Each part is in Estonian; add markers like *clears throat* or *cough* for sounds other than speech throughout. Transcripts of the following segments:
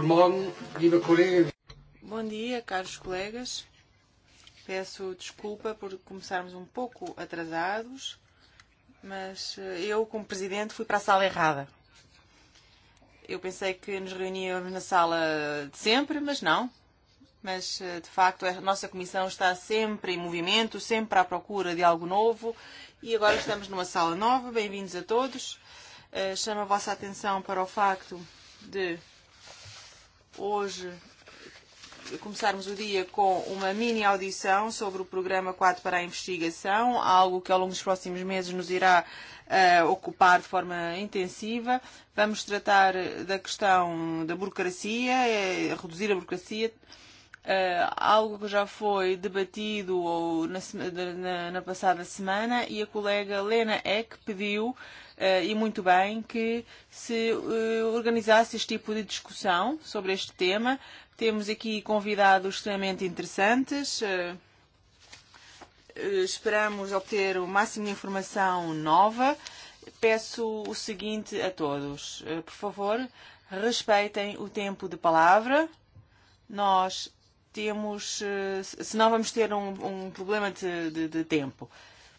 Guten Morgen, liebe Kolleginnen. Bom dia, caros colegas. Peço desculpa por começarmos um pouco atrasados, mas eh, eu, como presidente, fui para a sala errada. Eu pensei que nos reuníamos na sala de sempre, mas não. Mas, eh, de facto, a nossa comissão está sempre em movimento, sempre à procura de algo novo. E agora estamos numa sala nova. Bem-vindos a todos. Eh, chamo a vossa atenção para o facto de Hoje começarmos o dia com uma mini audição sobre o Programa 4 para a Investigação, algo que ao longo dos próximos meses nos irá uh, ocupar de forma intensiva. Vamos tratar da questão da burocracia, é, eh, reduzir a burocracia, uh, algo que já foi debatido ou na, na, na passada semana e a colega Lena Eck pediu uh, Eh, e muito bem que se eh, organizasse este tipo de discussão sobre este tema. Temos aqui convidados extremamente interessantes. Eh, esperamos obter o máximo de informação nova. Peço o seguinte a todos. Por favor, respeitem o tempo de palavra. Nós temos, senão vamos ter um, um problema de, de, de tempo.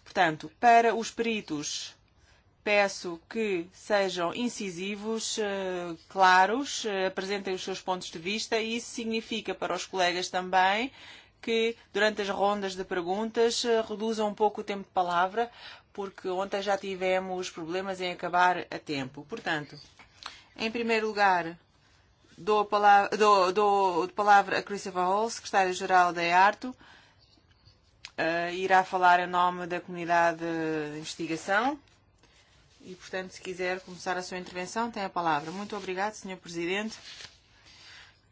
Portanto, para os peritos, peço que sejam incisivos, eh, claros, eh, apresentem os seus pontos de vista e isso significa para os colegas também que durante as rondas de perguntas eh, reduzam um pouco o tempo de palavra, porque ontem já tivemos problemas em acabar a tempo. Portanto, em primeiro lugar, dou a palavra, dou, dou a, palavra a Christopher Hall, secretário-geral da EARTO, uh, irá falar em nome da comunidade de investigação. E, portanto, se quiser começar a sua intervenção, tem a palavra. Muito obrigado, Sr. Presidente,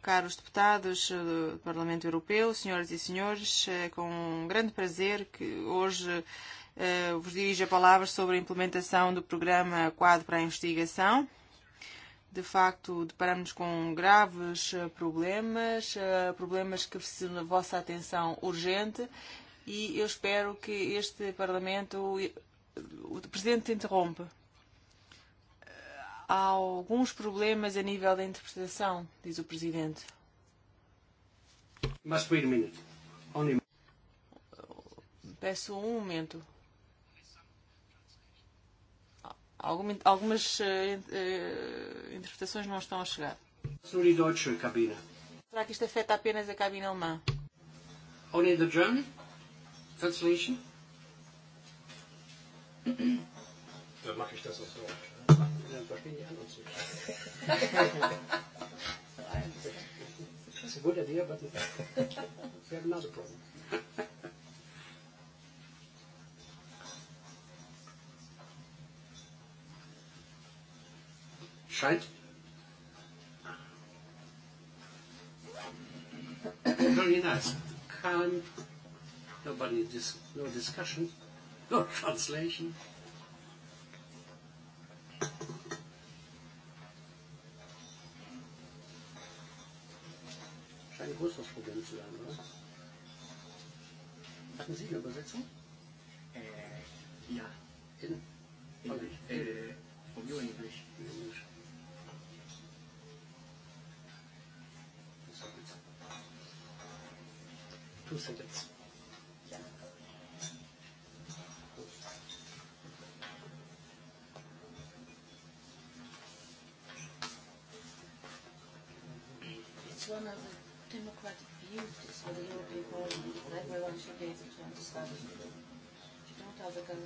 caros deputados eh, do Parlamento Europeu, senhoras e senhores, é eh, com um grande prazer que hoje eh, vos dirijo a palavra sobre a implementação do programa Quadro para a Investigação. De facto, deparamos com graves eh, problemas, problemas que precisam da vossa atenção urgente e eu espero que este Parlamento. O Presidente interrompe. Há alguns problemas a nível da interpretação, diz o Presidente. Must wait a minute. Only... Peço um momento. Algum, algumas uh, uh, interpretações não estão a chegar. Nur die deutsche Kabine. Será que isto afeta apenas a cabine alemã? Only the German translation? Dann mache ich das auf Deutsch einfach genial und so. That's a good idea, but we have another problem. Scheint. Very nice. Calm. Nobody, dis no discussion. No translation. keine Rohstoffprobleme zu sein, oder? Hatten Sie eine Übersetzung? Äh, ja. In? Englisch. Äh, from you English. In Englisch. Two seconds.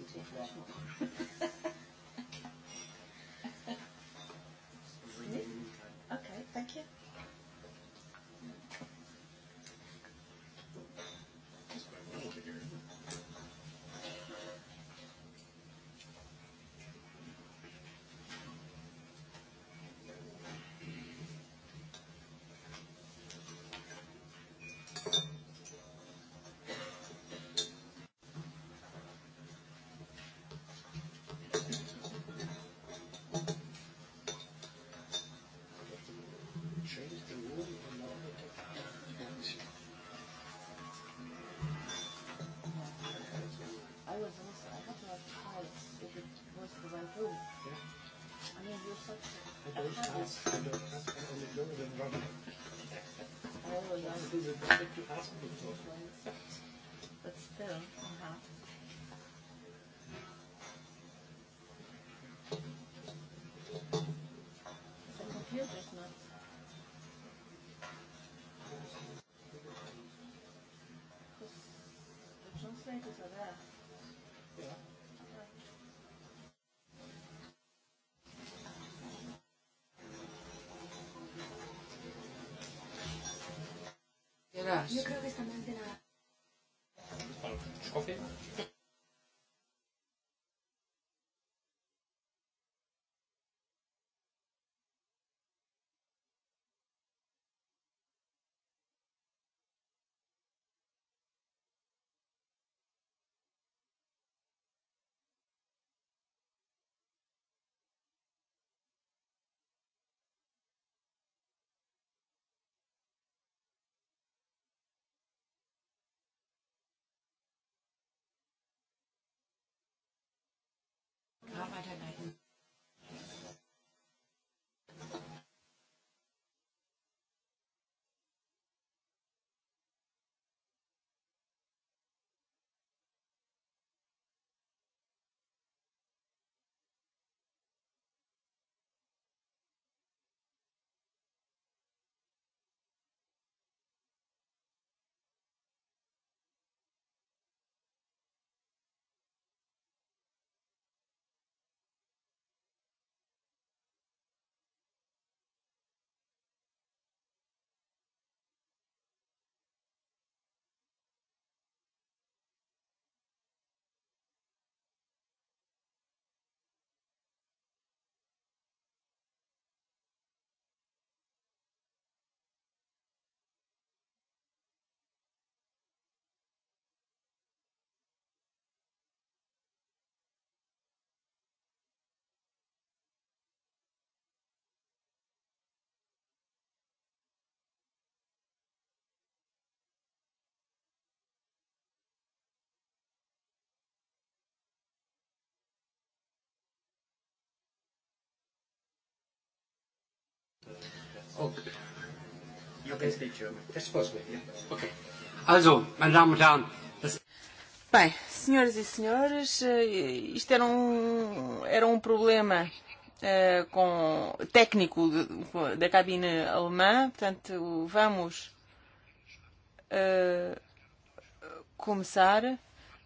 presentation. Oh, yeah. Because it's better to ask people. But still, uh-huh. Gracias. Yo creo que está mal. weiterleiten. Okay. You can speak German. That's possible, yeah. Okay. Also, meine Damen und Herren, das Bem, senhoras e senhores, eh, isto era um, era um problema uh, com, técnico de, da cabine alemã, portanto, vamos uh, começar.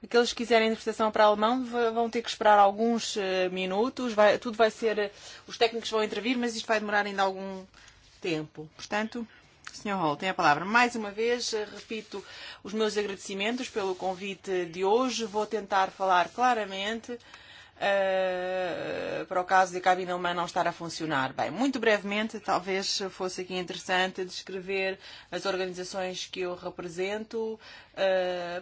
Aqueles que quiserem interpretação para alemão vão ter que esperar alguns uh, minutos, vai, tudo vai ser, os técnicos vão intervir, mas isto vai demorar ainda algum tempo tempo. Portanto, Sr. Hall, tem a palavra. Mais uma vez, repito os meus agradecimentos pelo convite de hoje. Vou tentar falar claramente uh, para o caso de a cabina humana não estar a funcionar. Bem, muito brevemente, talvez fosse aqui interessante descrever as organizações que eu represento uh,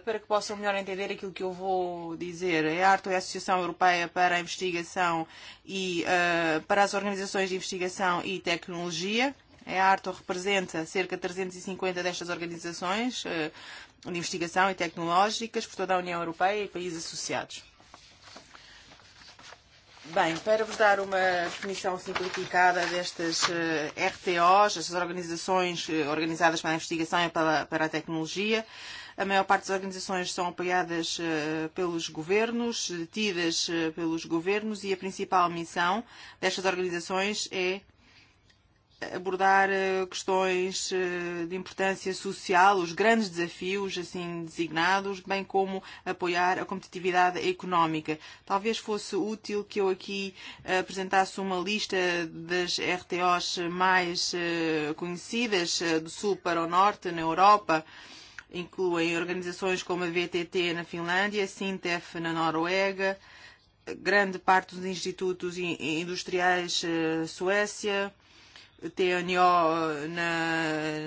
para que possam melhor entender aquilo que eu vou dizer. A ARTO é a Associação Europeia para a Investigação e uh, para as Organizações de Investigação e Tecnologia A ARTO representa cerca de 350 e destas organizações eh, de investigação e tecnológicas por toda a União Europeia e países associados. Bem, para vos dar uma definição simplificada destas uh, eh, RTOs, estas organizações uh, organizadas para a investigação e para, para a tecnologia, a maior parte das organizações são apoiadas uh, pelos governos, detidas uh, pelos governos e a principal missão destas organizações é abordar eh, questões eh, de importância social, os grandes desafios assim designados, bem como apoiar a competitividade económica. Talvez fosse útil que eu aqui eh, apresentasse uma lista das RTOs mais conhecidas do sul para o norte na Europa, incluem organizações como a VTT na Finlândia, a Sintef na Noruega, grande parte dos institutos industriais Suécia, TNO na,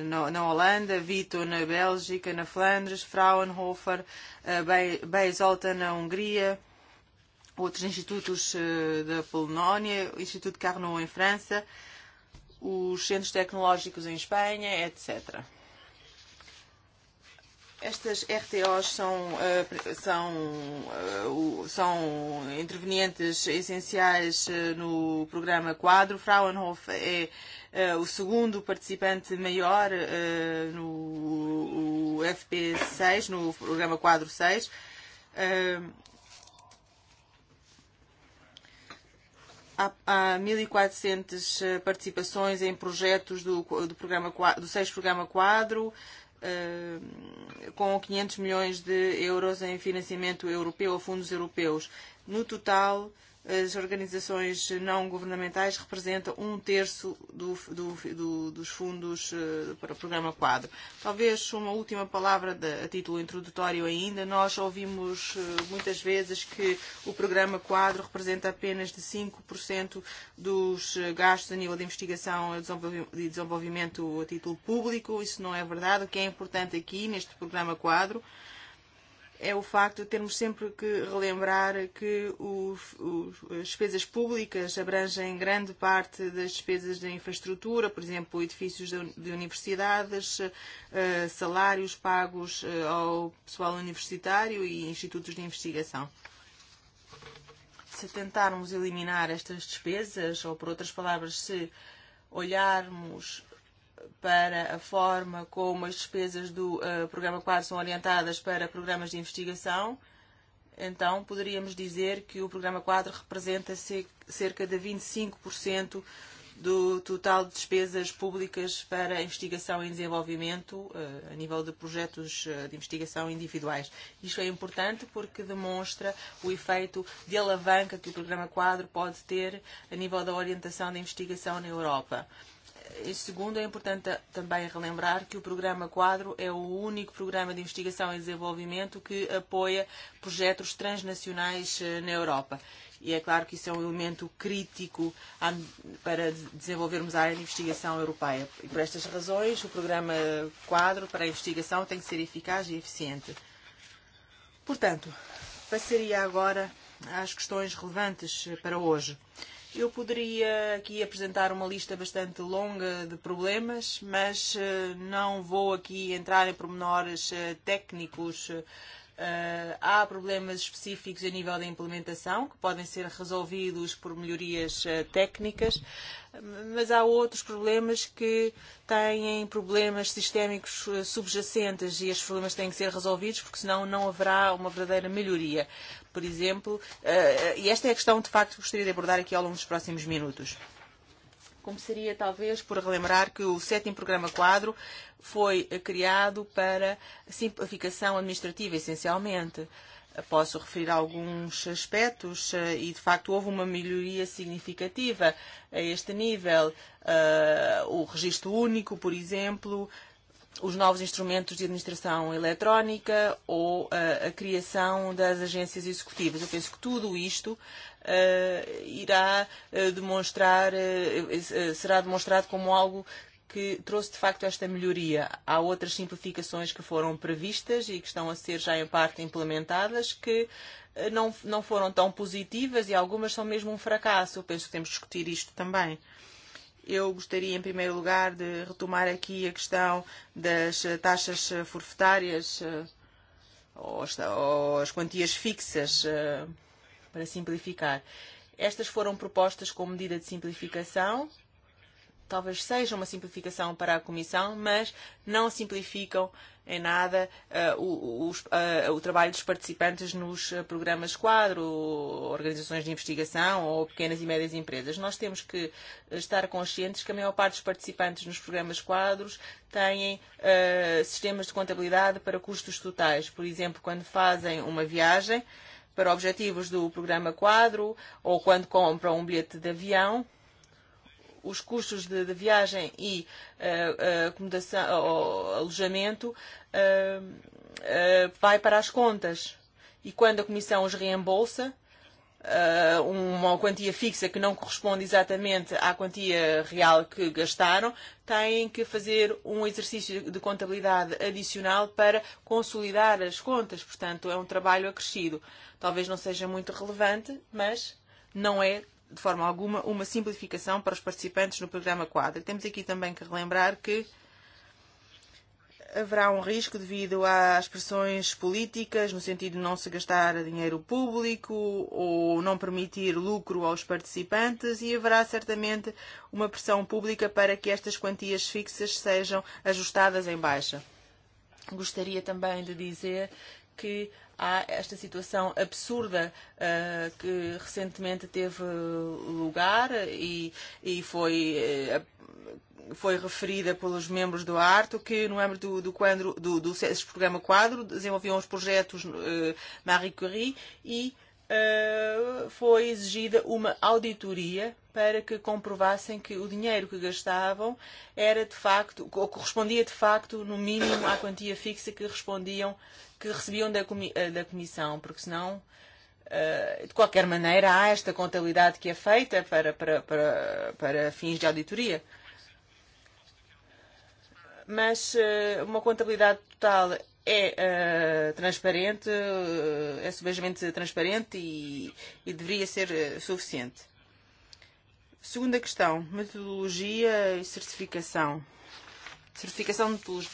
na, na Holanda, Vito na Bélgica, na Flandres, Fraunhofer, eh, Beisolta na Hungria, outros institutos eh, da Polónia, o Instituto Carnot em França, os centros tecnológicos em Espanha, etc. Estas RTOs são, eh, são, são intervenientes essenciais no programa Quadro. Fraunhofer é Eh, o segundo participante maior eh, no FP6, no programa quadro 6. Eh, há 1.400 e participações em projetos do, do, programa, do 6 Programa Quadro, com 500 milhões de euros em financiamento europeu a fundos europeus. No total, uh, as organizações não governamentais representam um terço do, do, do, dos fundos eh, para o programa quadro. Talvez uma última palavra de, a título introdutório ainda. Nós ouvimos eh, muitas vezes que o programa quadro representa apenas de 5% dos eh, gastos a nível de investigação e, e desenvolvimento a título público. Isso não é verdade. O que é importante aqui neste programa quadro uh, é o facto de termos sempre que relembrar que os, os, as despesas públicas abrangem grande parte das despesas da infraestrutura, por exemplo, edifícios de, de universidades, eh, salários pagos eh, ao pessoal universitário e institutos de investigação. Se tentarmos eliminar estas despesas, ou por outras palavras, se olharmos para a forma como as despesas do uh, programa 4 são orientadas para programas de investigação, então poderíamos dizer que o programa 4 representa cerca de 25% e do total de despesas públicas para investigação e desenvolvimento uh, a nível de projetos eh, de investigação individuais. Isto é importante porque demonstra o efeito de alavanca que o programa quadro pode ter a nível da orientação da investigação na Europa. Uh, E segundo, é importante também relembrar que o Programa Quadro é o único programa de investigação e desenvolvimento que apoia projetos transnacionais eh, na Europa. E é claro que isso é um elemento crítico para desenvolvermos a área de investigação europeia. E por estas razões, o Programa Quadro para a investigação tem que ser eficaz e eficiente. Portanto, passaria agora às questões relevantes eh, para hoje. Uh, Eu poderia aqui apresentar uma lista bastante longa de problemas, mas eh, não vou aqui entrar em pormenores eh, técnicos Ah, há problemas específicos a nível da implementação que podem ser resolvidos por melhorias ah, técnicas, mas há outros problemas que têm problemas sistémicos ah, subjacentes e esses problemas têm que ser resolvidos porque senão não haverá uma verdadeira melhoria. Por exemplo, e esta é a questão de facto que gostaria de abordar aqui ao longo dos próximos minutos como seria talvez por relembrar que o sétimo programa quadro foi eh, criado para simplificação administrativa, essencialmente. Posso referir alguns aspectos eh, e, de facto, houve uma melhoria significativa a este nível. Eh, o registro único, por exemplo, os novos instrumentos de administração eletrónica ou uh, a criação das agências executivas. Eu penso que tudo isto uh, irá uh, demonstrar, uh, uh, será demonstrado como algo que trouxe de facto esta melhoria. Há outras simplificações que foram previstas e que estão a ser já em parte implementadas que não, não foram tão positivas e algumas são mesmo um fracasso. Eu penso que temos de discutir isto também. Uh, Eu gostaria, em primeiro lugar, de retomar aqui a questão das taxas eh, forfetárias eh, ou as quantias fixas, eh, para simplificar. Estas foram propostas como medida de simplificação talvez seja uma simplificação para a Comissão, mas não simplificam em nada uh, o, o, uh, o trabalho dos participantes nos eh, programas quadro, organizações de investigação ou pequenas e médias empresas. Nós temos que estar conscientes que a maior parte dos participantes nos programas quadros têm uh, sistemas de contabilidade para custos totais. Por exemplo, quando fazem uma viagem para objetivos do programa quadro ou quando compram um bilhete de avião, os custos de, de viagem e uh, acomodação ou alojamento uh, uh, vai para as contas. E quando a Comissão os reembolsa, uh, uma quantia fixa que não corresponde exatamente à quantia real que gastaram, têm que fazer um exercício de contabilidade adicional para consolidar as contas. Portanto, é um trabalho acrescido. Talvez não seja muito relevante, mas não é de forma alguma, uma simplificação para os participantes no programa quadro. Temos aqui também que relembrar que haverá um risco devido às pressões políticas, no sentido de não se gastar dinheiro público ou não permitir lucro aos participantes, e haverá certamente uma pressão pública para que estas quantias fixas sejam ajustadas em baixa. Gostaria também de dizer que há esta situação absurda uh, que recentemente teve eh, lugar e, e foi. Uh, foi referida pelos membros do ARTO, que no âmbito do, do, quadro, do, do desse programa quadro desenvolviam os projetos uh, Marie Curie e uh, foi exigida uma auditoria para que comprovassem que o dinheiro que gastavam era de facto, ou correspondia de facto, no mínimo, à quantia fixa que respondiam que recebiam da, eh, da Comissão, porque senão eh, de qualquer maneira, há esta contabilidade que é feita para, para, para, para fins de auditoria. Mas eh, uma contabilidade total é uh, transparente, é subejamente transparente e, e deveria ser suficiente. Segunda questão, metodologia e certificação. Certificação de metodologia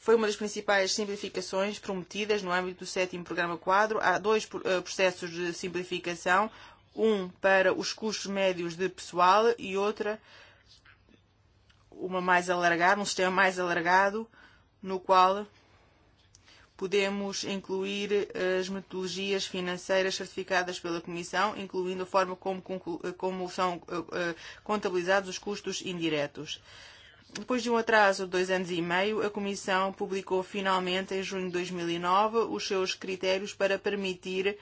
foi uma das principais simplificações prometidas no âmbito do sétimo programa quadro. Há dois eh, processos de simplificação, um para os custos médios de pessoal e outra, uma mais alargada, um sistema mais alargado, no qual podemos incluir eh, as metodologias financeiras certificadas pela Comissão, incluindo a forma como, eh, como são contabilizados os custos indiretos. Uh, Depois de um atraso de dois anos e meio, a Comissão publicou finalmente, em junho de 2009, e os seus critérios para permitir eh,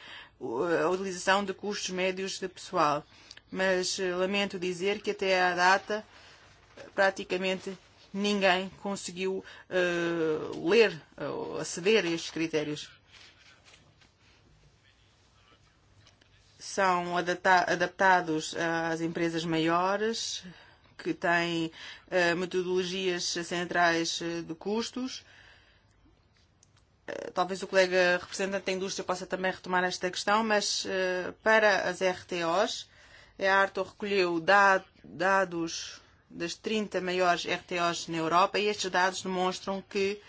a utilização de custos médios de pessoal. Mas eh, lamento dizer que até à data praticamente ninguém conseguiu uh, ler ou uh, aceder a estes critérios. São adaptados às empresas maiores, que tem uh, metodologias centrais eh, de custos. Uh, talvez o colega representante da indústria possa também retomar esta questão, mas uh, para as RTOs, a Arto recolheu da, dados das 30 maiores RTOs na Europa e estes dados demonstram que uh,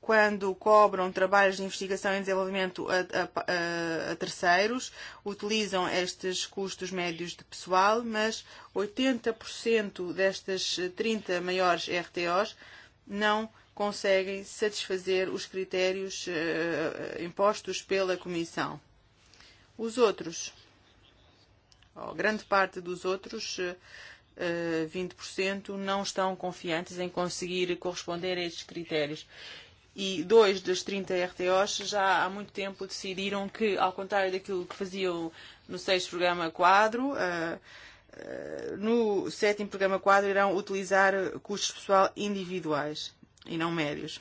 quando cobram trabalhos de investigação e desenvolvimento a, a, a terceiros, utilizam estes custos médios de pessoal, mas 80% destas 30 maiores RTOs não conseguem satisfazer os critérios uh, impostos pela Comissão. Os outros, ou grande parte dos outros, uh, eh, 20% eh, não estão confiantes em conseguir corresponder a estes critérios e dois dos 30 RTOs já há muito tempo decidiram que, ao contrário daquilo que faziam no sexto programa quadro, uh, no sétimo programa quadro irão utilizar custos pessoal individuais e não médios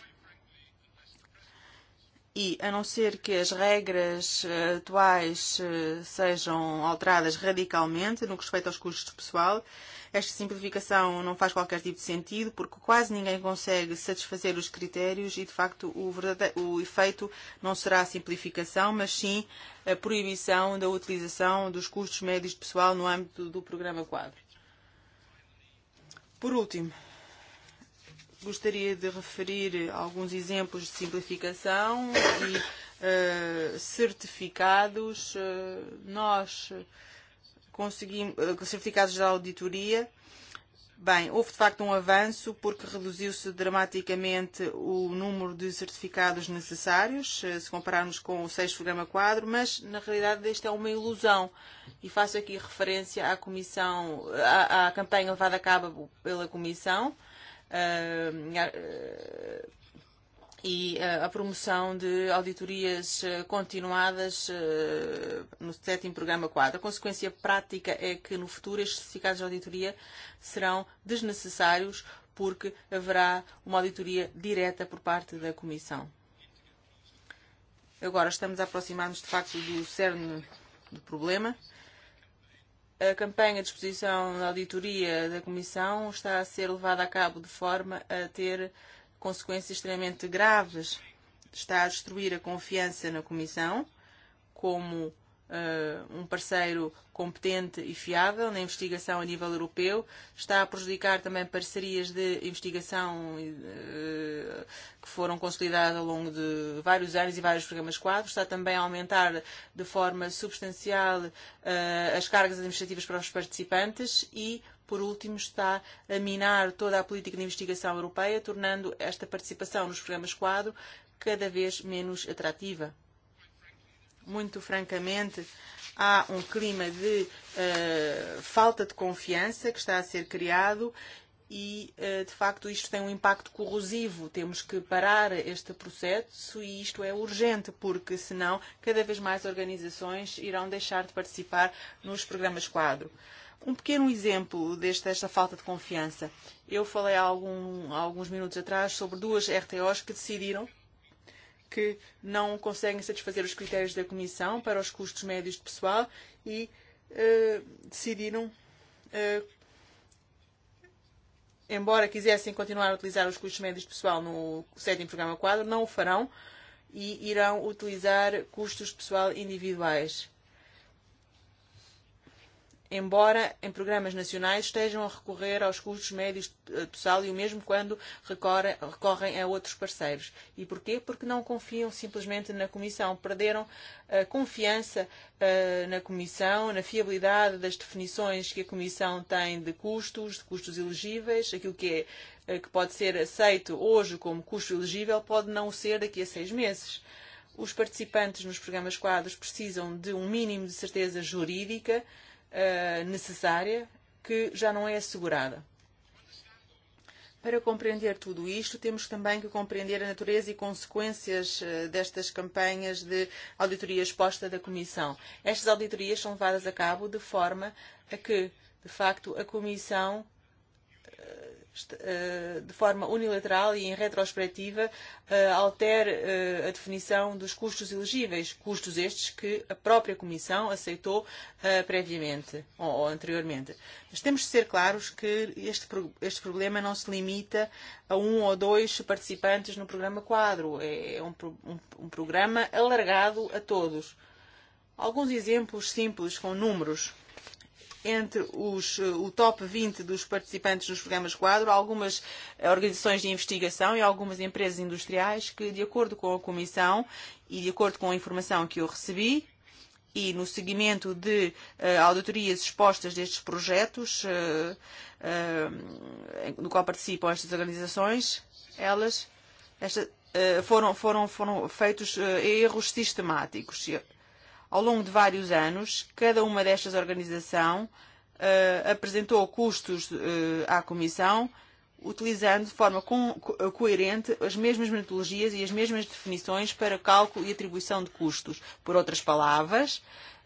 e, a não ser que as regras eh, atuais eh, sejam alteradas radicalmente no que respeita aos custos de pessoal, esta simplificação não faz qualquer tipo de sentido, porque quase ninguém consegue satisfazer os critérios e, de facto, o, o efeito não será a simplificação, mas sim a proibição da utilização dos custos médios de pessoal no âmbito do programa quadro. Por último, gostaria de referir alguns exemplos de simplificação e uh, certificados. Uh, nós conseguimos uh, certificados da auditoria. Bem, houve de facto um avanço porque reduziu-se dramaticamente o número de certificados necessários, se compararmos com o 6 programa quadro, mas na realidade esta é uma ilusão. E faço aqui referência à comissão, à, à campanha levada a cabo pela comissão, Eh, eh, e eh, a promoção de auditorias continuadas no sétimo programa quadro. A consequência prática é que no futuro estes certificados de auditoria serão desnecessários porque haverá uma auditoria direta por parte da Comissão. Agora estamos a aproximar-nos de facto do cerne do problema. Uh, A campanha de exposição na auditoria da Comissão está a ser levada a cabo de forma a ter consequências extremamente graves. Está a destruir a confiança na Comissão como Eh, um parceiro competente e fiável na investigação a nível europeu, está a prejudicar também parcerias de investigação eh, que foram consolidadas ao longo de vários anos e vários programas quadros, está também a aumentar de forma substancial eh, as cargas administrativas para os participantes e, por último, está a minar toda a política de investigação europeia, tornando esta participação nos programas quadro cada vez menos atrativa muito francamente, há um clima de uh, falta de confiança que está a ser criado e, uh, de facto, isto tem um impacto corrosivo. Temos que parar este processo e isto é urgente, porque senão cada vez mais organizações irão deixar de participar nos programas quadro. Um pequeno exemplo desta esta falta de confiança. Eu falei há, algum, há alguns minutos atrás sobre duas RTOs que decidiram que não conseguem satisfazer os critérios da Comissão para os custos médios de pessoal e uh, decidiram, uh, embora quisessem continuar a utilizar os custos médios de pessoal no sétimo programa quadro, não o farão e irão utilizar custos de pessoal individuais embora em programas nacionais estejam a recorrer aos custos médios eh, de Tossal e o mesmo quando recorre, recorrem a outros parceiros. E porquê? Porque não confiam simplesmente na Comissão. Perderam a eh, confiança uh, na Comissão, na fiabilidade das definições que a Comissão tem de custos, de custos elegíveis, aquilo que, é, uh, que pode ser aceito hoje como custo elegível pode não ser daqui a seis meses. Os participantes nos programas quadros precisam de um mínimo de certeza jurídica uh, uh, necessária que já não é assegurada. Para compreender tudo isto, temos também que compreender a natureza e consequências eh, destas campanhas de auditoria exposta da Comissão. Estas auditorias são levadas a cabo de forma a que, de facto, a Comissão Eh, de forma unilateral e em retrospectiva, eh, altere eh, a definição dos custos elegíveis, custos estes que a própria Comissão aceitou previamente ou anteriormente. Mas temos de ser claros que este, este problema não se limita a um ou dois participantes no programa quadro. É um, um, um programa alargado a todos. Alguns exemplos simples com números entre os, eh, o top 20 dos participantes nos programas quadro, algumas eh, organizações de investigação e algumas empresas industriais que, de acordo com a Comissão e de acordo com a informação que eu recebi, e no seguimento de uh, auditorias expostas destes projetos, uh, uh, no qual participam estas organizações, elas esta, uh, foram, foram, foram feitos uh, erros sistemáticos. E Ao longo de vários anos, cada uma destas organização uh, apresentou custos uh, à Comissão, utilizando de forma co coerente as mesmas metodologias e as mesmas definições para cálculo e atribuição de custos. Por outras palavras,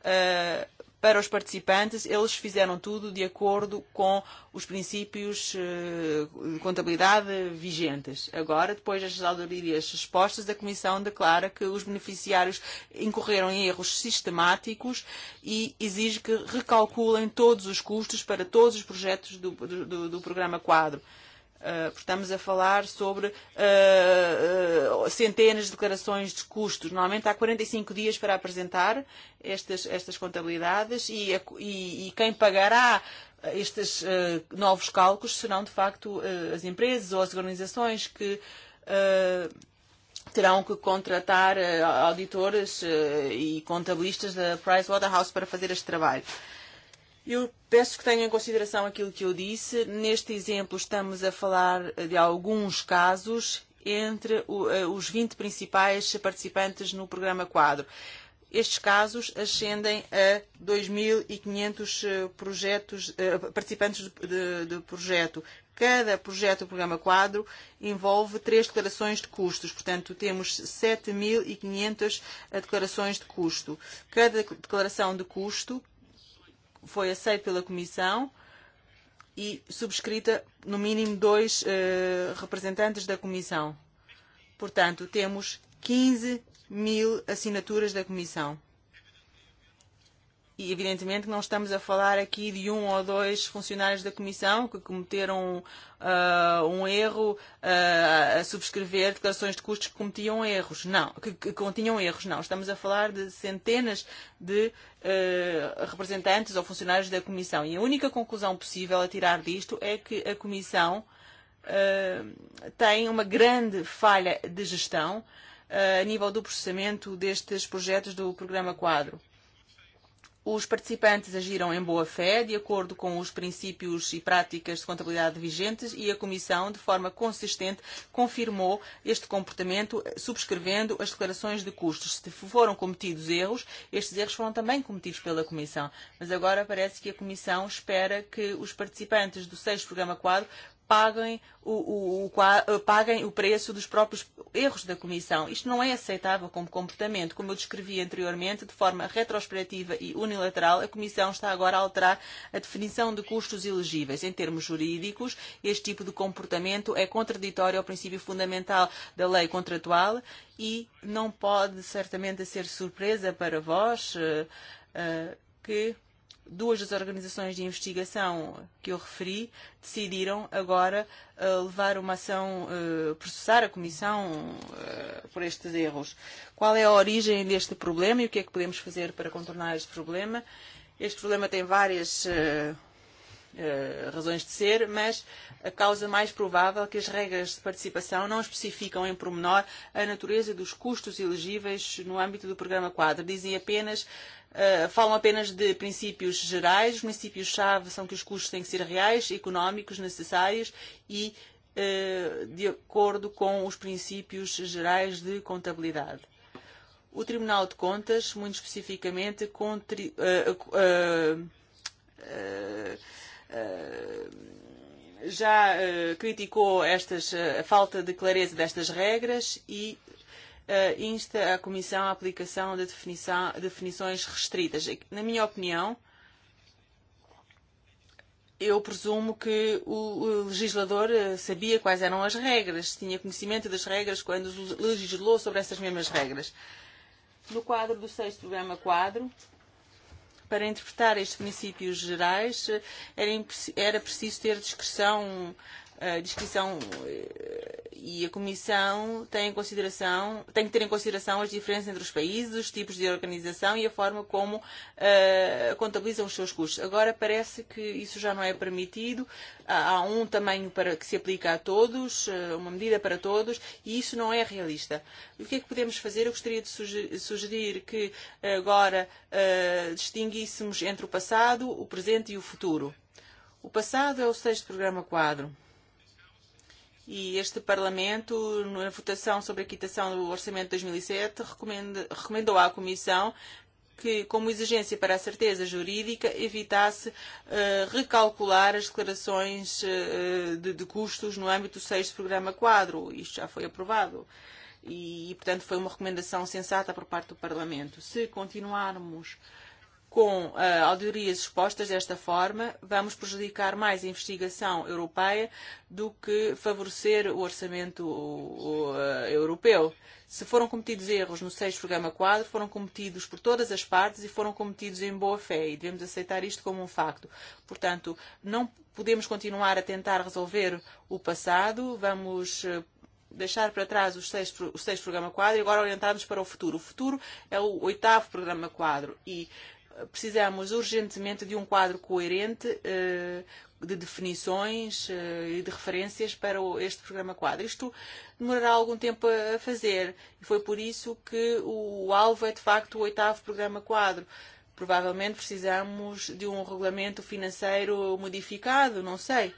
uh, para os participantes, eles fizeram tudo de acordo com os princípios de eh, contabilidade vigentes. Agora, depois das auditorias expostas, a Comissão declara que os beneficiários incorreram em erros sistemáticos e exige que recalculem todos os custos para todos os projetos do, do, do programa quadro. Uh, porque eh, estamos a falar sobre eh, eh, centenas de declarações de custos. Normalmente há 45 e dias para apresentar estas, estas contabilidades e, a, e, e quem pagará estes uh, novos cálculos serão, de facto, uh, as empresas ou as organizações que uh, terão que contratar uh, auditores uh, e contabilistas da Pricewaterhouse para fazer este trabalho. Uh, Eu peço que tenham em consideração aquilo que eu disse. Neste exemplo, estamos a falar de alguns casos entre eh, os 20 principais participantes no programa quadro. Estes casos ascendem a 2.500 e eh, projetos, eh, participantes de, de projeto. Cada projeto do programa quadro envolve três declarações de custos. Portanto, temos 7.500 e declarações de custo. Cada declaração de custo foi aceito pela Comissão e subscrita no mínimo dois eh, representantes da Comissão. Portanto, temos 15 mil assinaturas da Comissão. E evidentemente não estamos a falar aqui de um ou dois funcionários da Comissão que cometeram uh, um erro uh, a subscrever declarações de custos que cometiam erros. Não, que, que continham erros, não. Estamos a falar de centenas de uh, representantes ou funcionários da Comissão. E a única conclusão possível a tirar disto é que a Comissão uh, tem uma grande falha de gestão uh, a nível do processamento destes projetos do Programa Quadro. Uh, Os participantes agiram em boa fé, de acordo com os princípios e práticas de contabilidade vigentes, e a Comissão, de forma consistente, confirmou este comportamento, subscrevendo as declarações de custos. Se foram cometidos erros, estes erros foram também cometidos pela Comissão. Mas agora parece que a Comissão espera que os participantes do sexto programa quadro paguem o, o, o, eh, paguem o preço dos próprios erros da Comissão. Isto não é aceitável como comportamento. Como eu descrevi anteriormente, de forma retrospectiva e unilateral, a Comissão está agora a alterar a definição de custos elegíveis. Em termos jurídicos, este tipo de comportamento é contraditório ao princípio fundamental da lei contratual e não pode certamente ser surpresa para vós uh, uh, que duas das organizações de investigação que eu referi decidiram agora eh, levar uma ação, eh, processar a Comissão eh, por estes erros. Qual é a origem deste problema e o que é que podemos fazer para contornar este problema? Este problema tem várias razões de ser, mas a causa mais provável é que as regras de participação não especificam em pormenor a natureza dos custos elegíveis no âmbito do programa quadro. Dizem apenas uh, Uh, falam apenas de princípios gerais. Os princípios-chave são que os custos têm que ser reais, económicos, necessários e uh, de acordo com os princípios gerais de contabilidade. O Tribunal de Contas, muito especificamente, contri, uh, uh, uh, uh, já uh, criticou estas, a falta de clareza destas regras e Eh, insta a Comissão à aplicação de definições restritas. Na minha opinião, eu presumo que o legislador eh, sabia quais eram as regras, tinha conhecimento das regras quando legislou sobre essas mesmas regras. No quadro do sexto programa quadro, para interpretar estes princípios gerais, eh, era, era preciso ter discreção Eh, descrição eh, e a Comissão tem, em consideração, tem que ter em consideração as diferenças entre os países, os tipos de organização e a forma como uh, contabilizam os seus custos. Agora parece que isso já não é permitido. Há um tamanho para, que se aplica a todos, uma medida para todos, e isso não é realista. E o que é que podemos fazer? Eu gostaria de sugerir, sugerir que agora uh, distinguíssemos entre o passado, o presente e o futuro. O passado é o sexto programa quadro e este Parlamento, na votação sobre a quitação do Orçamento de 2007, e recomendou à Comissão que, como exigência para a certeza jurídica, evitasse uh, recalcular as declarações uh, de, de custos no âmbito do 6 Programa Quadro. Isto já foi aprovado. E, e, portanto, foi uma recomendação sensata por parte do Parlamento. Se continuarmos uh, com uh, auditorias expostas desta forma, vamos prejudicar mais a investigação europeia do que favorecer o orçamento uh, europeu. Se foram cometidos erros no sexto programa quadro, foram cometidos por todas as partes e foram cometidos em boa fé e devemos aceitar isto como um facto. Portanto, não podemos continuar a tentar resolver o passado, vamos uh, deixar para trás os seis, os seis programa quadro e agora orientarmos para o futuro. O futuro é o oitavo programa quadro e precisamos urgentemente de um quadro coerente eh, de definições eh, e de referências para este programa quadro. Isto demorará algum tempo a fazer e foi por isso que o alvo é de facto o oitavo programa quadro. Provavelmente precisamos de um regulamento financeiro modificado, não sei.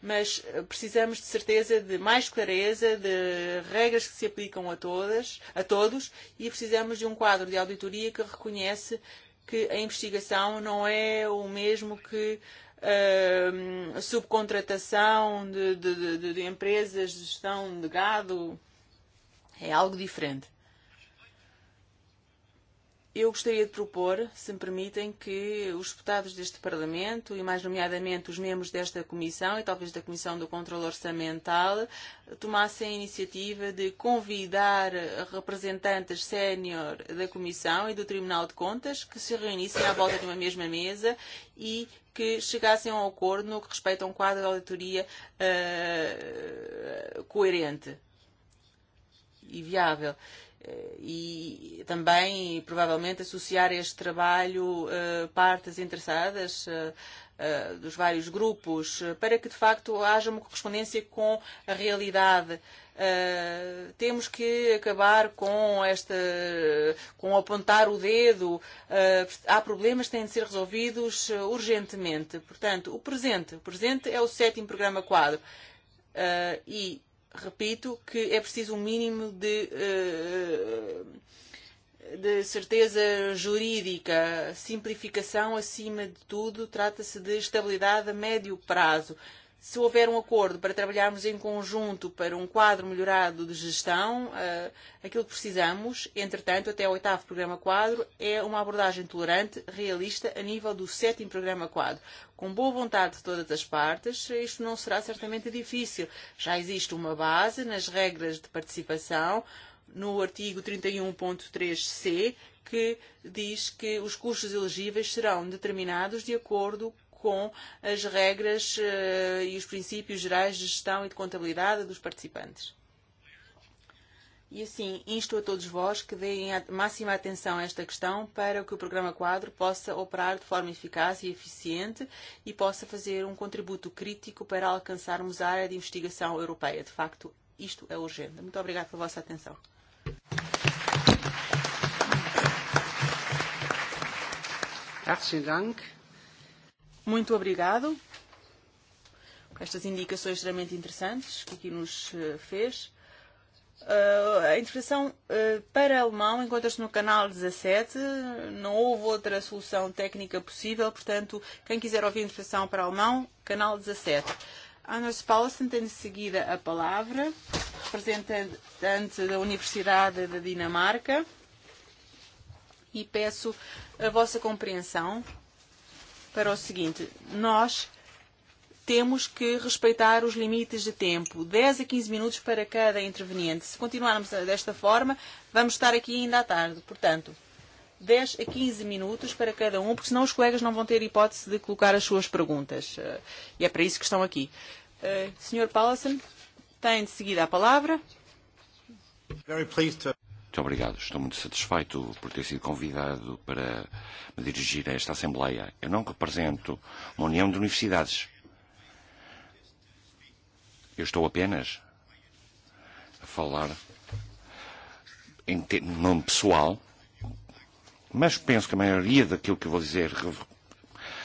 Mas eh, precisamos de certeza de mais clareza, de regras que se aplicam a, todas, a todos e precisamos de um quadro de auditoria que reconhece que a investigação não é o mesmo que uh, subcontratação de, de, de, de empresas de gestão de gado. É algo diferente eu gostaria de propor, se me permitem, que os deputados deste Parlamento, e mais nomeadamente os membros desta Comissão e talvez da Comissão do Controlo Orçamental, tomassem a iniciativa de convidar representantes sénior da Comissão e do Tribunal de Contas que se reunissem à volta de uma mesma mesa e que chegassem a um acordo no que respeita a um quadro de auditoria uh, coerente e viável. Uh, e também, provavelmente, associar este trabalho uh, partes interessadas uh, uh, dos vários grupos, para que, de facto, haja uma correspondência com a realidade. Uh, temos que acabar com esta, com apontar o dedo. Uh, há problemas que têm de ser resolvidos uh, urgentemente. Portanto, o presente. O presente é o sétimo programa quadro. Uh, e repito que é preciso um mínimo de, eh, de certeza jurídica, simplificação acima de tudo, trata-se de estabilidade a médio prazo se houver um acordo para trabalharmos em conjunto para um quadro melhorado de gestão, uh, aquilo que precisamos, entretanto, até ao oitavo programa quadro, é uma abordagem tolerante, realista, a nível do sétimo programa quadro. Com boa vontade de todas as partes, isto não será certamente difícil. Já existe uma base nas regras de participação, no artigo 31.3c, e um que diz que os custos elegíveis serão determinados de acordo com as regras eh, e os princípios gerais de gestão e de contabilidade dos participantes. E assim, insto a todos vós que deem a máxima atenção a esta questão para que o programa quadro possa operar de forma eficaz e eficiente e possa fazer um contributo crítico para alcançarmos a área de investigação europeia. De facto, isto é urgente. Muito obrigada pela vossa atenção. Herzlichen Dank. Muito obrigado com estas indicações extremamente interessantes que aqui nos eh, fez. Uh, a interpretação uh, para alemão encontra-se no canal 17. Não houve outra solução técnica possível, portanto, quem quiser ouvir a interpretação para alemão, canal 17. Anders Paulsen tem de seguida a palavra, representante da Universidade da Dinamarca, e peço a vossa compreensão para o seguinte: nós temos que respeitar os limites de tempo, 10 a 15 minutos para cada interveniente. Se continuarmos desta forma, vamos estar aqui ainda à tarde. Portanto, 10 a 15 minutos para cada um, porque senão os colegas não vão ter hipótese de colocar as suas perguntas. Eh, e é para isso que estão aqui. Eh, Sr. Paulson, tem de seguida a palavra. Very pleased to... Muito obrigado. Estou muito satisfeito por ter sido convidado para me dirigir a esta Assembleia. Eu não represento uma união de universidades. Eu estou apenas a falar em nome pessoal, mas penso que a maioria daquilo que eu vou dizer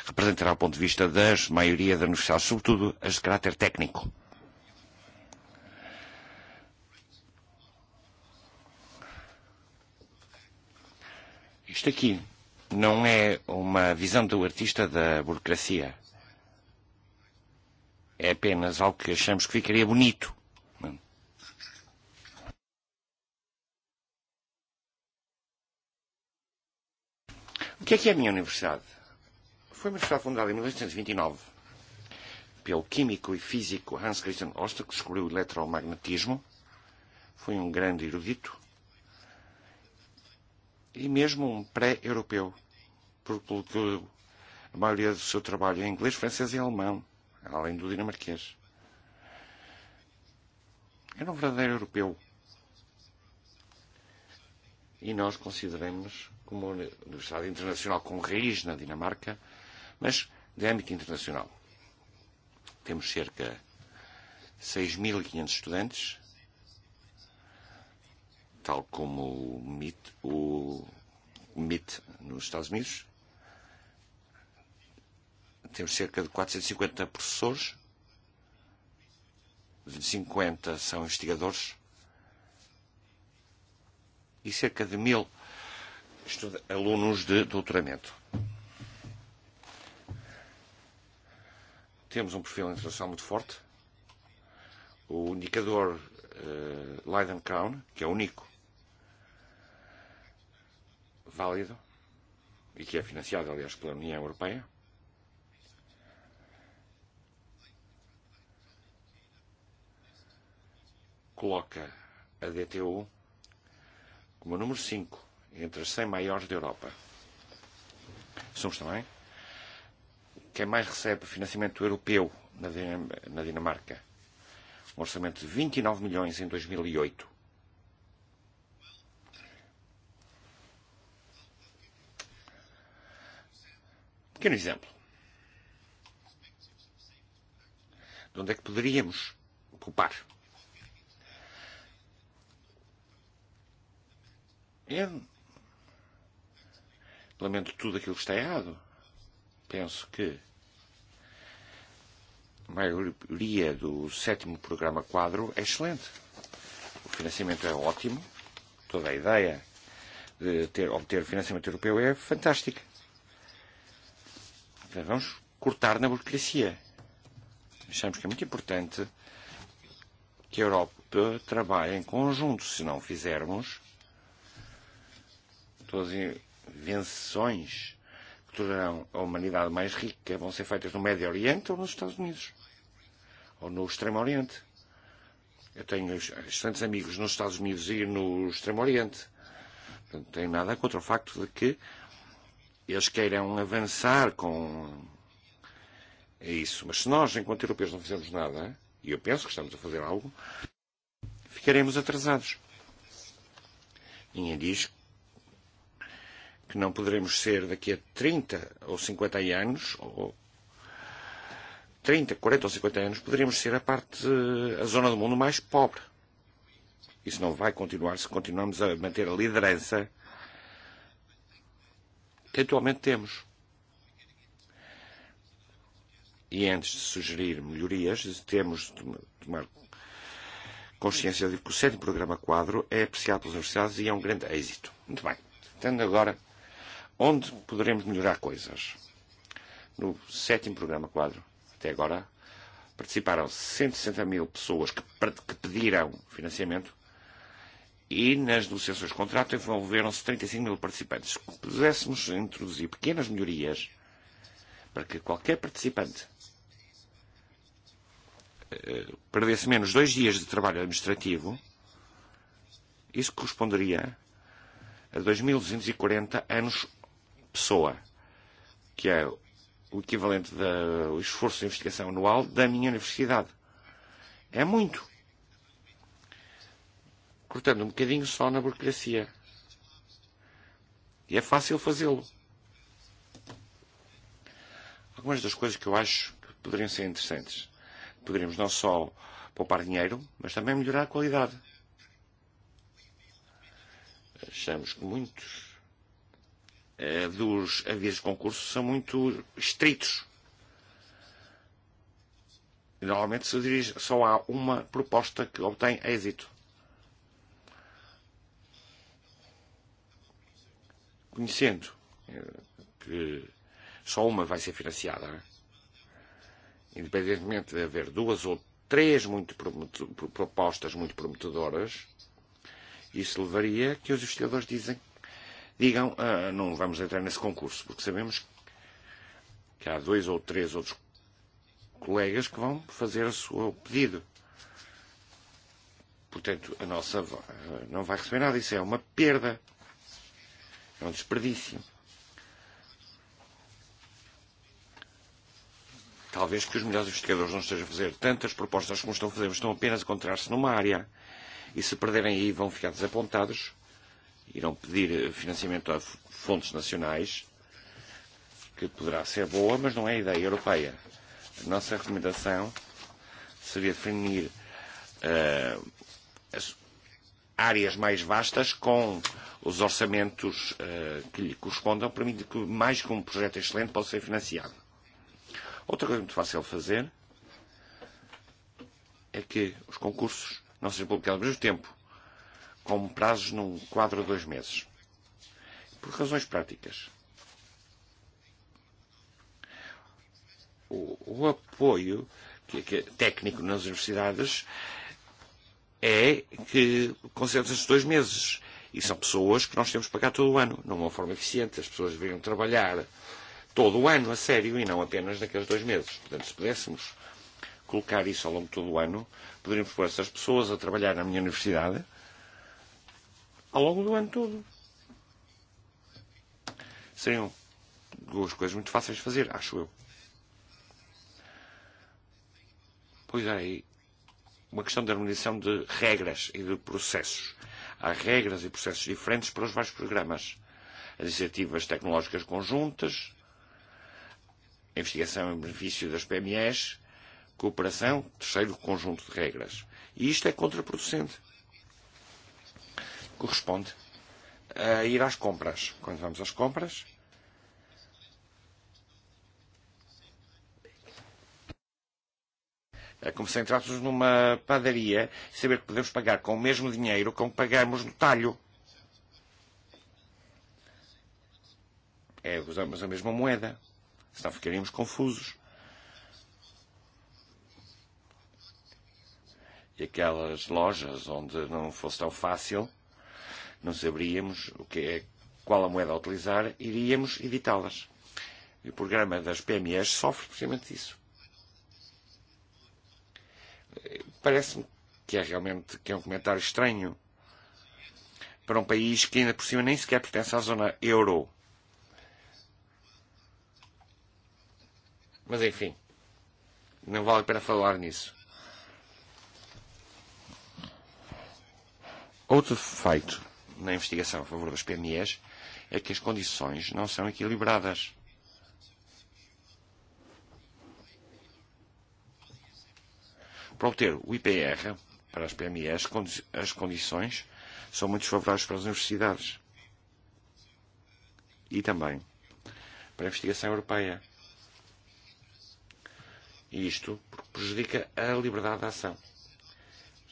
representará o ponto de vista das maioria das universidades, sobretudo as de caráter técnico. Isto aqui não é uma visão do artista da burocracia. É apenas algo que achamos que ficaria bonito. O que é que é a minha universidade? Foi uma universidade fundada em 1929 e e pelo químico e físico Hans Christian Oster, que descobriu o eletromagnetismo. Foi um grande erudito e mesmo um pré-europeu, porque a maioria do seu trabalho é inglês, francês e alemão, além do dinamarquês. Era um verdadeiro europeu. E nós consideramos como uma universidade internacional com raiz na Dinamarca, mas de âmbito internacional. Temos cerca de 6.500 e estudantes tal como o MIT, o MIT nos Estados Unidos. Temos cerca de 450 e professores, 50 são investigadores e cerca de mil alunos de doutoramento. Temos um perfil internacional muito forte. O indicador uh, Leiden Crown, que é único válido e que é financiado, aliás, pela União Europeia. Coloca a DTU como número 5 entre as 100 maiores da Europa. Somos também quem mais recebe financiamento europeu na Dinamarca. Um orçamento de 29 e milhões em 2008 Pequeno exemplo. De onde é que poderíamos poupar? Eu lamento tudo aquilo que está errado. Penso que a maioria do sétimo programa quadro é excelente. O financiamento é ótimo. Toda a ideia de ter, obter financiamento europeu é fantástica devemos cortar na burocracia. Achamos que é muito importante que a Europa trabalhe em conjunto. Se não fizermos, todas as invenções que tornarão a humanidade mais rica vão ser feitas no Médio Oriente ou nos Estados Unidos ou no Extremo Oriente. Eu tenho excelentes amigos nos Estados Unidos e no Extremo Oriente. Portanto, não tenho nada contra o facto de que E eles queiram avançar com isso. Mas se nós, enquanto europeus, não fizermos nada, e eu penso que estamos a fazer algo, ficaremos atrasados. Ninguém diz que não poderemos ser daqui a 30 ou 50 anos, ou 30, 40 ou 50 anos, poderíamos ser a parte, a zona do mundo mais pobre. Isso não vai continuar se continuarmos a manter a liderança atualmente temos. E antes de sugerir melhorias, temos de tomar consciência de que o sétimo programa quadro é apreciado pelas universidades e é um grande êxito. Muito bem. Tendo agora onde poderemos melhorar coisas. No sétimo programa quadro, até agora, participaram 160 e mil pessoas que, que pediram financiamento e nas negociações de contrato envolveram-se 35 e mil participantes. Se pudéssemos introduzir pequenas melhorias para que qualquer participante eh, perdesse menos dois dias de trabalho administrativo, isso corresponderia a 2.240 e anos pessoa, que é o equivalente do esforço de investigação anual da minha universidade. É muito cortando um bocadinho só na burocracia. E é fácil fazê-lo. Algumas das coisas que eu acho que poderiam ser interessantes. Poderíamos não só poupar dinheiro, mas também melhorar a qualidade. Achamos que muitos eh, dos avisos de concurso são muito estritos. E normalmente se dirige, só há uma proposta que obtém êxito. reconhecendo eh, que só uma vai ser financiada, né? independentemente de haver duas ou três muito propostas muito prometedoras, isso levaria que os investigadores dizem, digam, ah, não vamos entrar nesse concurso, porque sabemos que há dois ou três outros colegas que vão fazer o seu pedido. Portanto, a nossa eh, não vai receber nada. Isso é uma perda να τους προδίσει. Talvez que os melhores investigadores não estejam a fazer tantas propostas como estão a fazer, mas estão apenas a encontrar-se numa área e se perderem aí vão ficar desapontados, irão pedir eh, financiamento a fontes nacionais, que poderá ser boa, mas não é ideia europeia. A nossa recomendação seria definir uh, áreas mais vastas com os orçamentos uh, que lhe correspondam, permite que mais que um projeto excelente possa ser financiado. Outra coisa muito fácil de fazer é que os concursos não sejam publicados ao mesmo tempo, com prazos num quadro de dois meses. Por razões práticas. O, o apoio que, que, técnico nas universidades uh, é que concentra-se dois meses. E são pessoas que nós temos que pagar todo o ano, numa forma eficiente. As pessoas deveriam trabalhar todo o ano a sério e não apenas naqueles dois meses. Portanto, se pudéssemos colocar isso ao longo de todo o ano, poderíamos pôr essas pessoas a trabalhar na minha universidade ao longo do ano todo. Seriam duas coisas muito fáceis de fazer, acho eu. Pois é, e uma questão de harmonização de regras e de processos. Há regras e processos diferentes para os vários programas. As iniciativas tecnológicas conjuntas, a investigação em benefício das PMEs, cooperação, terceiro conjunto de regras. E isto é contraproducente. Corresponde a ir às compras. Quando vamos às compras, Eh, concentrados numa padaria, saber que podemos pagar com o mesmo dinheiro com que pagamos no talho. É, usamos a mesma moeda, senão ficaríamos confusos. E aquelas lojas onde não fosse tão fácil, não saberíamos o que é, qual a moeda a utilizar, iríamos evitá-las. E o programa das PMEs sofre precisamente disso. Parece-me que é realmente que é um comentário estranho para um país que ainda por cima nem sequer pertence à zona euro. Mas enfim, não vale a pena falar nisso. Outro feito na investigação a favor dos PMEs é que as condições não são equilibradas. Para obter o IPR, para as PME, as, condi as condições são muito favoráveis para as universidades. E também para a investigação europeia. E isto prejudica a liberdade de ação.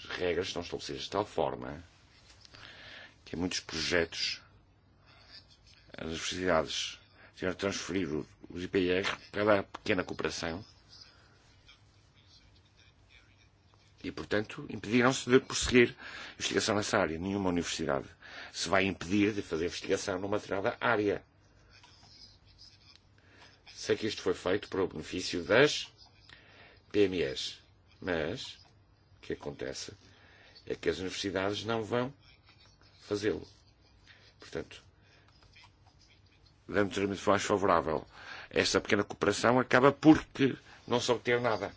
As regras estão estabelecidas de tal forma que muitos projetos, as universidades, tiveram de transferir os IPR para a pequena cooperação E, portanto, impediram-se de prosseguir investigação nessa área. Nenhuma universidade se vai impedir de fazer investigação numa determinada área. Sei que isto foi feito para o benefício das PMEs, mas o que acontece é que as universidades não vão fazê-lo. Portanto, dando um tratamento mais favorável, esta pequena cooperação acaba porque não se obter nada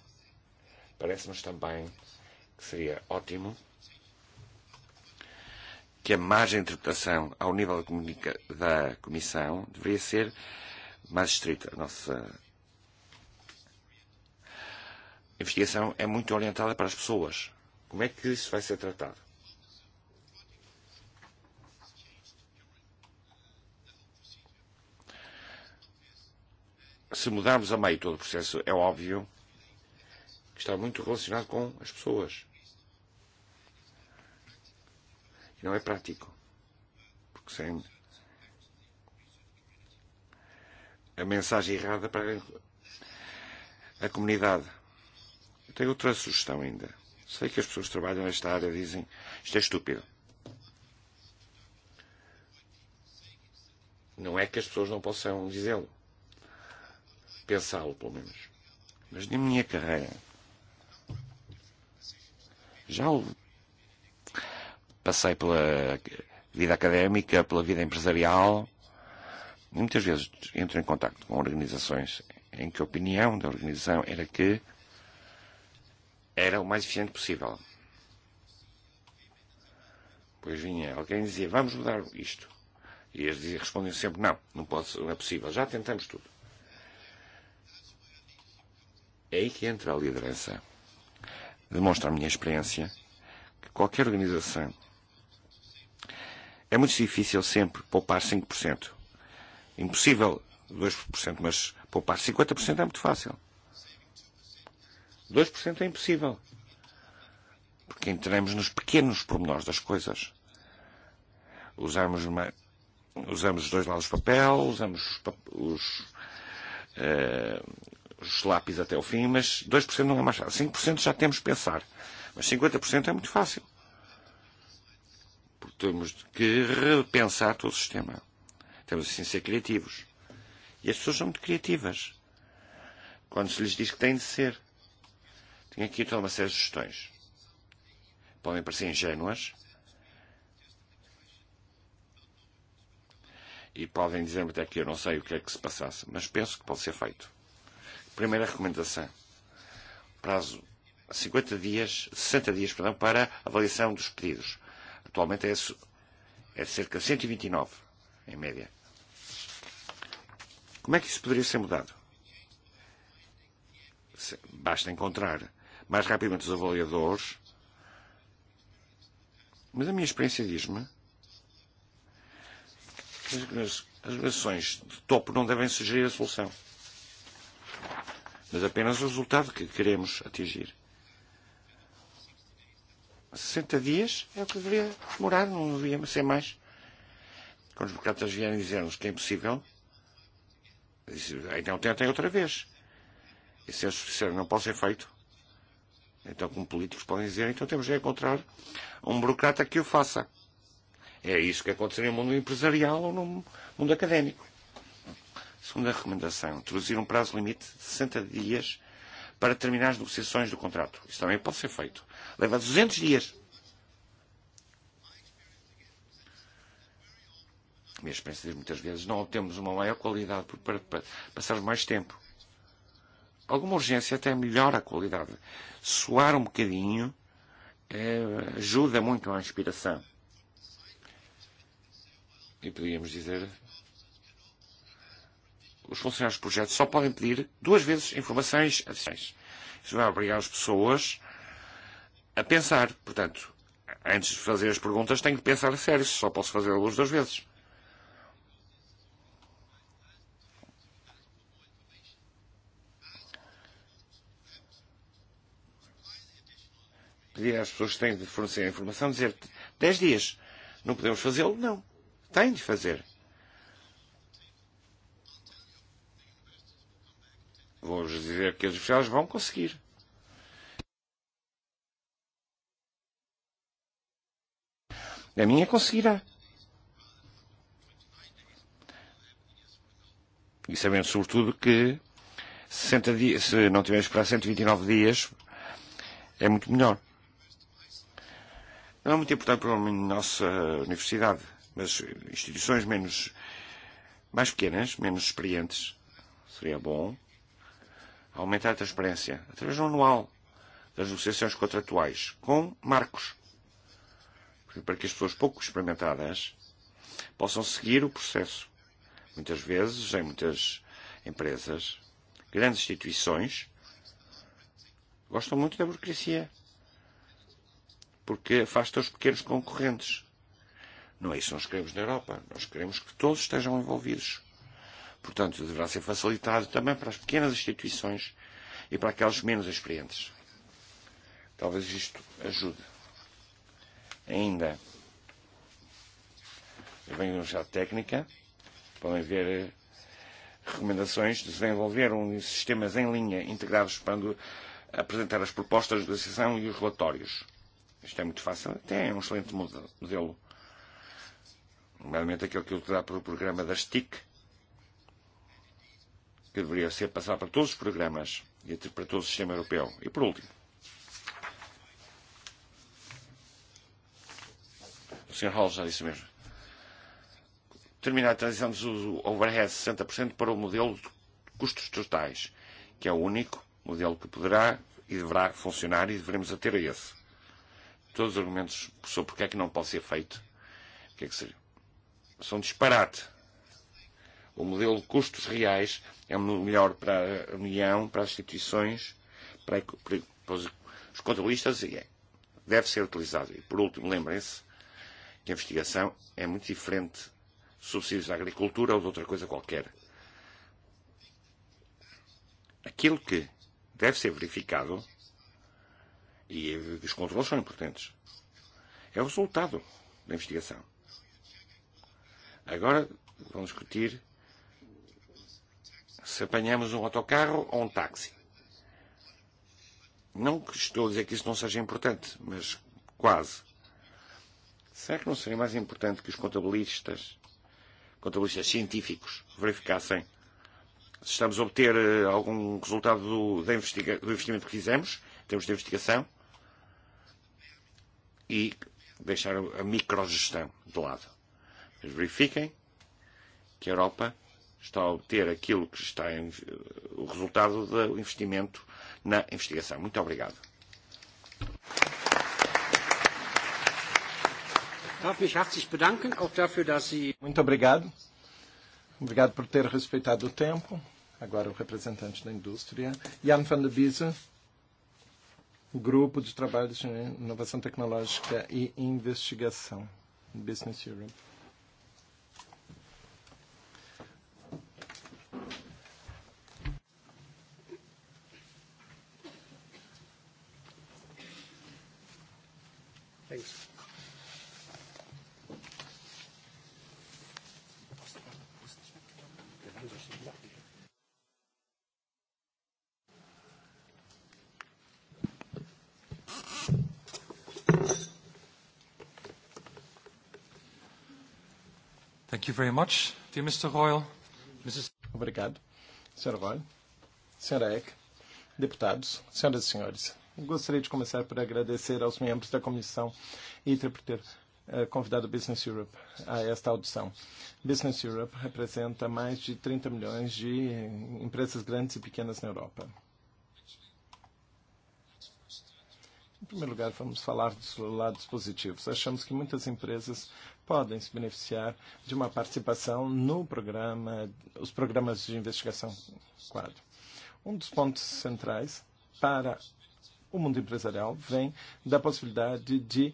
parece-nos também que seria ótimo que a margem de interpretação ao nível da Comissão deveria ser mais estrita. A nossa investigação é muito orientada para as pessoas. Como é que isso vai ser tratado? Se mudarmos a meio todo o processo, é óbvio que está muito relacionado com as pessoas. E não é prático. Porque sem a mensagem errada para a comunidade. Eu tenho outra sugestão ainda. Sei que as pessoas que trabalham nesta área dizem isto é estúpido. Não é que as pessoas não possam dizê-lo. Pensá-lo, pelo menos. Mas na minha carreira Já passei pela vida académica, pela vida empresarial, e muitas vezes entro em contato com organizações em que a opinião da organização era que era o mais eficiente possível. Pois vinha alguém e dizia, vamos mudar isto. E eles diziam, respondiam sempre, não, não, posso, não é possível, já tentamos tudo. É aí que entra a liderança demonstra a minha experiência que qualquer organização é muito difícil sempre poupar 5%. Impossível 2%, mas poupar 50% é muito fácil. 2% é impossível. Porque entramos nos pequenos pormenores das coisas. Usamos, uma, usamos os dois lados do papel, usamos os, os, uh, lápis até o fim, mas 2% não é mais fácil. 5% já temos de pensar, mas 50% é muito fácil. Porque temos que repensar todo o sistema. Temos assim ser criativos. E as pessoas são muito criativas. Quando se lhes diz que têm de ser. Tenho aqui toda uma série de sugestões. Podem parecer ingênuas. E podem dizer-me até que eu não sei o que é que se passasse, mas penso que pode ser feito. Primeira recomendação. Prazo 50 dias, 60 dias, perdão, para avaliação dos pedidos. Atualmente é, é cerca de 129, e e em média. Como é que isso poderia ser mudado? Basta encontrar mais rapidamente os avaliadores. Mas a minha experiência diz-me que as, as relações de topo não devem sugerir a solução mas apenas o resultado que queremos atingir. 60 dias é o que deveria demorar, não devia ser mais. Quando os burocratas vierem dizer-nos que é impossível, então tentem outra vez. E se eles disserem não pode ser feito, então como políticos podem dizer, então temos de encontrar um burocrata que o faça. É isso que aconteceria no mundo empresarial ou no mundo académico. Segunda recomendação, introduzir um prazo limite de 60 dias para terminar as negociações do contrato. Isso também pode ser feito. Leva 200 dias. A minha experiência diz muitas vezes não obtemos uma maior qualidade por para, para passarmos mais tempo. Alguma urgência até melhora a qualidade. Suar um bocadinho é, eh, ajuda muito à inspiração. E podíamos dizer, os funcionários de projeto só podem pedir duas vezes informações adicionais. Isso vai obrigar as pessoas a pensar. Portanto, antes de fazer as perguntas, tenho que pensar a sério. Só posso fazer algumas duas vezes. pedir às pessoas que têm de fornecer a informação, dizer 10 dias. Não podemos fazê-lo? Não. Tem de fazer. vou-vos dizer que os liberais vão conseguir. A minha conseguirá. E sabendo, sobretudo, que 60 dias, se não tivermos que esperar 129 dias, é muito melhor. Não é muito importante para a nossa universidade, mas instituições menos, mais pequenas, menos experientes, seria bom aumentar a transparência através de um anual das negociações contratuais com marcos para que as pessoas pouco experimentadas possam seguir o processo. Muitas vezes, em muitas empresas, grandes instituições gostam muito da burocracia porque afasta os pequenos concorrentes. Não é isso que nós queremos na Europa. Nós queremos que todos estejam envolvidos. Portanto, deverá ser facilitado também para as pequenas instituições e para aquelas menos experientes. Talvez isto ajude. Ainda, eu venho de uma universidade técnica, podem ver eh, recomendações de desenvolver um sistemas em linha integrados para apresentar as propostas de decisão e os relatórios. Isto é muito fácil, até é um excelente modelo. Nomeadamente aquele que é utilizado pelo programa das TIC, que deveria ser passar para todos os programas e para todo o sistema europeu. E por último, o Sr. Hall já disse mesmo, terminar a transição do overhead 60% para o modelo de custos totais, que é o único modelo que poderá e deverá funcionar e devemos ater a esse. Todos os argumentos sobre porque é que não pode ser feito, o que é que seria? São disparate O modelo de custos reais é melhor para a União, para as instituições, para, para, para os, os contabilistas e é, deve ser utilizado. E por último, lembrem-se que a investigação é muito diferente de subsídios da agricultura ou de outra coisa qualquer. Aquilo que deve ser verificado, e os controles são importantes, é o resultado da investigação. Agora vamos discutir se apanhamos um autocarro ou um táxi. Não que estou a dizer que isso não seja importante, mas quase. Será que não seria mais importante que os contabilistas, contabilistas científicos, verificassem se estamos a obter eh, algum resultado do, da investiga, do investimento que fizemos, em termos de investigação, e deixar a microgestão de lado. Mas verifiquem que a Europa está a obter aquilo que está em, o resultado do investimento na investigação. Muito obrigado. Muito obrigado. Obrigado por ter respeitado o tempo. Agora o representante da indústria, Jan van de Biesen, o Grupo de Trabalho de Inovação Tecnológica e Investigação, Business Europe. very much, dear Mr. Royal. Mrs. Obrigado, Sr. Royal, Sra. Eck, deputados, senhoras e senhores. Gostaria de começar por agradecer aos membros da comissão ITRE por ter eh, convidado Business Europe a esta audição. Business Europe representa mais de 30 milhões de eh, empresas grandes e pequenas na Europa. Em primeiro lugar, vamos falar dos lados positivos. Achamos que muitas empresas podem se beneficiar de uma participação no programa, os programas de investigação quadro. Um dos pontos centrais para o mundo empresarial vem da possibilidade de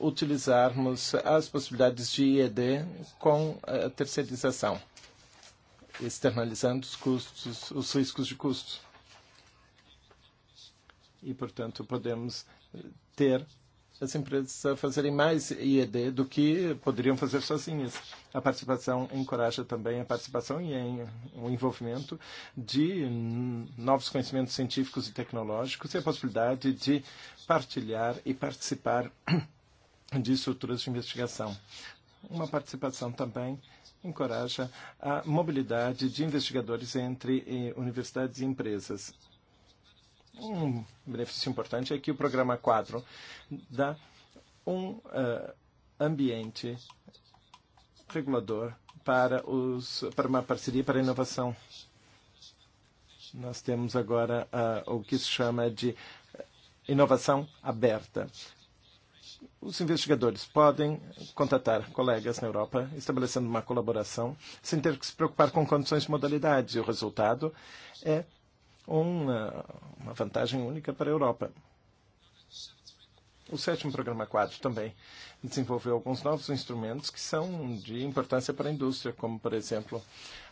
utilizarmos as possibilidades de IED com a eh, terceirização, externalizando os custos, os riscos de custos. E, portanto, podemos ter as empresas a fazerem mais IED do que poderiam fazer sozinhas. A participação encoraja também a participação e em, o envolvimento de novos conhecimentos científicos e tecnológicos e a possibilidade de partilhar e participar *clears throat* de estruturas de investigação. Uma participação também encoraja a mobilidade de investigadores entre eh, universidades e empresas um benefício importante é que o programa 4 dá um uh, ambiente regulador para, os, para uma parceria para a inovação. Nós temos agora uh, o que se chama de inovação aberta. Os investigadores podem contatar colegas na Europa, estabelecendo uma colaboração, sem ter que se preocupar com condições de modalidade. E o resultado é uma, uma vantagem única para a Europa. O sétimo programa quadro também desenvolveu alguns novos instrumentos que são de importância para a indústria, como, por exemplo,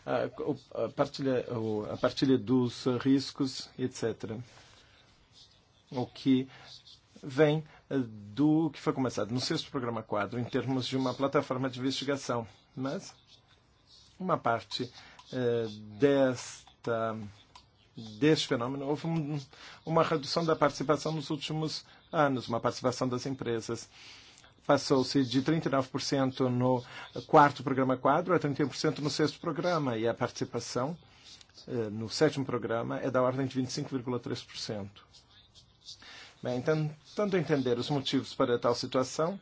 a, a, partilha, a partilha dos riscos, etc. O que vem eh, do que foi começado no sexto programa quadro, em termos de uma plataforma de investigação. Mas uma parte eh, desta deste fenômeno, houve um, uma redução da participação nos últimos anos, uma participação das empresas. Passou-se de 39% e no quarto programa quadro a 31% e um no sexto programa, e a participação eh, no sétimo programa é da ordem de 25,3%. E Bem, tentando entender os motivos para tal situação,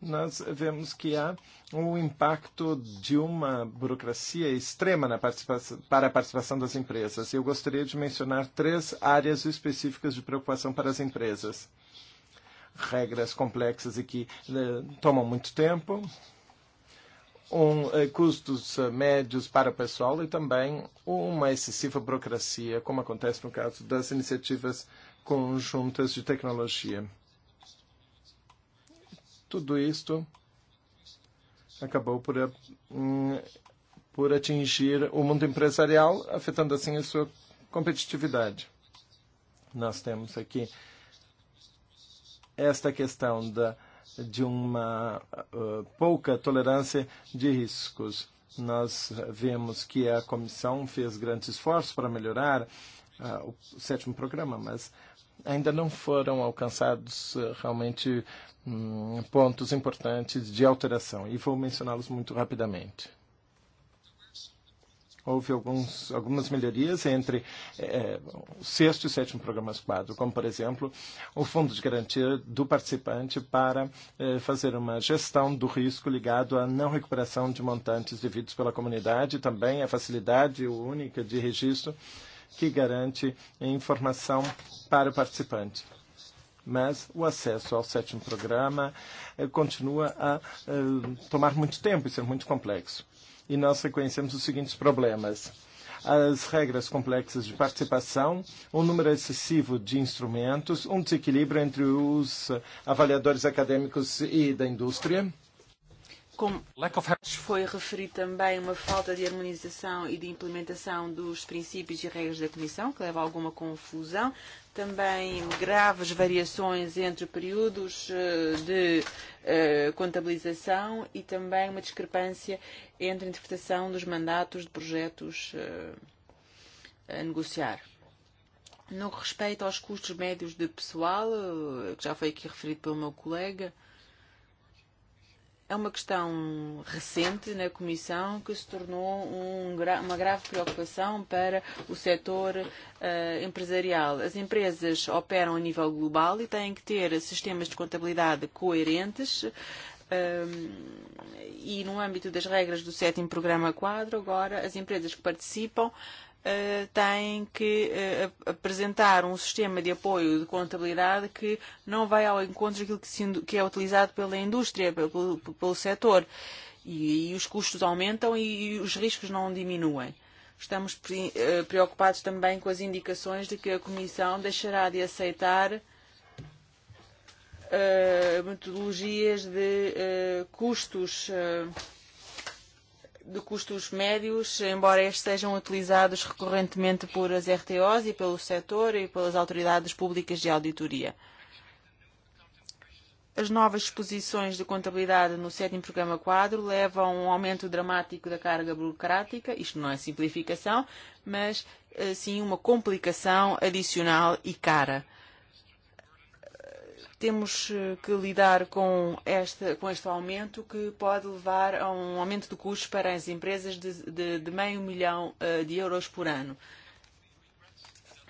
nós vemos que há um impacto de uma burocracia extrema na participação, para a participação das empresas. Eu gostaria de mencionar três áreas específicas de preocupação para as empresas. Regras complexas e que eh, tomam muito tempo, um, eh, custos eh, médios para o pessoal e também uma excessiva burocracia, como acontece no caso das iniciativas conjuntas de tecnologia. Tudo isto acabou por, a, eh, por atingir o mundo empresarial, afetando assim a sua competitividade. Nós temos aqui esta questão da, de uma uh, pouca tolerância de riscos. Nós vemos que a comissão fez grandes esforços para melhorar uh, o sétimo programa, mas ainda não foram alcançados eh, realmente hum, pontos importantes de alteração e vou mencioná-los muito rapidamente. Houve alguns, algumas melhorias entre é, eh, eh, o sexto e sétimo programas quadro, como, por exemplo, o fundo de garantia do participante para é, fazer uma gestão do risco ligado à não recuperação de montantes devidos pela comunidade, também a facilidade única de registro é, que garante informação para o participante. Mas o acesso ao sétimo programa eh, continua a eh, tomar muito tempo e ser muito complexo. E nós reconhecemos os seguintes problemas as regras complexas de participação, um número excessivo de instrumentos, um desequilíbrio entre os eh, avaliadores acadêmicos e da indústria, como foi referido também uma falta de harmonização e de implementação dos princípios e regras da Comissão, que leva a alguma confusão, também graves variações entre períodos eh, de eh, contabilização e também uma discrepância entre a interpretação dos mandatos de projetos eh, a negociar. No que respeita aos custos médios de pessoal, que já foi aqui referido pelo meu colega, uh, é uma questão recente na Comissão que se tornou um, uma grave preocupação para o setor uh, empresarial. As empresas operam a nível global e têm que ter sistemas de contabilidade coerentes. Um, e no âmbito das regras do sétimo programa quadro, agora as empresas que participam uh, têm que eh, apresentar um sistema de apoio e de contabilidade que não vai ao encontro daquilo que é utilizado pela indústria, pelo, pelo setor. E, e os custos aumentam e, e os riscos não diminuem. Estamos pre, eh, preocupados também com as indicações de que a Comissão deixará de aceitar uh, metodologias de uh, custos uh, de custos médios, embora estes sejam utilizados recorrentemente por as RTOs e pelo setor e pelas autoridades públicas de auditoria. As novas exposições de contabilidade no sétimo programa quadro levam a um aumento dramático da carga burocrática, isto não é simplificação, mas eh, sim uma complicação adicional e cara temos eh, que lidar com este, com este aumento que pode levar a um aumento de custos para as empresas de, de, de meio milhão eh, de euros por ano.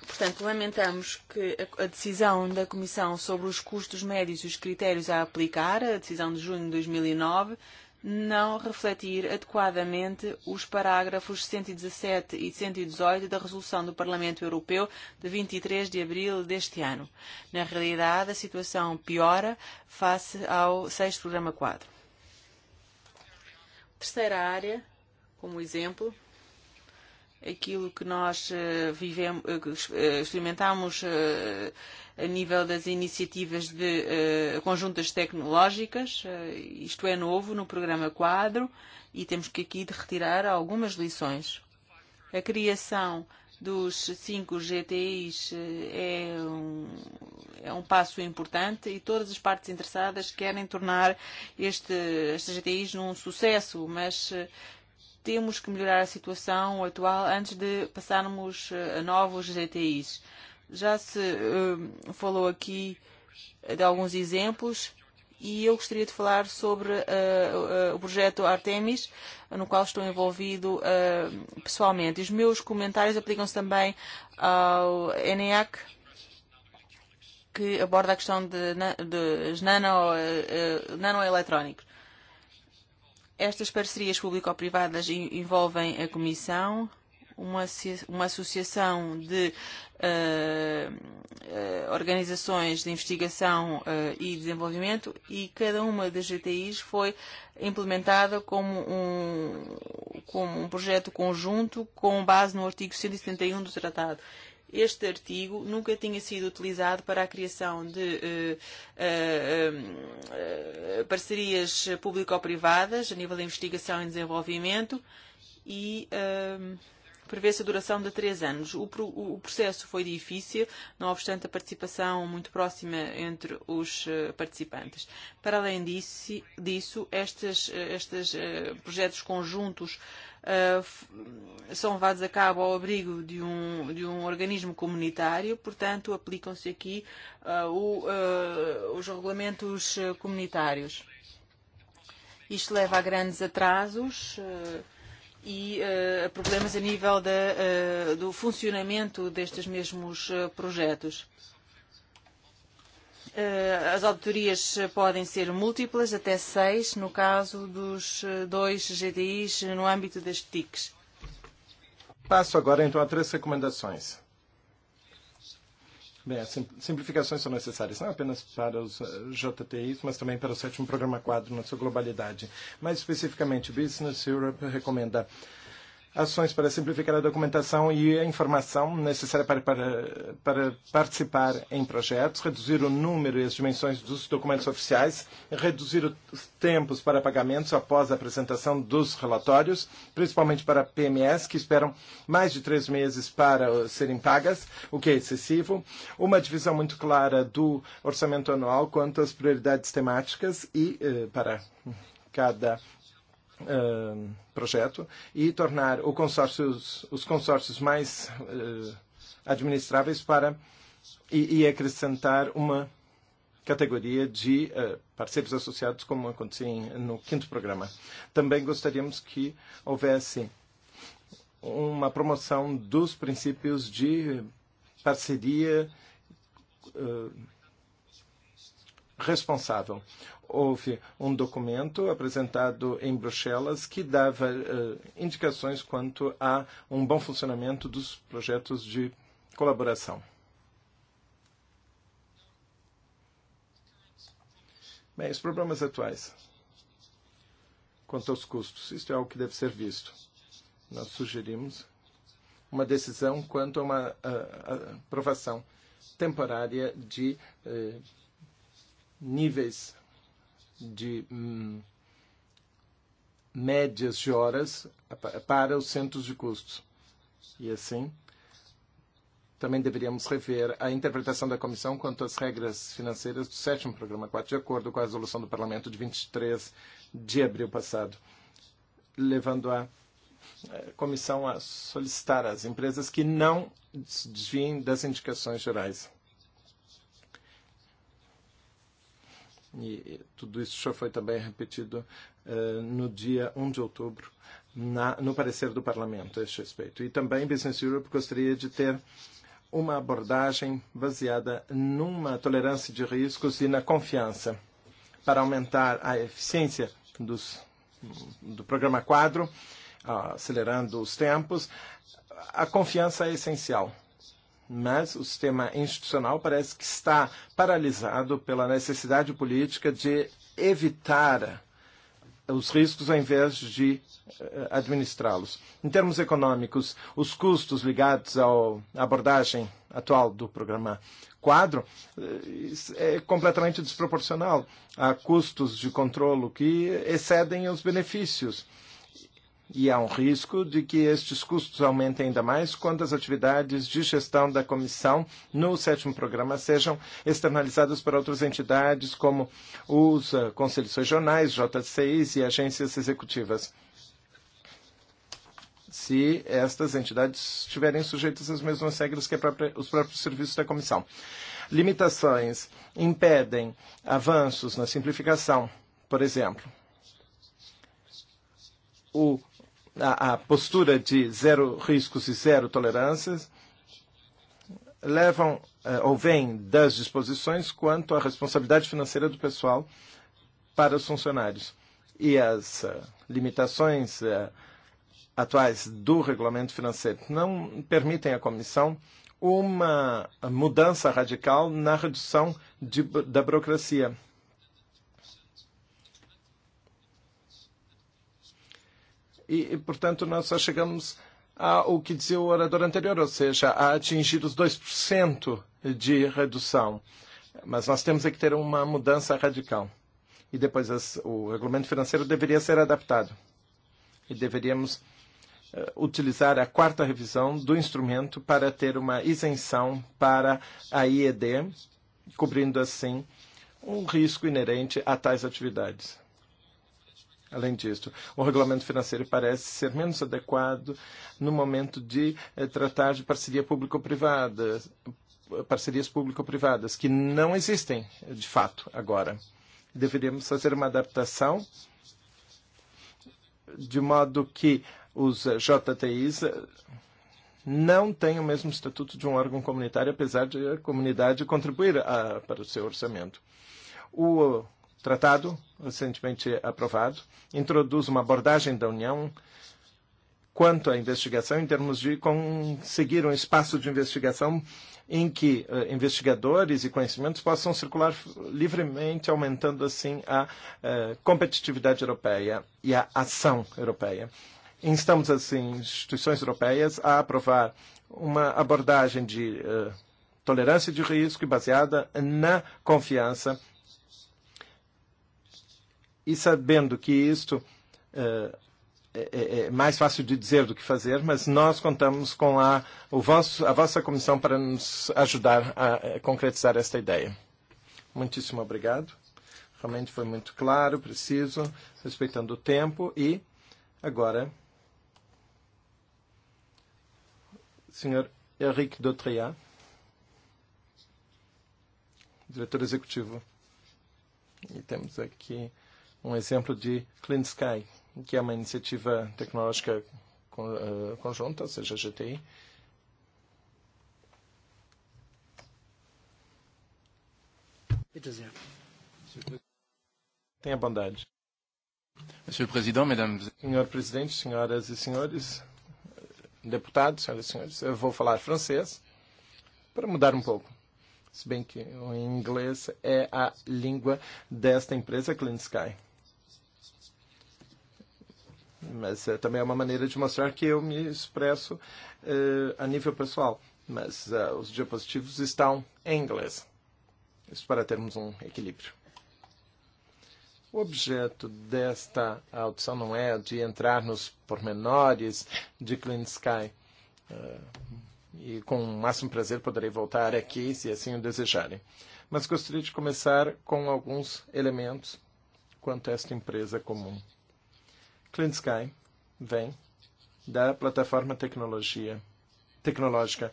Portanto, lamentamos que a, a decisão da Comissão sobre os custos médios e os critérios a aplicar, a decisão de junho de 2009, não refletir adequadamente os parágrafos 117 e 118 e e da Resolução do Parlamento Europeu de 23 e de abril deste ano. Na realidade, a situação piora face ao 6 Programa 4. Terceira área, como exemplo, aquilo que nós eh, vivemos, eh, eh, experimentamos a nível das iniciativas de conjuntas tecnológicas. Isto é novo no programa quadro e temos que aqui de retirar algumas lições. A criação dos cinco GTIs é um, é um passo importante e todas as partes interessadas querem tornar este, estes GTIs num sucesso, mas temos que melhorar a situação atual antes de passarmos a eh, novos GTIs. Já se uh, falou aqui de alguns exemplos e eu gostaria de falar sobre uh, uh, o projeto Artemis, no qual estou envolvido uh, pessoalmente. E os meus comentários aplicam-se também ao ENEAC, que aborda a questão de, de, dos nano, uh, nanoeletrónicos. Estas parcerias público-privadas envolvem a Comissão, uma, uma associação de uh, uh, organizações de investigação uh, e desenvolvimento e cada uma das GTIs foi implementada como um, como um projeto conjunto com base no artigo 171 e e um do Tratado este artigo nunca tinha sido utilizado para a criação de uh, uh, uh, parcerias público-privadas a nível de investigação e desenvolvimento e uh, prevê-se a duração de três anos. O, o processo foi difícil, não obstante a participação muito próxima entre os eh, participantes. Para além disso, disso estes, eh, estes eh, projetos conjuntos uh, são levados a cabo ao abrigo de um, de um organismo comunitário, portanto, aplicam-se aqui uh, o, uh, os regulamentos comunitários. Isto leva a grandes atrasos. Uh, e uh, problemas a nível da, uh, do funcionamento destes mesmos uh, projetos. Uh, as auditorias podem ser múltiplas, até seis, no caso dos dois GDIs no âmbito das TICs. Passo agora então a três recomendações. Bem, as simplificações são necessárias não apenas para os eh, JTIs, mas também para o sétimo programa quadro na sua globalidade. Mais especificamente, Business Europe recomenda uh, ações para simplificar a documentação e a informação necessária para, para, para participar em projetos, reduzir o número e as dimensões dos documentos oficiais, reduzir os tempos para pagamentos após a apresentação dos relatórios, principalmente para PMS, que esperam mais de três meses para serem pagas, o que é excessivo, uma divisão muito clara do orçamento anual quanto às prioridades temáticas e eh, para cada uh, projeto e tornar consórcios, os consórcios mais uh, administráveis para e, e acrescentar uma categoria de uh, parceiros associados, como acontecia no quinto programa. Também gostaríamos que houvesse uma promoção dos princípios de parceria uh, responsável houve um documento apresentado em Bruxelas que dava uh, indicações quanto a um bom funcionamento dos projetos de colaboração. Bem, os problemas atuais quanto aos custos, isto é algo que deve ser visto. Nós sugerimos uma decisão quanto a uma aprovação temporária de eh, níveis de hum, médias de horas para os centros de custos. E assim, também deveríamos rever a interpretação da Comissão quanto às regras financeiras do sétimo programa 4, de acordo com a resolução do Parlamento de 23 e de abril passado, levando a eh, Comissão a solicitar às empresas que não desviem das indicações gerais. E tudo isso já foi também repetido uh, no dia 1 um de outubro na, no parecer do Parlamento a este respeito. E também Business Europe gostaria de ter uma abordagem baseada numa tolerância de riscos e na confiança para aumentar a eficiência dos, do programa quadro, uh, acelerando os tempos. A confiança é essencial mas o sistema institucional parece que está paralisado pela necessidade política de evitar os riscos ao invés de eh, administrá-los. Em termos econômicos, os custos ligados à abordagem atual do programa quadro eh, é completamente desproporcional a custos de controlo que excedem os benefícios. E há um risco de que estes custos aumentem ainda mais quando as atividades de gestão da comissão no sétimo programa sejam externalizadas para outras entidades, como os eh, conselhos regionais, JCIs e agências executivas, se estas entidades estiverem sujeitas às mesmas regras que própria, os próprios serviços da comissão. Limitações impedem avanços na simplificação, por exemplo o a, a postura de zero riscos e zero tolerâncias levam ou vêm das disposições quanto à responsabilidade financeira do pessoal para os funcionários. E as limitações atuais do regulamento financeiro não permitem à comissão uma mudança radical na redução de, da burocracia. E, e, portanto, nós só chegamos ao que dizia o orador anterior, ou seja, a atingir os 2% de redução. Mas nós temos é que ter uma mudança radical. E depois as, o regulamento financeiro deveria ser adaptado. E deveríamos uh, utilizar a quarta revisão do instrumento para ter uma isenção para a IED, cobrindo assim um risco inerente a tais atividades. Além disso, o regulamento financeiro parece ser menos adequado no momento de eh, tratar de parceria público-privada, parcerias público-privadas, que não existem, de fato, agora. Deveríamos fazer uma adaptação de modo que os eh, JTIs eh, não têm o mesmo estatuto de um órgão comunitário, apesar de a comunidade contribuir a, ah, para o seu orçamento. O tratado, recentemente aprovado, introduz uma abordagem da União quanto à investigação em termos de conseguir um espaço de investigação em que uh, investigadores e conhecimentos possam circular livremente, aumentando assim a uh, competitividade europeia e a ação europeia. Instamos assim instituições europeias a aprovar uma abordagem de uh, tolerância de risco e baseada na confiança E sabendo que isto uh, é, é mais fácil de dizer do que fazer, mas nós contamos com a, o vosso, a vossa comissão para nos ajudar a, a concretizar esta ideia. Muitíssimo obrigado. Realmente foi muito claro, preciso, respeitando o tempo. E agora, senhor Henrique Dautriat, diretor executivo. E temos aqui um exemplo de Clean Sky, que é uma iniciativa tecnológica eh, conjunta, ou seja, GTI, Bitte sehr. Tenha bondade. Senhor Presidente, mesdames... Senhor Presidente, senhoras e senhores, deputados, senhoras e senhores, eu vou falar francês para mudar um pouco. Se bem que o inglês é a língua desta empresa Clean Sky mas eh, também é uma maneira de mostrar que eu me expresso uh, a nível pessoal. Mas uh, os diapositivos estão em inglês. Isso para termos um equilíbrio. O objeto desta audição não é de entrar nos pormenores de Clean Sky. Uh, e com o máximo prazer poderei voltar aqui, se assim o desejarem. Mas gostaria de começar com alguns elementos quanto a esta empresa comum. Clean Sky vem da plataforma tecnologia, tecnológica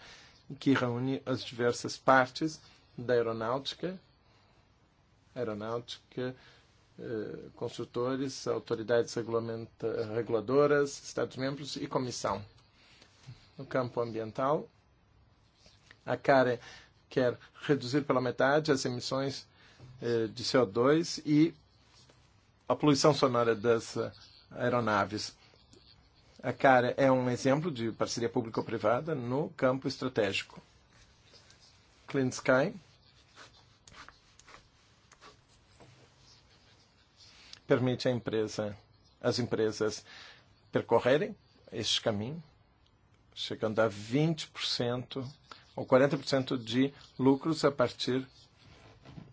que reúne as diversas partes da aeronáutica, aeronáutica, eh, consultores, autoridades reguladoras, Estados-membros e comissão. No campo ambiental, a CARE quer reduzir pela metade as emissões eh, de CO2 e a poluição sonora das aeronaves, a CARA é um exemplo de parceria público-privada no campo estratégico. Clean Sky permite à empresa, às empresas percorrerem este caminho, chegando a 20% ou 40% de lucros a partir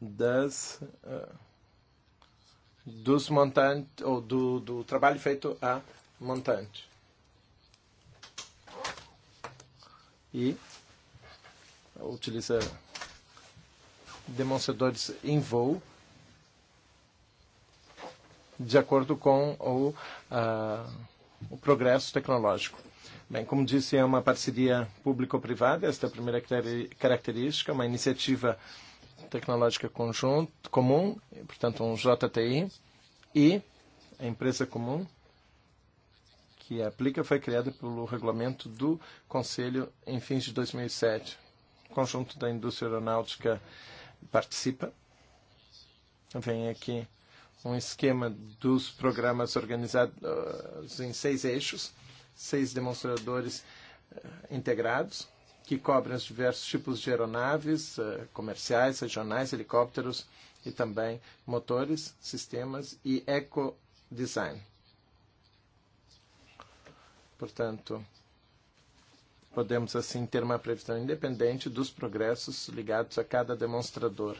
das uh, dos montantes, ou do, do trabalho feito a montante. E utiliza demonstradores em voo de acordo com o, uh, o progresso tecnológico. Bem, como disse, é uma parceria público-privada, esta é a primeira característica, uma iniciativa uh, Tecnológica Conjunto, Comum, portanto um JTI, e a Empresa Comum, que aplica, foi criada pelo regulamento do Conselho em fins de 2007. O conjunto da indústria aeronáutica participa. Vem aqui um esquema dos programas organizados em seis eixos, seis demonstradores uh, integrados que cobre os diversos tipos de aeronaves eh, comerciais, regionais, helicópteros e também motores, sistemas e eco-design. Portanto, podemos assim ter uma previsão independente dos progressos ligados a cada demonstrador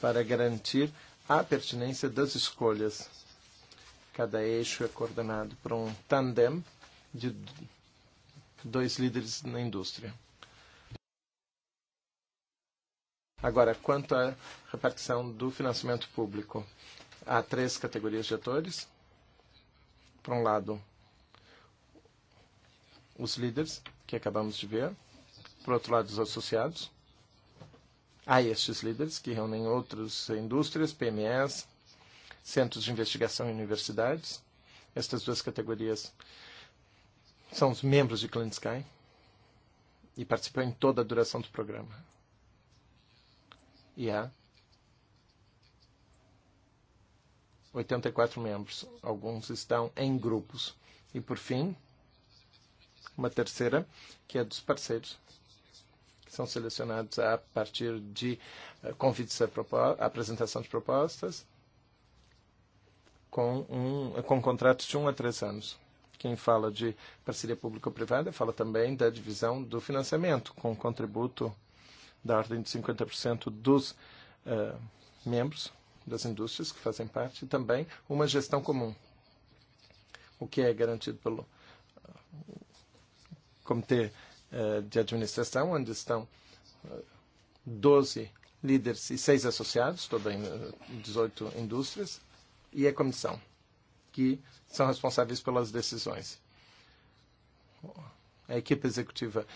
para garantir a pertinência das escolhas. Cada eixo é coordenado por um tandem de dois líderes na indústria. Agora, quanto à repartição do financiamento público, há três categorias de atores. Por um lado, os líderes, que acabamos de ver. Por outro lado, os associados. Há estes líderes que reúnem outras indústrias, PMEs, centros de investigação e universidades. Estas duas categorias são os membros de Clan Sky e participam em toda a duração do programa. E há 84 e membros. Alguns estão em grupos. E por fim, uma terceira, que é dos parceiros, que são selecionados a partir de eh, convites à apresentação de propostas com, um, com contratos de 1 um a 3 anos. Quem fala de parceria público-privada fala também da divisão do financiamento, com contributo da ordem de 50% dos uh, membros das indústrias que fazem parte e também uma gestão comum, o que é garantido pelo uh, Comitê uh, de Administração, onde estão uh, 12 líderes e seis associados, toda 18 indústrias, e a comissão que são responsáveis pelas decisões. A equipe executiva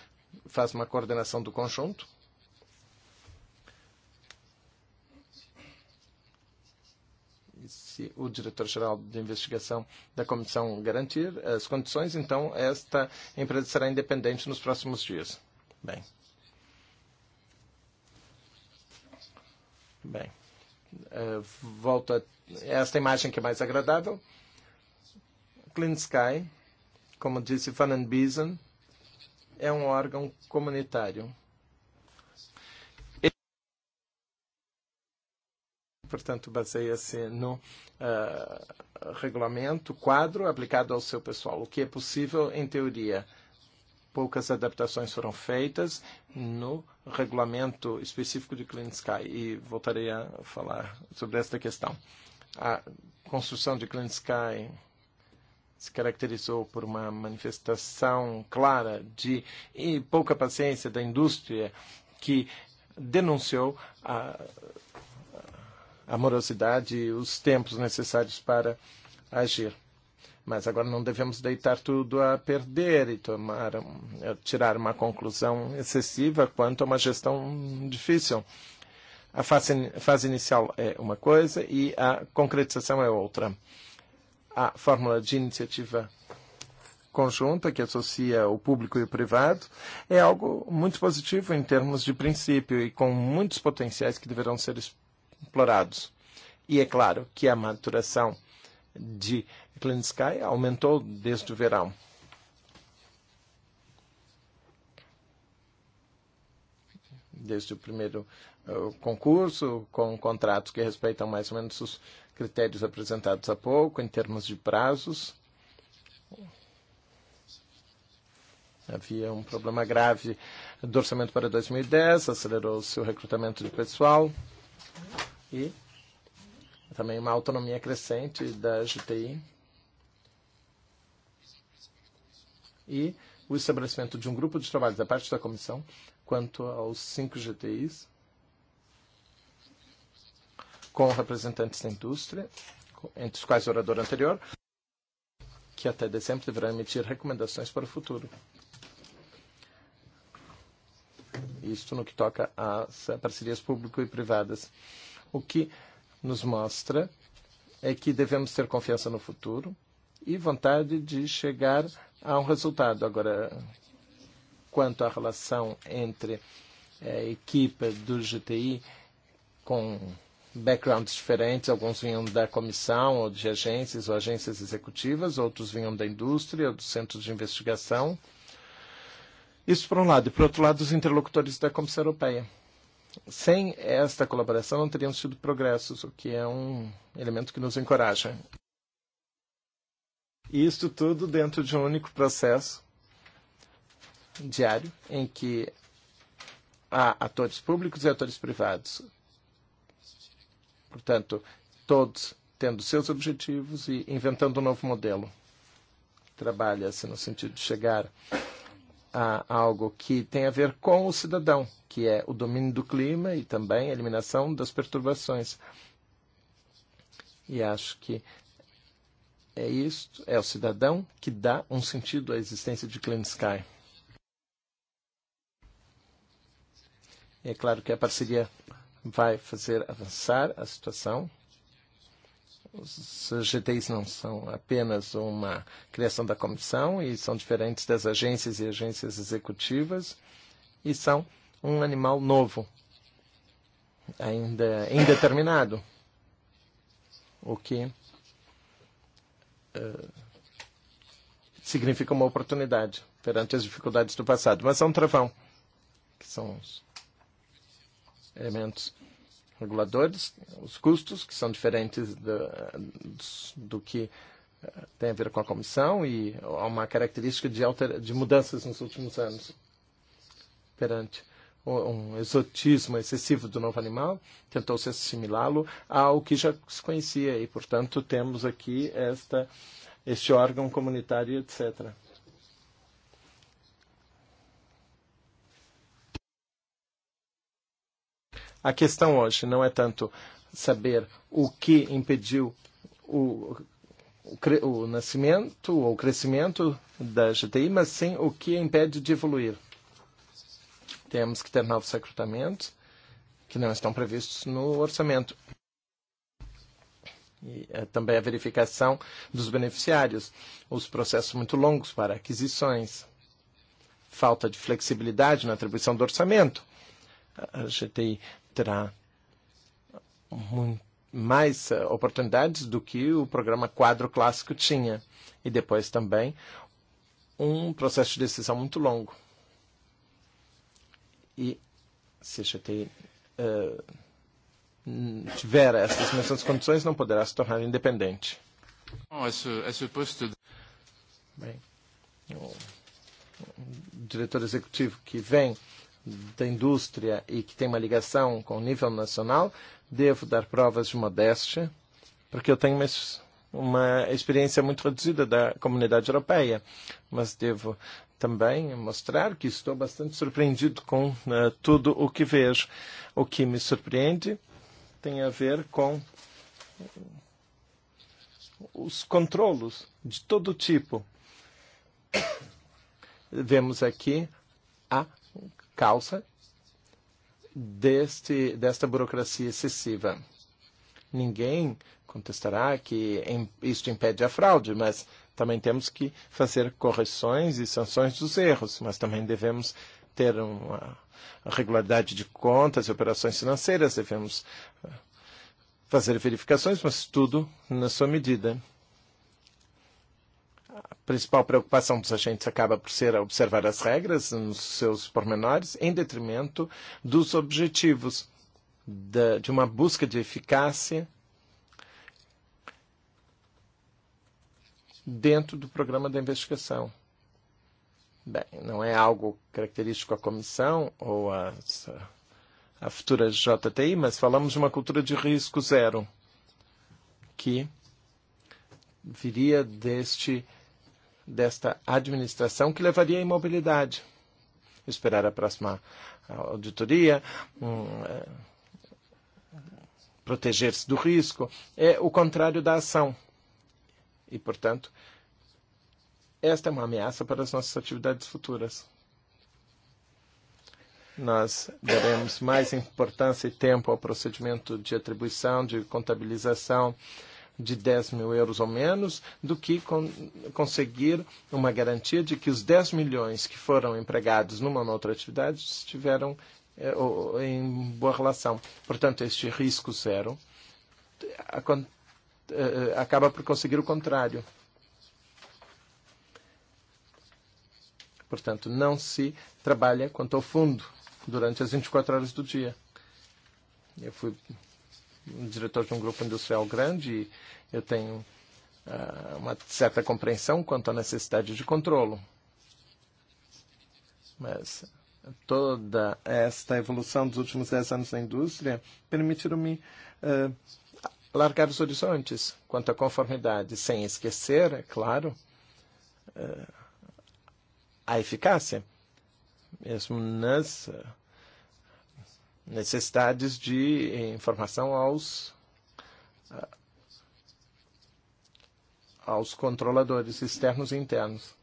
faz uma coordenação do conjunto. E se o diretor-geral de investigação da comissão garantir as condições, então esta empresa será independente nos próximos dias. Bem. Bem. Uh, volto a esta imagem que é mais agradável. Uh, Clean Sky, como disse Van Biesen, é um órgão comunitário. E, portanto, baseia-se no uh, regulamento quadro aplicado ao seu pessoal, o que é possível em teoria. Poucas adaptações foram feitas no regulamento específico de Clean Sky e voltarei a falar sobre esta questão. A construção de Clean Sky se caracterizou por uma manifestação clara de e pouca paciência da indústria que denunciou a, a morosidade e os tempos necessários para agir. Mas agora não devemos deitar tudo a perder e tomar, um, eh, tirar uma conclusão excessiva quanto a uma gestão difícil. A fase, fase inicial é uma coisa e a concretização é outra. Uh, a fórmula de iniciativa conjunta que associa o público e o privado é algo muito positivo em termos de princípio e com muitos potenciais que deverão ser explorados. E é claro que a maturação de Clean Sky aumentou desde o verão. Desde o primeiro uh, concurso, com contratos que respeitam mais ou menos os critérios apresentados há pouco, em termos de prazos. Havia um problema grave do orçamento para 2010, e acelerou-se o recrutamento de pessoal e também uma autonomia crescente da GTI. E o estabelecimento de um grupo de trabalho da parte da comissão quanto aos cinco GTIs com representantes da indústria, entre os quais o orador anterior, que até dezembro deverá emitir recomendações para o futuro. Isto no que toca às parcerias público e privadas. O que nos mostra é que devemos ter confiança no futuro e vontade de chegar a um resultado. Agora, quanto à relação entre a equipe do GTI com backgrounds diferentes, alguns vinham da comissão ou de agências ou agências executivas, outros vinham da indústria ou dos centros de investigação. Isso por um lado. E por outro lado, os interlocutores da Comissão Europeia. Sem esta colaboração, não teriam sido progressos, o que é um elemento que nos encoraja. E isto tudo dentro de um único processo diário, em que há atores públicos e atores privados, Portanto, todos tendo seus objetivos e inventando um novo modelo. Trabalha-se no sentido de chegar a algo que tem a ver com o cidadão, que é o domínio do clima e também a eliminação das perturbações. E acho que é isto, é o cidadão que dá um sentido à existência de Clean Sky. E é claro que a parceria vai fazer avançar a situação. Os GTIs não são apenas uma criação da comissão e são diferentes das agências e agências executivas e são um animal novo, ainda indeterminado, o que uh, significa uma oportunidade perante as dificuldades do passado, mas é um travão, que são os elementos reguladores, os custos, que são diferentes do, do que eh, tem a ver com a comissão e há uma característica de, alter, de mudanças nos últimos anos perante um exotismo excessivo do novo animal, tentou-se assimilá-lo ao que já se conhecia e, portanto, temos aqui esta, este órgão comunitário, etc. A questão hoje não é tanto saber o que impediu o, o, o nascimento ou o crescimento da GTI, mas sim o que impede de evoluir. Temos que ter novos recrutamentos que não estão previstos no orçamento. E é, também a verificação dos beneficiários, os processos muito longos para aquisições, falta de flexibilidade na atribuição do orçamento. A GTI terá mais eh, oportunidades do que o programa quadro clássico tinha. E depois também um processo de decisão muito longo. E se a GTI uh, eh, tiver essas mesmas condições, não poderá se tornar independente. Esse, esse posto... Bem, o diretor executivo que vem da indústria e que tem uma ligação com o nível nacional, devo dar provas de modéstia, porque eu tenho uma, uma experiência muito reduzida da comunidade europeia, mas devo também mostrar que estou bastante surpreendido com uh, tudo o que vejo. O que me surpreende tem a ver com os controlos de todo tipo. *coughs* Vemos aqui a causa deste, desta burocracia excessiva. Ninguém contestará que isto impede a fraude, mas também temos que fazer correções e sanções dos erros, mas também devemos ter uma regularidade de contas e operações financeiras, devemos ah, fazer verificações, mas tudo na sua medida. A principal preocupação dos agentes acaba por ser observar as regras nos seus pormenores, em detrimento dos objetivos da, de uma busca de eficácia dentro do programa da investigação. Bem, não é algo característico à comissão ou à, à futura JTI, mas falamos de uma cultura de risco zero que viria deste desta administração que levaria à imobilidade. Esperar a próxima auditoria, hum, é, proteger-se do risco, é o contrário da ação. E, portanto, esta é uma ameaça para as nossas atividades futuras. Nós daremos mais importância e tempo ao procedimento de atribuição, de contabilização, uh, de 10 mil euros ou menos, do que con conseguir uma garantia de que os 10 milhões que foram empregados numa outra atividade estiveram é, ou, em boa relação. Portanto, este risco zero a, a, acaba por conseguir o contrário. Portanto, não se trabalha quanto ao fundo durante as 24 e horas do dia. Eu fui Um diretor de um grupo industrial grande e eu tenho uh, uma certa compreensão quanto à necessidade de controlo. Mas toda esta evolução dos últimos dez anos na indústria permitiram-me uh, ah, largar os horizontes quanto à conformidade, sem esquecer, é claro, uh, a eficácia, mesmo nas uh, necessidades de eh, informação aos ah, aos controladores externos e internos.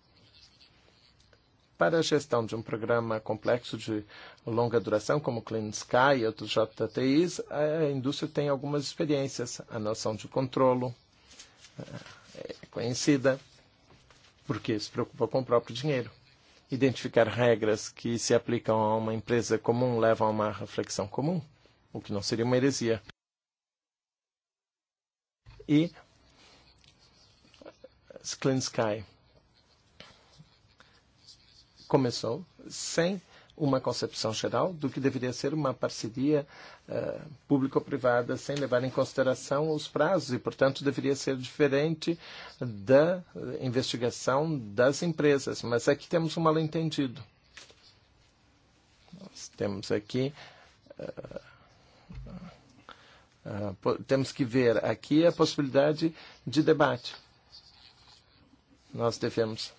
Para a gestão de um programa complexo de longa duração, como Clean Sky e outros JTIs, a indústria tem algumas experiências. A noção de controlo eh, é conhecida, porque se preocupa com o próprio dinheiro identificar regras que se aplicam a uma empresa comum levam a uma reflexão comum, o que não seria uma heresia. E Clean Sky começou sem uma concepção geral do que deveria ser uma parceria uh, público-privada, sem levar em consideração os prazos, e, portanto, deveria ser diferente da eh, investigação das empresas. Mas aqui temos um mal-entendido. Nós temos aqui. Uh, Uh, temos que ver aqui a possibilidade de debate. Nós devemos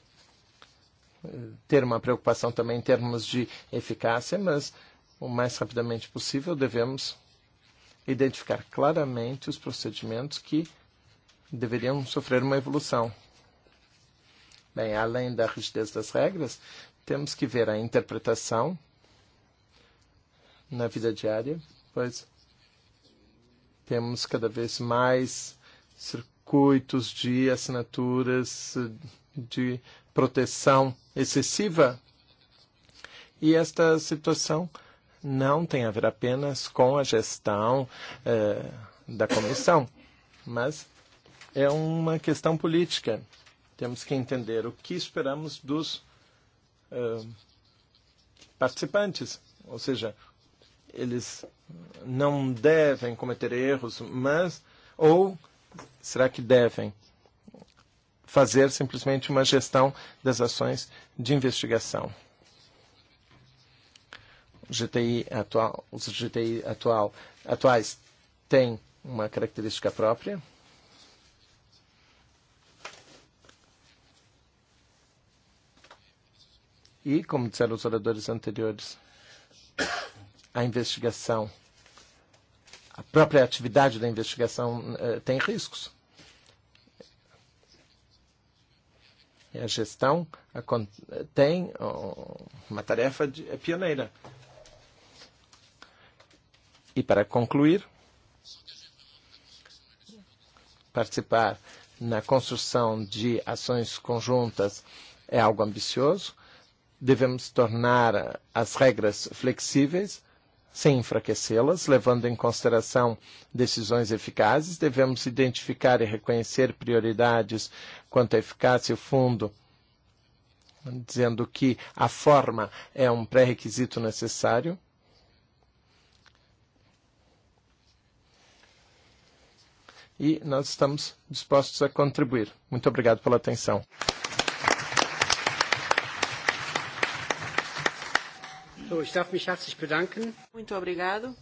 ter uma preocupação também em termos de eficácia, mas o mais rapidamente possível devemos identificar claramente os procedimentos que deveriam sofrer uma evolução. Bem, além da rigidez das regras, temos que ver a interpretação na vida diária, pois temos cada vez mais circuitos de assinaturas de proteção excessiva. E esta situação não tem a ver apenas com a gestão eh, da comissão, mas é uma questão política. Temos que entender o que esperamos dos eh, participantes, ou seja, eles não devem cometer erros, mas ou será que devem? fazer simplesmente uma gestão das ações de investigação. O GTI atual, os GTI atual, atuais têm uma característica própria. E, como disseram os oradores anteriores, *coughs* a investigação, a própria atividade da investigação eh, tem riscos. E a gestão tem uma tarefa de, é pioneira. E para concluir, participar na construção de ações conjuntas é algo ambicioso. Devemos tornar as regras flexíveis sem enfraquecê-las, levando em consideração decisões eficazes. Devemos identificar e reconhecer prioridades quanto à eficácia e o fundo, dizendo que a forma é um pré-requisito necessário. E nós estamos dispostos a contribuir. Muito obrigado pela atenção. Muito obrigado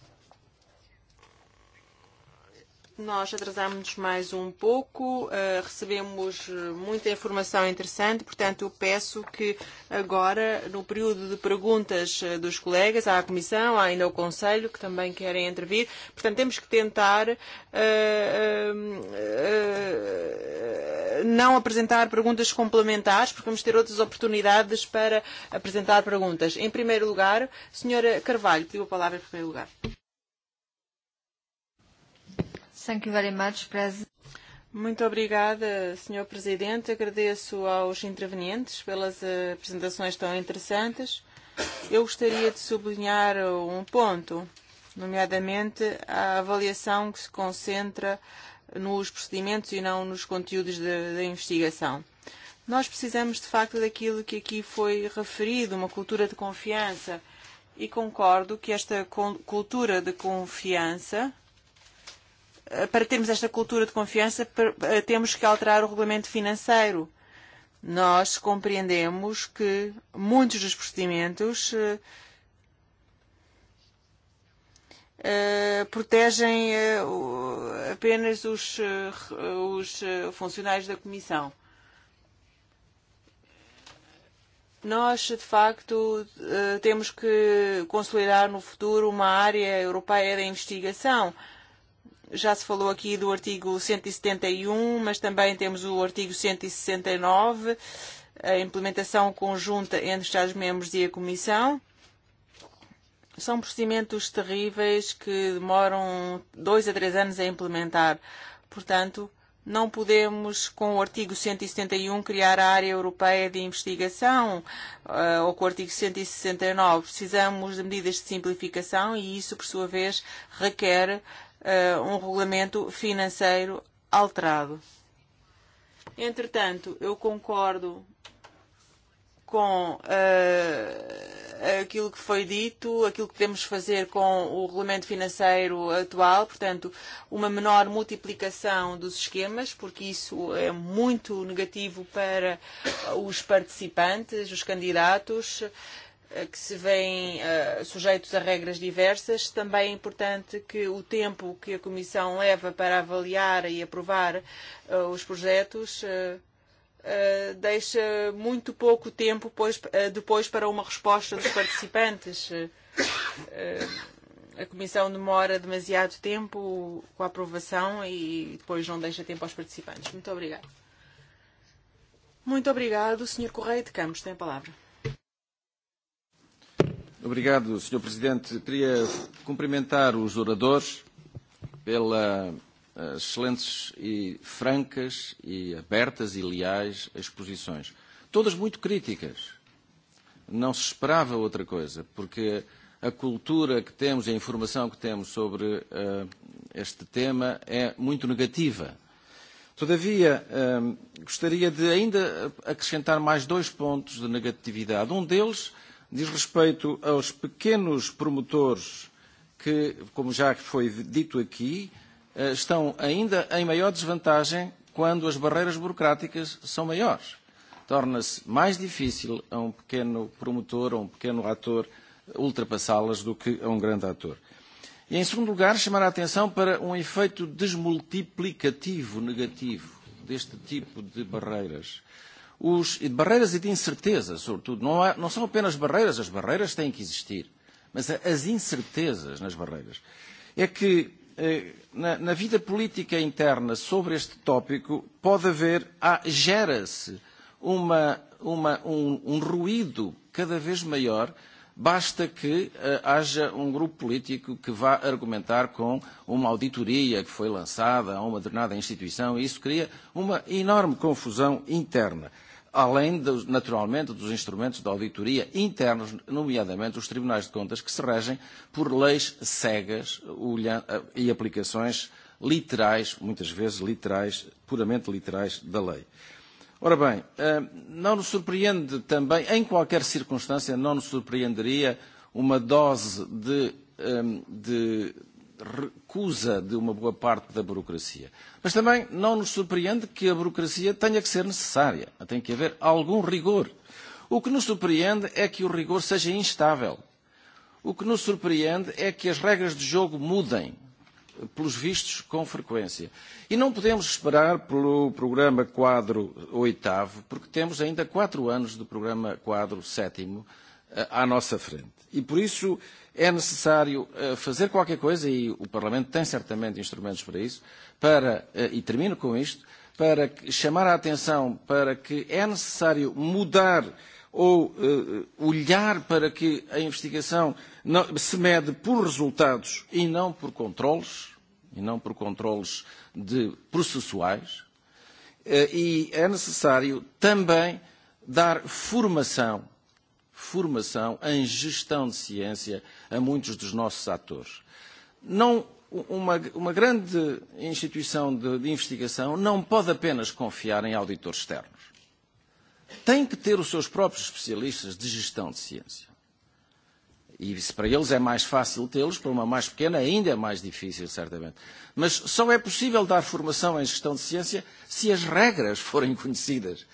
nós atrasámos mais um pouco, uh, recebemos eh, muita informação interessante, portanto eu peço que agora, no período de perguntas eh, dos colegas à Comissão, há ainda ao Conselho, que também querem intervir, portanto temos que tentar uh, uh, uh, não apresentar perguntas complementares, porque vamos ter outras oportunidades para apresentar perguntas. Em primeiro lugar, Sra. Carvalho, pediu a palavra em primeiro lugar. Thank you very much, President. Muito obrigada, Sr. Presidente. Agradeço aos intervenientes pelas apresentações tão interessantes. Eu gostaria de sublinhar um ponto, nomeadamente a avaliação que se concentra nos procedimentos e não nos conteúdos da investigação. Nós precisamos, de facto, daquilo que aqui foi referido, uma cultura de confiança. E concordo que esta cultura de confiança Eh, para termos esta cultura de confiança, eh, temos que alterar o regulamento financeiro. Nós compreendemos que muitos dos procedimentos eh, protegem apenas os, os funcionários da Comissão. Nós, de facto, temos que consolidar no futuro uma área europeia da investigação. Uh, Já se falou aqui do artigo 171, e e um, mas também temos o artigo 169, e a implementação conjunta entre Estados-membros e a Comissão. São procedimentos terríveis que demoram dois a três anos a implementar. Portanto, não podemos, com o artigo 171, um, criar a área europeia de investigação eh, ou com o artigo 169. Precisamos de medidas de simplificação e isso, por sua vez, requer Eh, um regulamento financeiro alterado. Entretanto, eu concordo com uh, aquilo que foi dito, aquilo que podemos fazer com o regulamento financeiro atual, portanto, uma menor multiplicação dos esquemas, porque isso é muito negativo para os participantes, os candidatos. Uh, Eh, que se veem uh, eh, sujeitos a regras diversas. Também é importante que o tempo que a Comissão leva para avaliar e aprovar uh, os projetos uh, uh, deixa muito pouco tempo pois, uh, depois para uma resposta dos participantes. Uh, a Comissão demora demasiado tempo com a aprovação e depois não deixa tempo aos participantes. Muito obrigado. Muito obrigado, Sr. Correia de Campos. Tem a palavra. Obrigado, Sr. Presidente. Queria cumprimentar os oradores pela eh, excelentes e francas e abertas e leais exposições. Todas muito críticas. Não se esperava outra coisa, porque a cultura que temos, e a informação que temos sobre uh, este tema é muito negativa. Todavia, um, gostaria de ainda acrescentar mais dois pontos de negatividade. Um deles uh, diz respeito aos pequenos promotores que, como já foi dito aqui, eh, estão ainda em maior desvantagem quando as barreiras burocráticas são maiores. Torna-se mais difícil a um pequeno promotor, a um pequeno ator, ultrapassá-las do que a um grande ator. E, em segundo lugar, chamar a atenção para um efeito desmultiplicativo negativo deste tipo de barreiras. Uh, os, e barreiras e de incerteza, sobretudo. Não, há, não são apenas barreiras, as barreiras têm que existir, mas as incertezas nas barreiras. É que eh, na, na vida política interna sobre este tópico pode haver, gera-se uma, uma, um, um ruído cada vez maior basta que uh, haja um grupo político que vá argumentar com uma auditoria que foi lançada a uma determinada instituição e isso cria uma enorme confusão interna além, dos, naturalmente, dos instrumentos de auditoria internos, nomeadamente os tribunais de contas, que se regem por leis cegas e aplicações literais, muitas vezes literais, puramente literais, da lei. Ora bem, eh, não nos surpreende também, em qualquer circunstância, não nos surpreenderia uma dose de, eh, de recusa de uma boa parte da burocracia. Mas também não nos surpreende que a burocracia tenha que ser necessária. Tem que haver algum rigor. O que nos surpreende é que o rigor seja instável. O que nos surpreende é que as regras de jogo mudem, eh, pelos vistos, com frequência. E não podemos esperar pelo programa quadro oitavo, porque temos ainda quatro anos do programa quadro sétimo eh, à nossa frente. E, por isso, é necessário uh, fazer qualquer coisa, e o Parlamento tem certamente instrumentos para isso, para, uh, e termino com isto, para que, chamar a atenção para que é necessário mudar ou uh, olhar para que a investigação não, se mede por resultados e não por controles, e não por controles de processuais, uh, e é necessário também dar formação formação em gestão de ciência a muitos dos nossos atores. Não, uma, uma grande instituição de, de investigação não pode apenas confiar em auditores externos. Tem que ter os seus próprios especialistas de gestão de ciência. E se para eles é mais fácil tê-los, para uma mais pequena ainda é mais difícil, certamente. Mas só é possível dar formação em gestão de ciência se as regras forem *laughs* conhecidas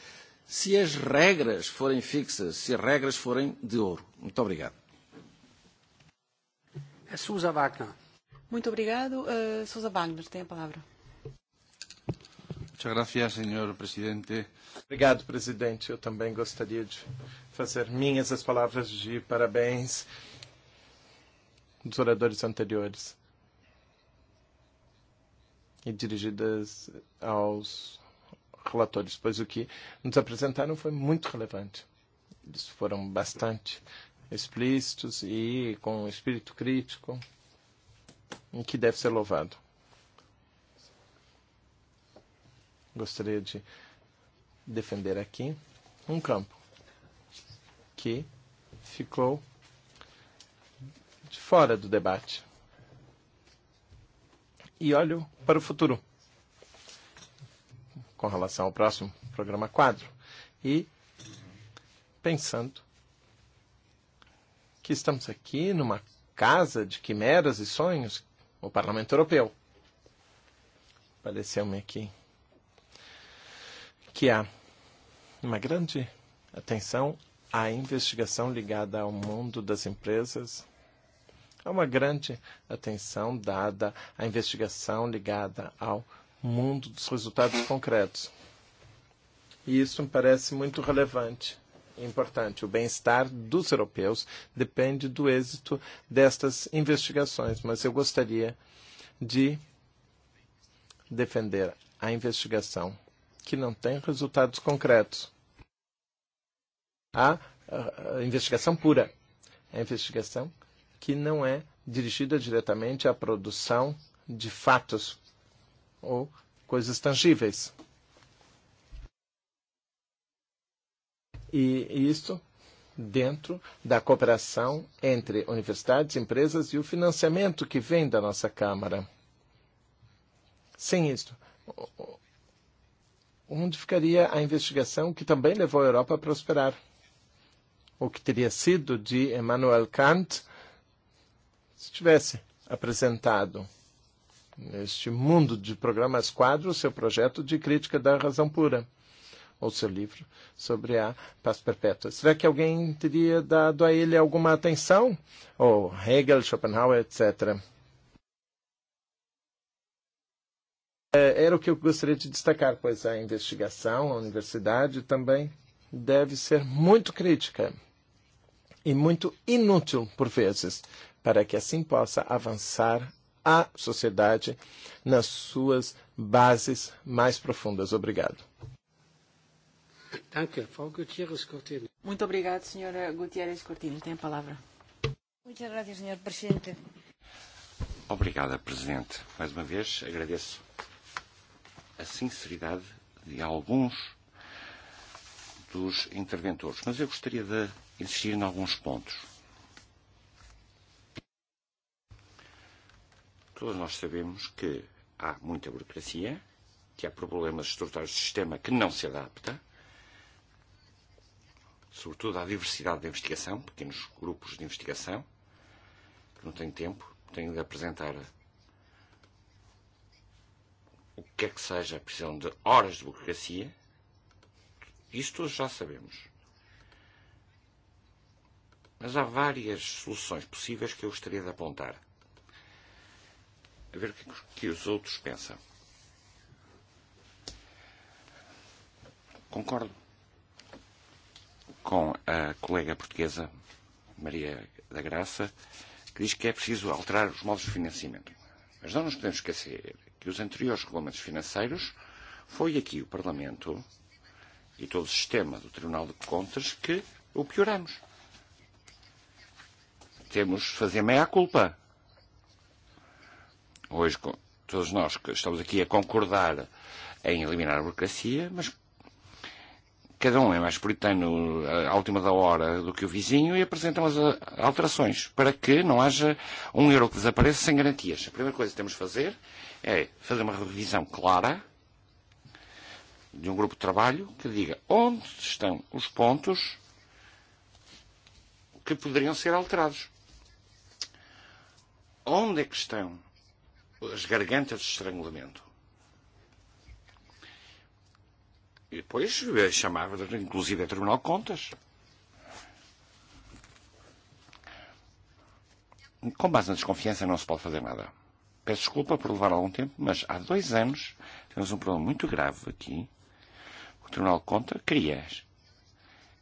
se as regras forem fixas, se as regras forem de ouro. Muito obrigado. É Sousa Wagner. Muito obrigado. Uh, Sousa Wagner tem a palavra. Muchas gracias, senhor presidente. Obrigado, presidente. Eu também gostaria de fazer minhas as palavras de parabéns dos oradores anteriores e dirigidas aos relatores, pois o que nos apresentaram foi muito relevante. Eles foram bastante explícitos e com um espírito crítico, em que deve ser louvado. Gostaria de defender aqui um campo que ficou de fora do debate. E olho para o futuro com relação ao próximo programa quadro e pensando que estamos aqui numa casa de quimeras e sonhos, o Parlamento Europeu. Pareceu-me aqui que há uma grande atenção à investigação ligada ao mundo das empresas. Há uma grande atenção dada à investigação ligada ao mundo dos resultados concretos. E isso me parece muito relevante e importante. O bem-estar dos europeus depende do êxito destas investigações, mas eu gostaria de defender a investigação que não tem resultados concretos. A, a, a investigação pura, a investigação que não é dirigida diretamente à produção de fatos u coexistensíveis. E, e isso dentro da cooperação entre universidades, empresas e o financiamento que vem da nossa Câmara. Sem isso, onde ficaria a investigação que também levou a Europa a prosperar? O que teria sido de Emmanuel Kant se tivesse apresentado Este um mundo de programas quadro, seu projeto de crítica da razão pura, ou seu livro sobre a paz perpétua. Será que alguém teria dado a ele alguma atenção? Ou oh, Hegel, Schopenhauer, etc. Era o que eu gostaria de destacar, pois a investigação, a universidade também deve ser muito crítica e muito inútil, por vezes, para que assim possa avançar à sociedade nas suas bases mais profundas. Obrigado. Muito obrigado, Sra. Gutierrez Cortines. Tem a palavra. Muito obrigado, Sr. Presidente. Obrigada, Presidente. Mais uma vez, agradeço a sinceridade de alguns dos interventores, mas eu gostaria de insistir em alguns pontos Todos nós sabemos que há muita burocracia, que há problemas estruturais do sistema que não se adapta, sobretudo à diversidade da investigação, pequenos grupos de investigação, que não têm tempo, têm de apresentar o que é que seja, precisam de horas de burocracia. Isso todos já sabemos. Mas há várias soluções possíveis que eu gostaria de apontar de ver o que, que os outros pensam. Concordo com a colega portuguesa Maria da Graça, que diz que é preciso alterar os modos de financiamento. Mas não nos podemos esquecer que os anteriores regulamentos financeiros foi aqui o Parlamento e todo o sistema do Tribunal de Contas que o pioramos. Temos de fazer meia culpa Hoje, todos nós que estamos aqui a concordar em eliminar a burocracia, mas cada um é mais puritano à última da hora do que o vizinho e apresentam as eh, alterações para que não haja um euro que desapareça sem garantias. A primeira coisa que temos de fazer é fazer uma revisão clara de um grupo de trabalho que diga onde estão os pontos que poderiam ser alterados. Onde é que estão as gargantas de estrangulamento. E depois eh, chamava, inclusive, a Tribunal de Contas. Com base na desconfiança não se pode fazer nada. Peço desculpa por levar algum tempo, mas há dois anos temos um problema muito grave aqui. O Tribunal de Contas queria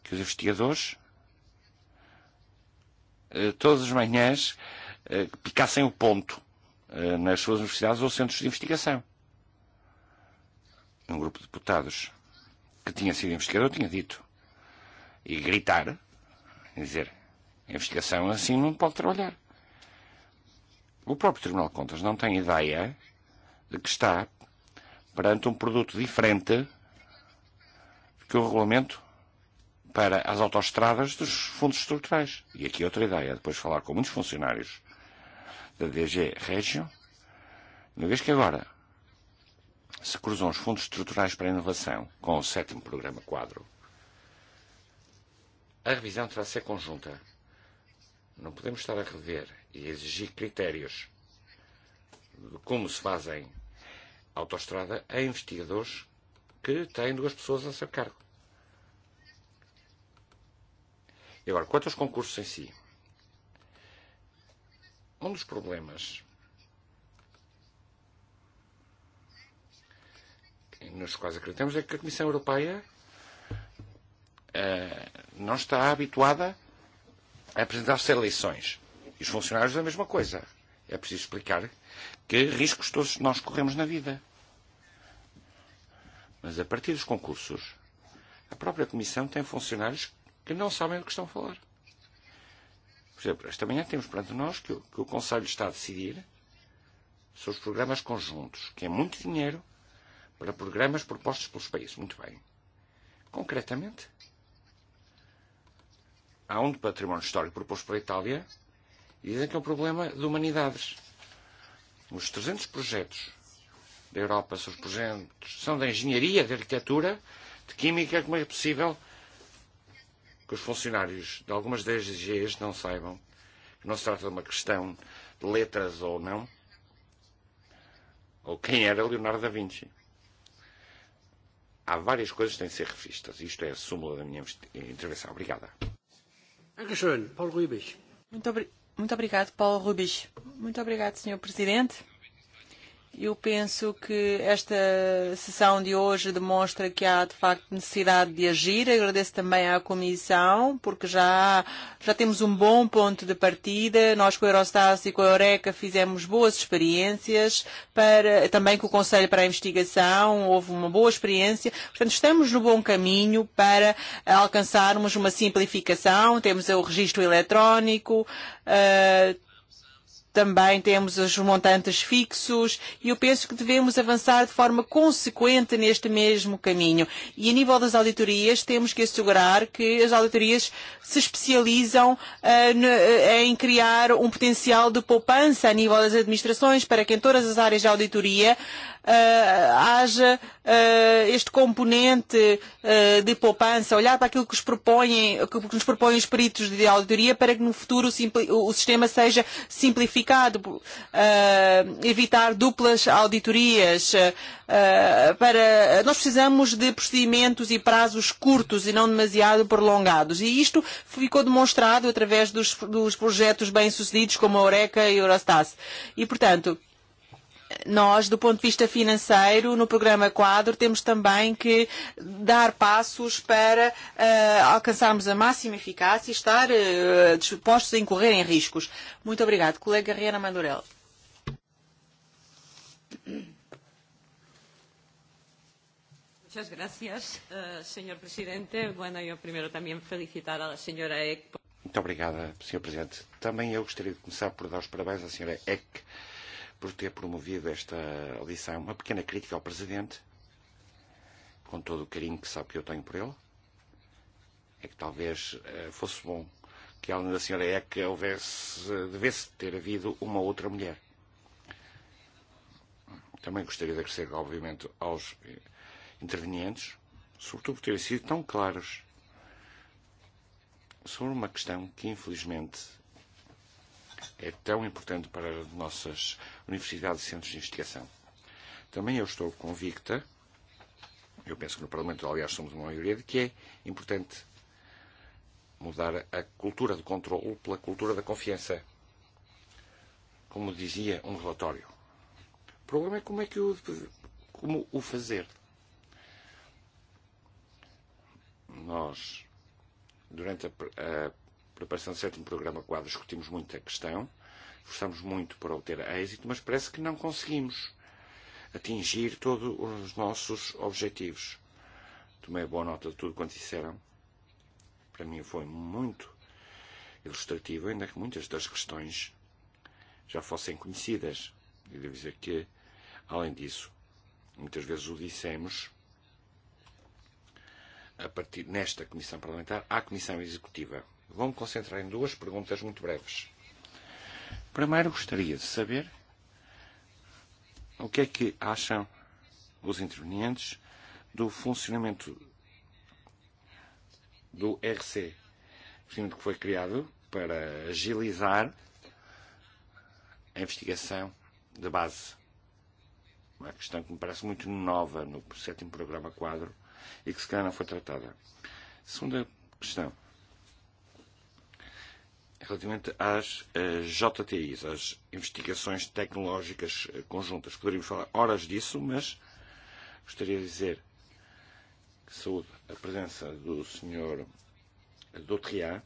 que os investigadores eh, todas as manhãs eh, picassem o ponto nas suas universidades ou centros de investigação. Um grupo de deputados que tinha sido investigador tinha dito. E gritar, e dizer, a investigação assim não pode trabalhar. O próprio Tribunal de Contas não tem ideia de que está perante um produto diferente que o regulamento para as autoestradas dos fundos estruturais. E aqui outra ideia, depois de falar com muitos funcionários da DG Regio, uma vez que agora se cruzam os fundos estruturais para a inovação com o sétimo programa quadro, a revisão terá de ser conjunta. Não podemos estar a rever e exigir critérios de como se fazem autoestrada a investigadores que têm duas pessoas a seu cargo. E agora, quanto aos concursos em si, um dos problemas nos quais acreditamos é que a Comissão Europeia uh, não está habituada a apresentar-se a eleições. E os funcionários a mesma coisa. É preciso explicar que riscos todos nós corremos na vida. Mas a partir dos concursos, a própria Comissão tem funcionários que não sabem o que estão a falar. Por exemplo, esta manhã temos perante nós que, que o Conselho está a decidir sobre os programas conjuntos, que é muito dinheiro para programas propostos pelos países. Muito bem. Concretamente, há um de património histórico proposto pela Itália e dizem que é um problema de humanidades. Os 300 projetos da Europa, seus projetos são da engenharia, de arquitetura, de química, como é possível que os funcionários de algumas DGs não saibam que não se trata de uma questão de letras ou não, ou quem era Leonardo da Vinci. Há várias coisas que têm de ser revistas. Isto é a súmula da minha intervenção. Obrigada. Muito, obri muito obrigado, Paulo Rubis. Muito obrigado, Sr. Presidente. Eu penso que esta sessão de hoje demonstra que há, de facto, necessidade de agir. Agradeço também à Comissão, porque já, já temos um bom ponto de partida. Nós, com a Eurostat e com a Eureka, fizemos boas experiências, para, também com o Conselho para a Investigação, houve uma boa experiência. Portanto, estamos no bom caminho para alcançarmos uma simplificação. Temos o registro eletrónico, uh, também temos os montantes fixos e eu penso que devemos avançar de forma consequente neste mesmo caminho. E a nível das auditorias, temos que assegurar que as auditorias se especializam uh, em criar um potencial de poupança a nível das administrações para que em todas as áreas de auditoria uh, Eh, haja eh, este componente eh, de poupança, olhar para aquilo que, os propõem, que nos propõem os peritos de auditoria para que no futuro o, o sistema seja simplificado, evitar duplas auditorias. Para, nós precisamos de procedimentos e prazos curtos e não demasiado prolongados. E isto ficou demonstrado através dos, dos projetos bem-sucedidos como a Eureka e a Eurostat. E, portanto, uh, nós, do ponto de vista financeiro, no programa Quadro, temos também que dar passos para uh, alcançarmos a máxima eficácia e estar uh, dispostos a incorrer em riscos. Muito obrigado. Colega Riana Mandorel. Muchas gracias, uh, señor presidente. Bueno, yo primero también felicitar a la señora Eck. Muito obrigada, senhor presidente. Também eu gostaria de começar por dar os parabéns à senhora Eck por ter promovido esta audição. Uma pequena crítica ao Presidente, com todo o carinho que sabe que eu tenho por ele, é que talvez eh, fosse bom que, além da senhora Eck, houvesse, devesse ter havido uma outra mulher. Também gostaria de agradecer, obviamente, aos eh, intervenientes, sobretudo por terem sido tão claros sobre uma questão que, infelizmente, é tão importante para as nossas universidades e centros de investigação. Também eu estou convicta, eu penso que no Parlamento, aliás, somos uma maioria, de que é importante mudar a cultura do controle pela cultura da confiança. Como dizia um relatório. O problema é como é que o, como o fazer. Nós, durante a, a preparação do sétimo programa quadro, discutimos muito a questão, forçamos muito para obter êxito, mas parece que não conseguimos atingir todos os nossos objetivos. Tomei boa nota de tudo quanto disseram. Para mim foi muito ilustrativo, ainda que muitas das questões já fossem conhecidas. E devo dizer que, além disso, muitas vezes o dissemos a partir nesta comissão parlamentar à comissão executiva. Vou-me concentrar em duas perguntas muito breves. Primeiro, gostaria de saber o que é que acham os intervenientes do funcionamento do RC, que foi criado para agilizar a investigação de base. Uma questão que me parece muito nova no sétimo programa quadro e que se calhar não foi tratada. Segunda questão. Relativamente às eh, JTIs, às investigações tecnológicas eh, conjuntas, poderíamos falar horas disso, mas gostaria de dizer que saúde a presença do Sr. Doutriat,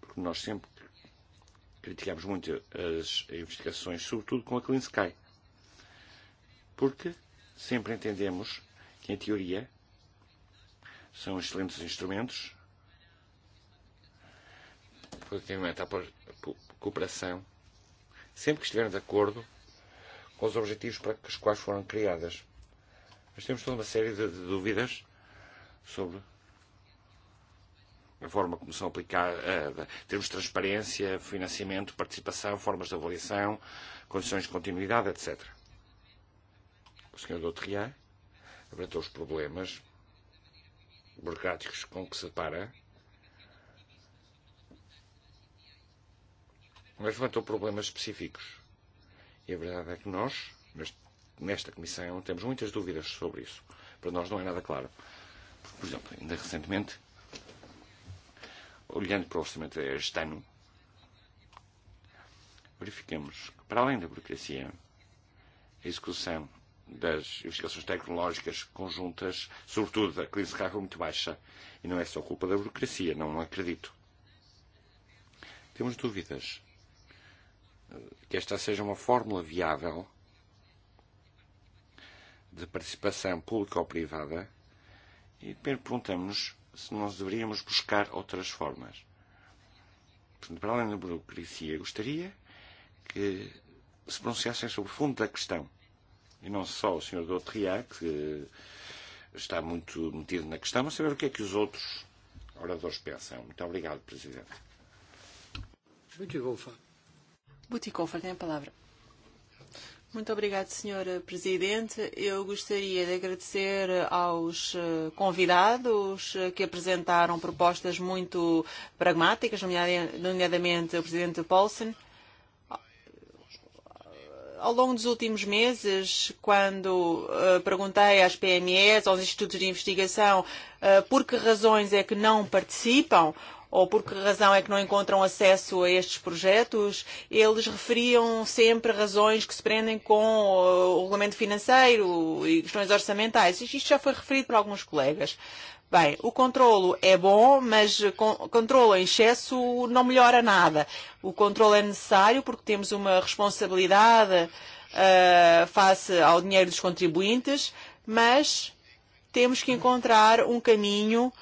porque nós sempre criticámos muito as investigações, sobretudo com a Clean Sky, porque sempre entendemos que, em teoria, são excelentes instrumentos, relativamente à cooperação, sempre que estiver de acordo com os objetivos para os quais foram criadas. Mas temos toda uma série de, de dúvidas sobre a forma como são aplicadas, uh, termos de transparência, financiamento, participação, formas de avaliação, condições de continuidade, etc. O Sr. Doutriá apresentou os problemas burocráticos com que se depara mas levantou problemas específicos. E a verdade é que nós, nesta comissão, temos muitas dúvidas sobre isso. Para nós não é nada claro. Porque, por exemplo, ainda recentemente, olhando para o orçamento este ano, verificamos que, para além da burocracia, a execução das investigações tecnológicas conjuntas, sobretudo da crise de carro muito baixa, e não é só culpa da burocracia, não acredito. Temos dúvidas que esta seja uma fórmula viável de participação pública ou privada e perguntamos-nos se nós deveríamos buscar outras formas. Portanto, para além da burocracia, gostaria que se pronunciassem sobre o fundo da questão. E não só o Sr. Doutriá, que está muito metido na questão, mas saber o que é que os outros oradores pensam. Muito obrigado, Presidente. Muito bom, Fábio. Buticofer tem a palavra. Muito obrigado, Senhora Presidente. Eu gostaria de agradecer aos eh, convidados eh, que apresentaram propostas muito pragmáticas, nomeadamente o Presidente Paulsen. Ao longo dos últimos meses, quando uh, perguntei às PMEs, aos institutos de investigação, uh, por que razões é que não participam, ou por que razão é que não encontram acesso a estes projetos, eles referiam sempre razões que se prendem com uh, o regulamento financeiro e questões orçamentais. Isto já foi referido por alguns colegas. Bem, o controlo é bom, mas controlo em excesso não melhora nada. O controlo é necessário porque temos uma responsabilidade uh, face ao dinheiro dos contribuintes, mas temos que encontrar um caminho uh,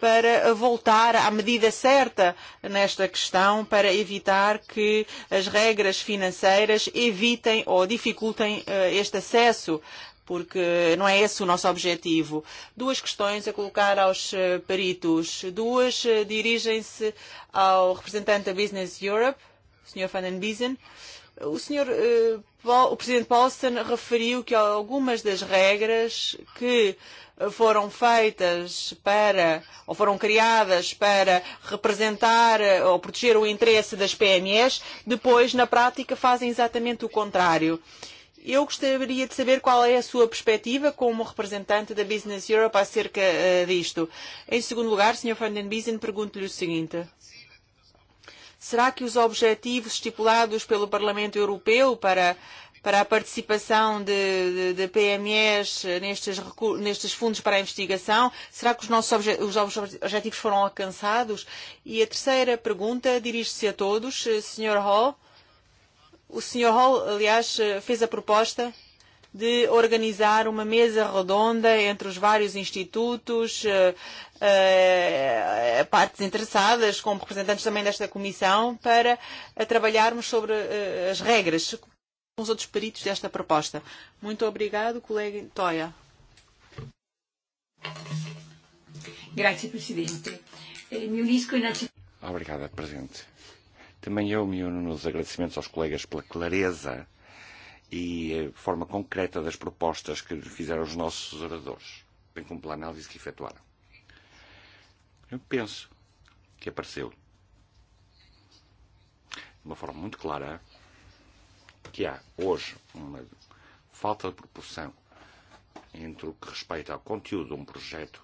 para voltar à medida certa nesta questão para evitar que as regras financeiras evitem ou dificultem eh, este acesso porque não é esse o nosso objetivo. Duas questões a colocar aos eh, peritos. Duas eh, dirigem-se ao representante da Business Europe, o Sr. Van den Biesen. O senhor, o Presidente Paulson referiu que algumas das regras que foram feitas para, ou foram criadas para representar eh, ou proteger o interesse das PMEs, depois, na prática, fazem exatamente o contrário. Eu gostaria de saber qual é a sua perspectiva como representante da Business Europe acerca uh, disto. Em segundo lugar, Sr. Van den Biesen, pergunto-lhe o seguinte. Será que os objetivos estipulados pelo Parlamento Europeu para uh, para a participação de, de, de PMEs nestes, nestes fundos para a investigação? Será que os nossos obje os objetivos foram alcançados? E a terceira pergunta dirige-se a todos. Eh, Sr. Hall, o Sr. Hall, aliás, eh, fez a proposta de organizar uma mesa redonda entre os vários institutos, eh, partes interessadas, como representantes também desta comissão, para trabalharmos sobre as regras os outros peritos desta proposta. Muito obrigado, colega Toia. Grazie, Presidente. Eh, me unisco innanzitutto. Obrigada, Presidente. Também eu me uno nos agradecimentos aos colegas pela clareza e eh, forma concreta das propostas que fizeram os nossos oradores, bem como pela análise que efetuaram. Eu penso que apareceu de uma forma muito clara que há hoje uma falta de proporção entre o que respeita ao conteúdo de um projeto,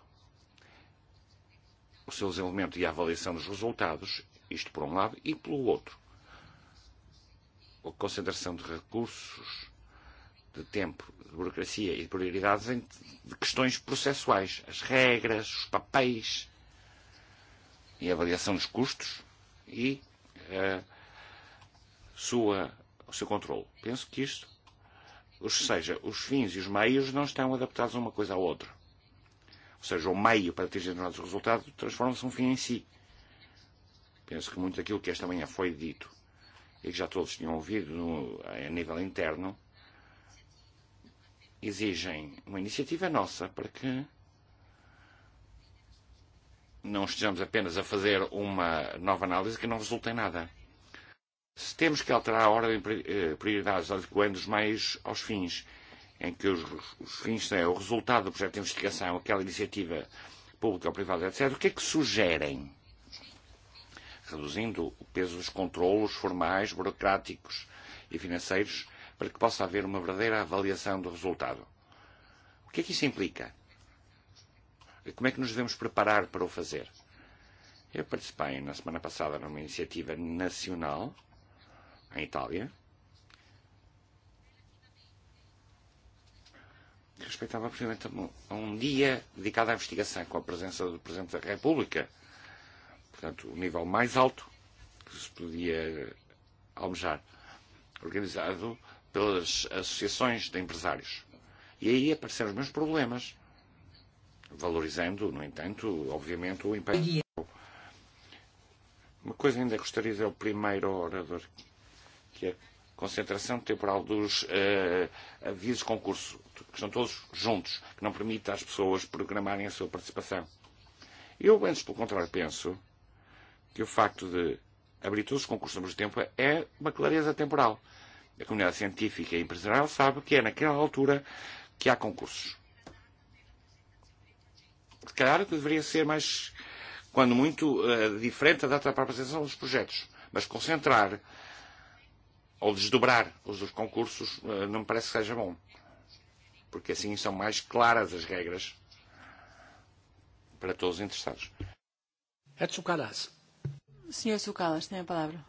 os seus elementos e a avaliação dos resultados, isto por um lado, e pelo outro, a concentração de recursos, de tempo, de burocracia e de prioridades em, de questões processuais, as regras, os papéis e a avaliação dos custos e a sua o seu controle. Penso que isto, ou seja, os fins e os meios não estão adaptados uma coisa à outra. Ou seja, o meio para atingir determinados resultados transforma-se num fim em si. Penso que muito daquilo que esta manhã foi dito e que já todos tinham ouvido no, a nível interno exigem uma iniciativa nossa para que não estejamos apenas a fazer uma nova análise que não resulta em nada. Temos que alterar a ordem de eh, prioridades, adequando-os mais aos fins, em que os, os fins são o resultado do projeto de investigação, aquela iniciativa pública ou privada, etc. O que é que sugerem? Reduzindo o peso dos controlos formais, burocráticos e financeiros, para que possa haver uma verdadeira avaliação do resultado. O que é que isso implica? E como é que nos devemos preparar para o fazer? Eu participei na semana passada numa iniciativa nacional a Itálie. Respeitava, precisamente, a um dia dedicado à investigação, com a presença do Presidente da República. Portanto, o nível mais alto que se podia almejar, organizado pelas associações de empresários. E aí apareceram os meus problemas, valorizando, no entanto, obviamente, o impacto. Uma coisa ainda gostaria de dizer ao primeiro orador que a concentração temporal dos eh, avisos de concurso, que estão todos juntos, que não permite às pessoas programarem a sua participação. Eu, antes, pelo contrário, penso que o facto de abrir todos os concursos ao mesmo tempo é uma clareza temporal. A comunidade científica e empresarial sabe que é naquela altura que há concursos. Se calhar deveria ser mais, quando muito, uh, diferente a data para a apresentação dos projetos, mas concentrar uh, ou desdobrar os dos concursos eh, não me parece que seja bom. Porque assim são mais claras as regras para todos os interessados. É Tsukalas. Senhor Tsukalas, tem a palavra.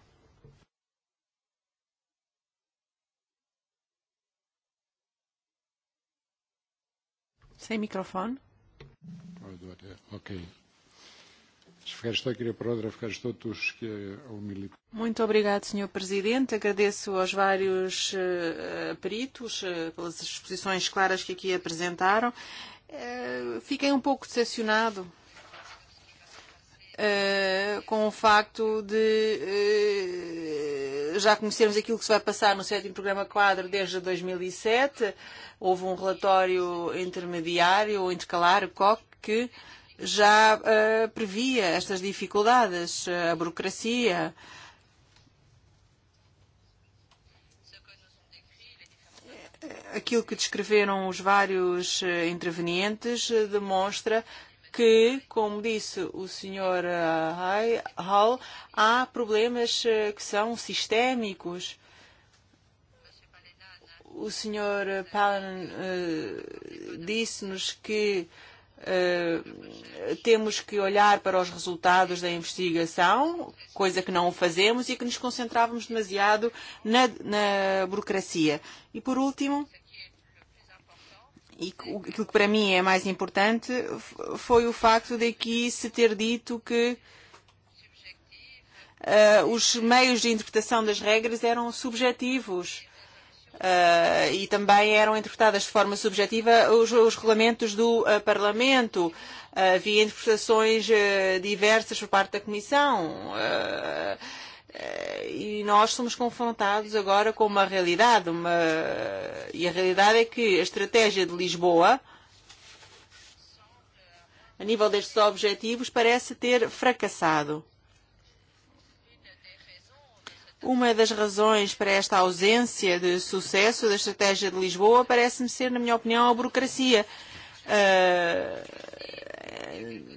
Sem microfone. Ok. Muito obrigado, Sr. Presidente. Agradeço aos vários uh, peritos uh, pelas exposições claras que aqui apresentaram. Uh, fiquei um pouco decepcionado Uh, com o facto de uh, já conhecermos aquilo que se vai passar no sétimo programa quadro desde 2007. E Houve um relatório intermediário ou intercalar, COC, que uh, já uh, previa estas dificuldades, eh, a burocracia. Aquilo que descreveram os vários eh, intervenientes demonstra que, como disse o Sr. Hall, há problemas que são sistémicos. O Sr. Palin uh, disse-nos que uh, Uh, temos que olhar para os resultados da investigação, coisa que não fazemos e que nos concentrávamos demasiado na, na burocracia. E por último, e aquilo que para mim é mais importante foi o facto de aqui se ter dito que uh, os meios de interpretação das regras eram subjetivos. Uh, e também eram interpretadas de forma subjetiva os, os regulamentos do uh, Parlamento. Uh, havia interpretações uh, diversas por parte da Comissão. Uh, uh, e nós somos confrontados agora com uma realidade. Uma, e a realidade é que a estratégia de Lisboa, a nível destes objetivos, parece ter fracassado. Uma das razões para esta ausência de sucesso da estratégia de Lisboa parece-me ser, na minha opinião, a burocracia. Uh,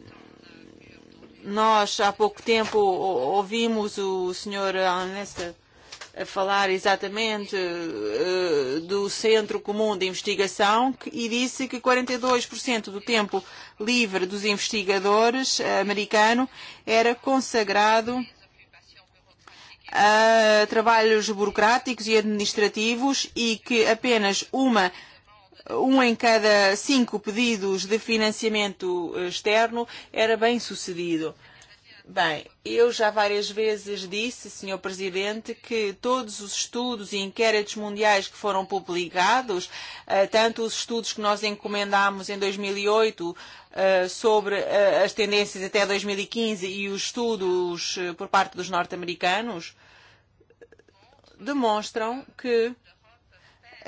nós, há pouco tempo, ouvimos o Sr. Alnesta a falar exatamente uh, do Centro Comum de Investigação que, e disse que 42% e do tempo livre dos investigadores uh, americano era consagrado a trabalhos burocráticos e administrativos e que apenas uma um em cada cinco pedidos de financiamento eh, externo era bem sucedido. Bem, eu já várias vezes disse, Sr. Presidente, que todos os estudos e inquéritos mundiais que foram publicados, eh, tanto os estudos que nós encomendámos em 2008 Eh, sobre eh, as tendências até 2015 e, e os estudos eh, por parte dos norte-americanos demonstram que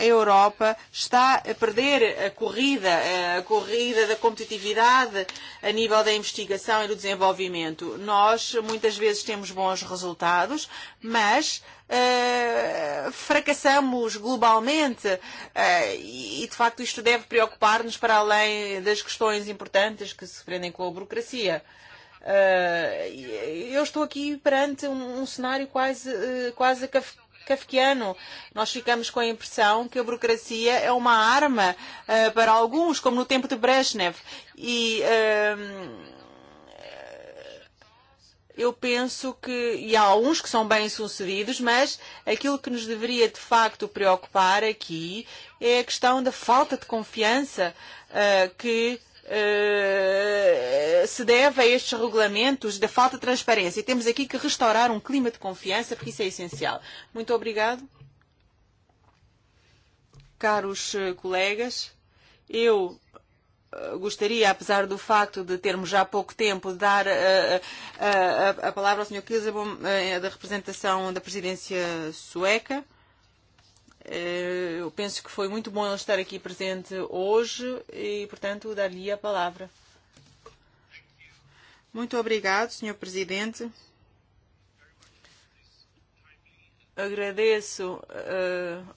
Europa está a perder a corrida, a corrida da competitividade a nível da investigação e do desenvolvimento. Nós muitas vezes temos bons resultados, mas uh, fracassamos globalmente uh, e, de facto, isto deve preocupar-nos para além das questões importantes que se prendem com a burocracia. Uh, eu estou aqui perante um, um cenário quase, uh, quase kafkiano. Nós ficamos com a impressão que a burocracia é uma arma uh, para alguns, como no tempo de Brezhnev. E... Uh, eu penso que, e há alguns que são bem-sucedidos, mas aquilo que nos deveria de facto preocupar aqui é a questão da falta de confiança uh, que uh, se deve a estes regulamentos da falta de transparência. E temos aqui que restaurar um clima de confiança, porque isso é essencial. Muito obrigado. Caros eh, colegas, eu eh, gostaria, apesar do facto de termos já pouco tempo, de dar a, a, a, a palavra ao Sr. Kilsabom, da representação da presidência sueca. Eh, eu penso que foi muito bom ele estar aqui presente hoje e, portanto, dar-lhe a palavra. Muito obrigado, Sr. Presidente. Agradeço uh,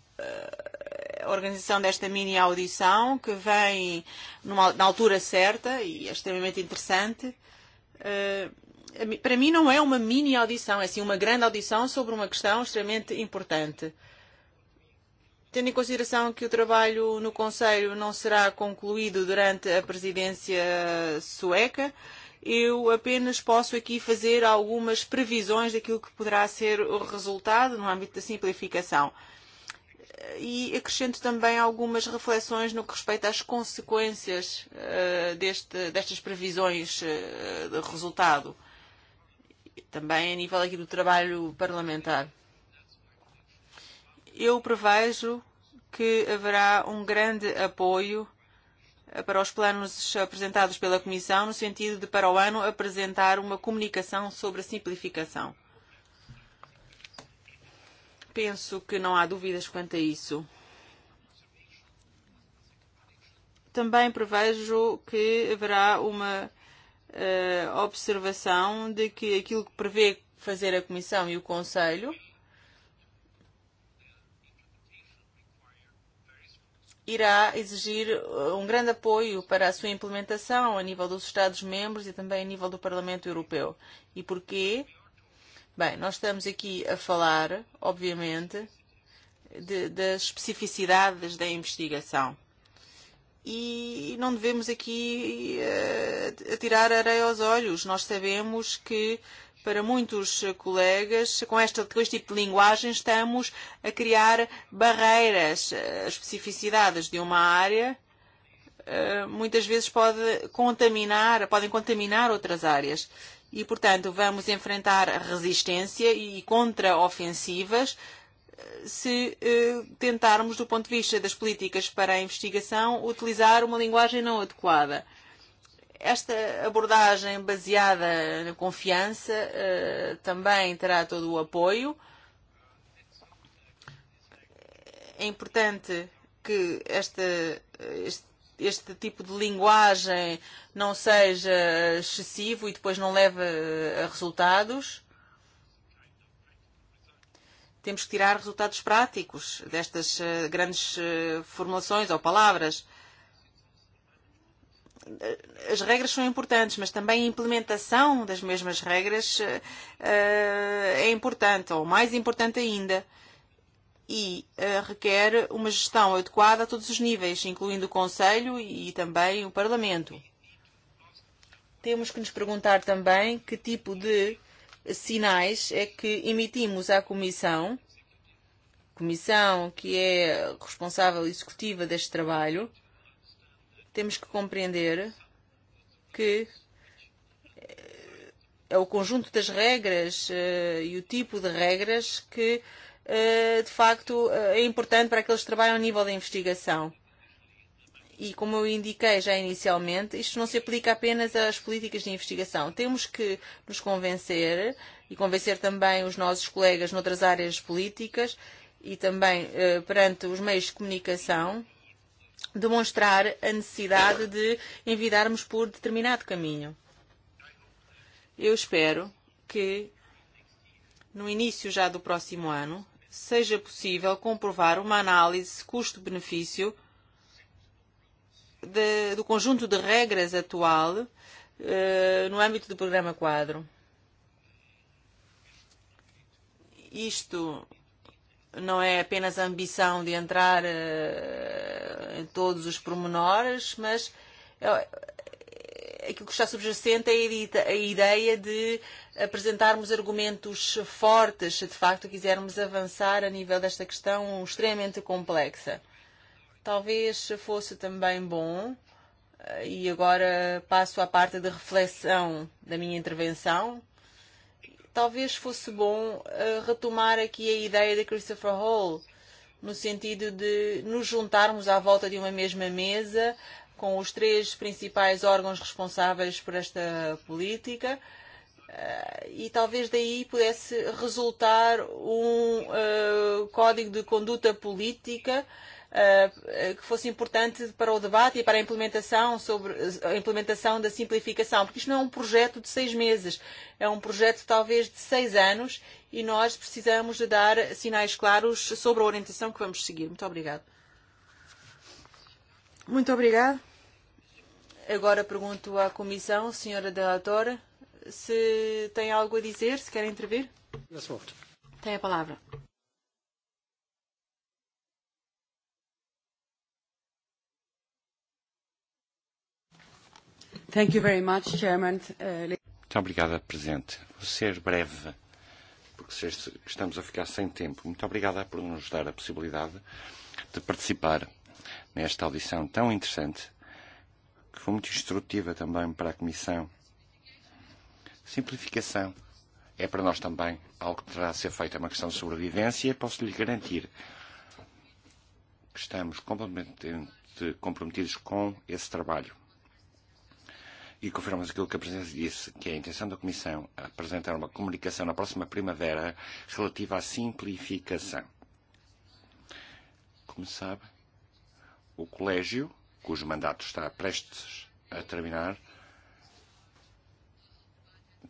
a organização desta mini audição, que vem numa, na altura certa e é extremamente interessante. Uh, para mim não é uma mini audição, é sim uma grande audição sobre uma questão extremamente importante. Uh, Tendo em consideração que o trabalho no Conselho não será concluído durante a presidência sueca, eu apenas posso aqui fazer algumas previsões daquilo que poderá ser o resultado no âmbito da simplificação. E acrescento também algumas reflexões no que respeita às consequências uh, deste, destas previsões uh, de resultado, também a nível aqui do trabalho parlamentar eu prevejo que haverá um grande apoio para os planos apresentados pela Comissão, no sentido de, para o ano, apresentar uma comunicação sobre a simplificação. Penso que não há dúvidas quanto a isso. Também prevejo que haverá uma uh, observação de que aquilo que prevê fazer a Comissão e o Conselho irá exigir uh, um grande apoio para a sua implementação a nível dos Estados-membros e também a nível do Parlamento Europeu. E porquê? Bem, nós estamos aqui a falar, obviamente, de, das especificidades da investigação. E não devemos aqui uh, atirar areia aos olhos. Nós sabemos que uh, para muitos colegas, com, esta, com este tipo de linguagem, estamos a criar barreiras, eh, especificidades de uma área, eh, muitas vezes pode contaminar, podem contaminar outras áreas. E, portanto, vamos enfrentar resistência e contraofensivas eh, se tentarmos, do ponto de vista das políticas para a investigação, utilizar uma linguagem não adequada Esta abordagem baseada na confiança eh, também terá todo o apoio. É importante que esta, este, este tipo de linguagem não seja excessivo e depois não leve a resultados. Temos que tirar resultados práticos destas eh, grandes eh, formulações ou palavras as regras são importantes, mas também a implementação das mesmas regras uh, é importante, ou mais importante ainda, e uh, requer uma gestão adequada a todos os níveis, incluindo o Conselho e, e também o Parlamento. Temos que nos perguntar também que tipo de sinais é que emitimos à Comissão, Comissão que é responsável executiva deste trabalho, temos que compreender que eh, é o conjunto das regras uh, e o tipo de regras que, uh, de facto, uh, é importante para aqueles que trabalham a nível da investigação. E, como eu indiquei já inicialmente, isto não se aplica apenas às políticas de investigação. Temos que nos convencer e convencer também os nossos colegas noutras áreas políticas e também uh, perante os meios de comunicação demonstrar a necessidade de envidarmos por determinado caminho. Eu espero que no início já do próximo ano seja possível comprovar uma análise custo-benefício do conjunto de regras atual eh, no âmbito do programa quadro. Isto não é apenas a ambição de entrar uh, em todos os pormenores, mas uh, aquilo que está subjacente é a, edita, a ideia de apresentarmos argumentos fortes se de facto quisermos avançar a nível desta questão extremamente complexa. Talvez fosse também bom, uh, e agora passo à parte de reflexão da minha intervenção, Talvez fosse bom uh, retomar aqui a ideia de Christopher Hall, no sentido de nos juntarmos à volta de uma mesma mesa com os três principais órgãos responsáveis por esta política uh, e talvez daí pudesse resultar um uh, código de conduta política uh, Eh, que fosse importante para o debate e para a implementação sobre a implementação da simplificação, porque isto não é um projeto de seis meses, é um projeto talvez de seis anos e nós precisamos de dar sinais claros sobre a orientação que vamos seguir. Muito obrigado. Muito obrigado. Agora pergunto à Comissão, senhora Delatora, se tem algo a dizer, se quer intervir. Tem a palavra. Thank you very much, Chairman. Uh, muito obrigada, Presidente. Vou ser breve, porque estamos a ficar sem tempo. Muito obrigada por nos dar a possibilidade de participar nesta audição tão interessante, que foi muito instrutiva também para a Comissão. Simplificação é para nós também algo que terá a ser feito. É uma questão de sobrevivência e posso lhe garantir que estamos completamente comprometidos com esse trabalho e confirmamos aquilo que a Presidência disse, que é a intenção da Comissão apresentar uma comunicação na próxima primavera relativa à simplificação. Como sabe, o Colégio, cujo mandato está prestes a terminar,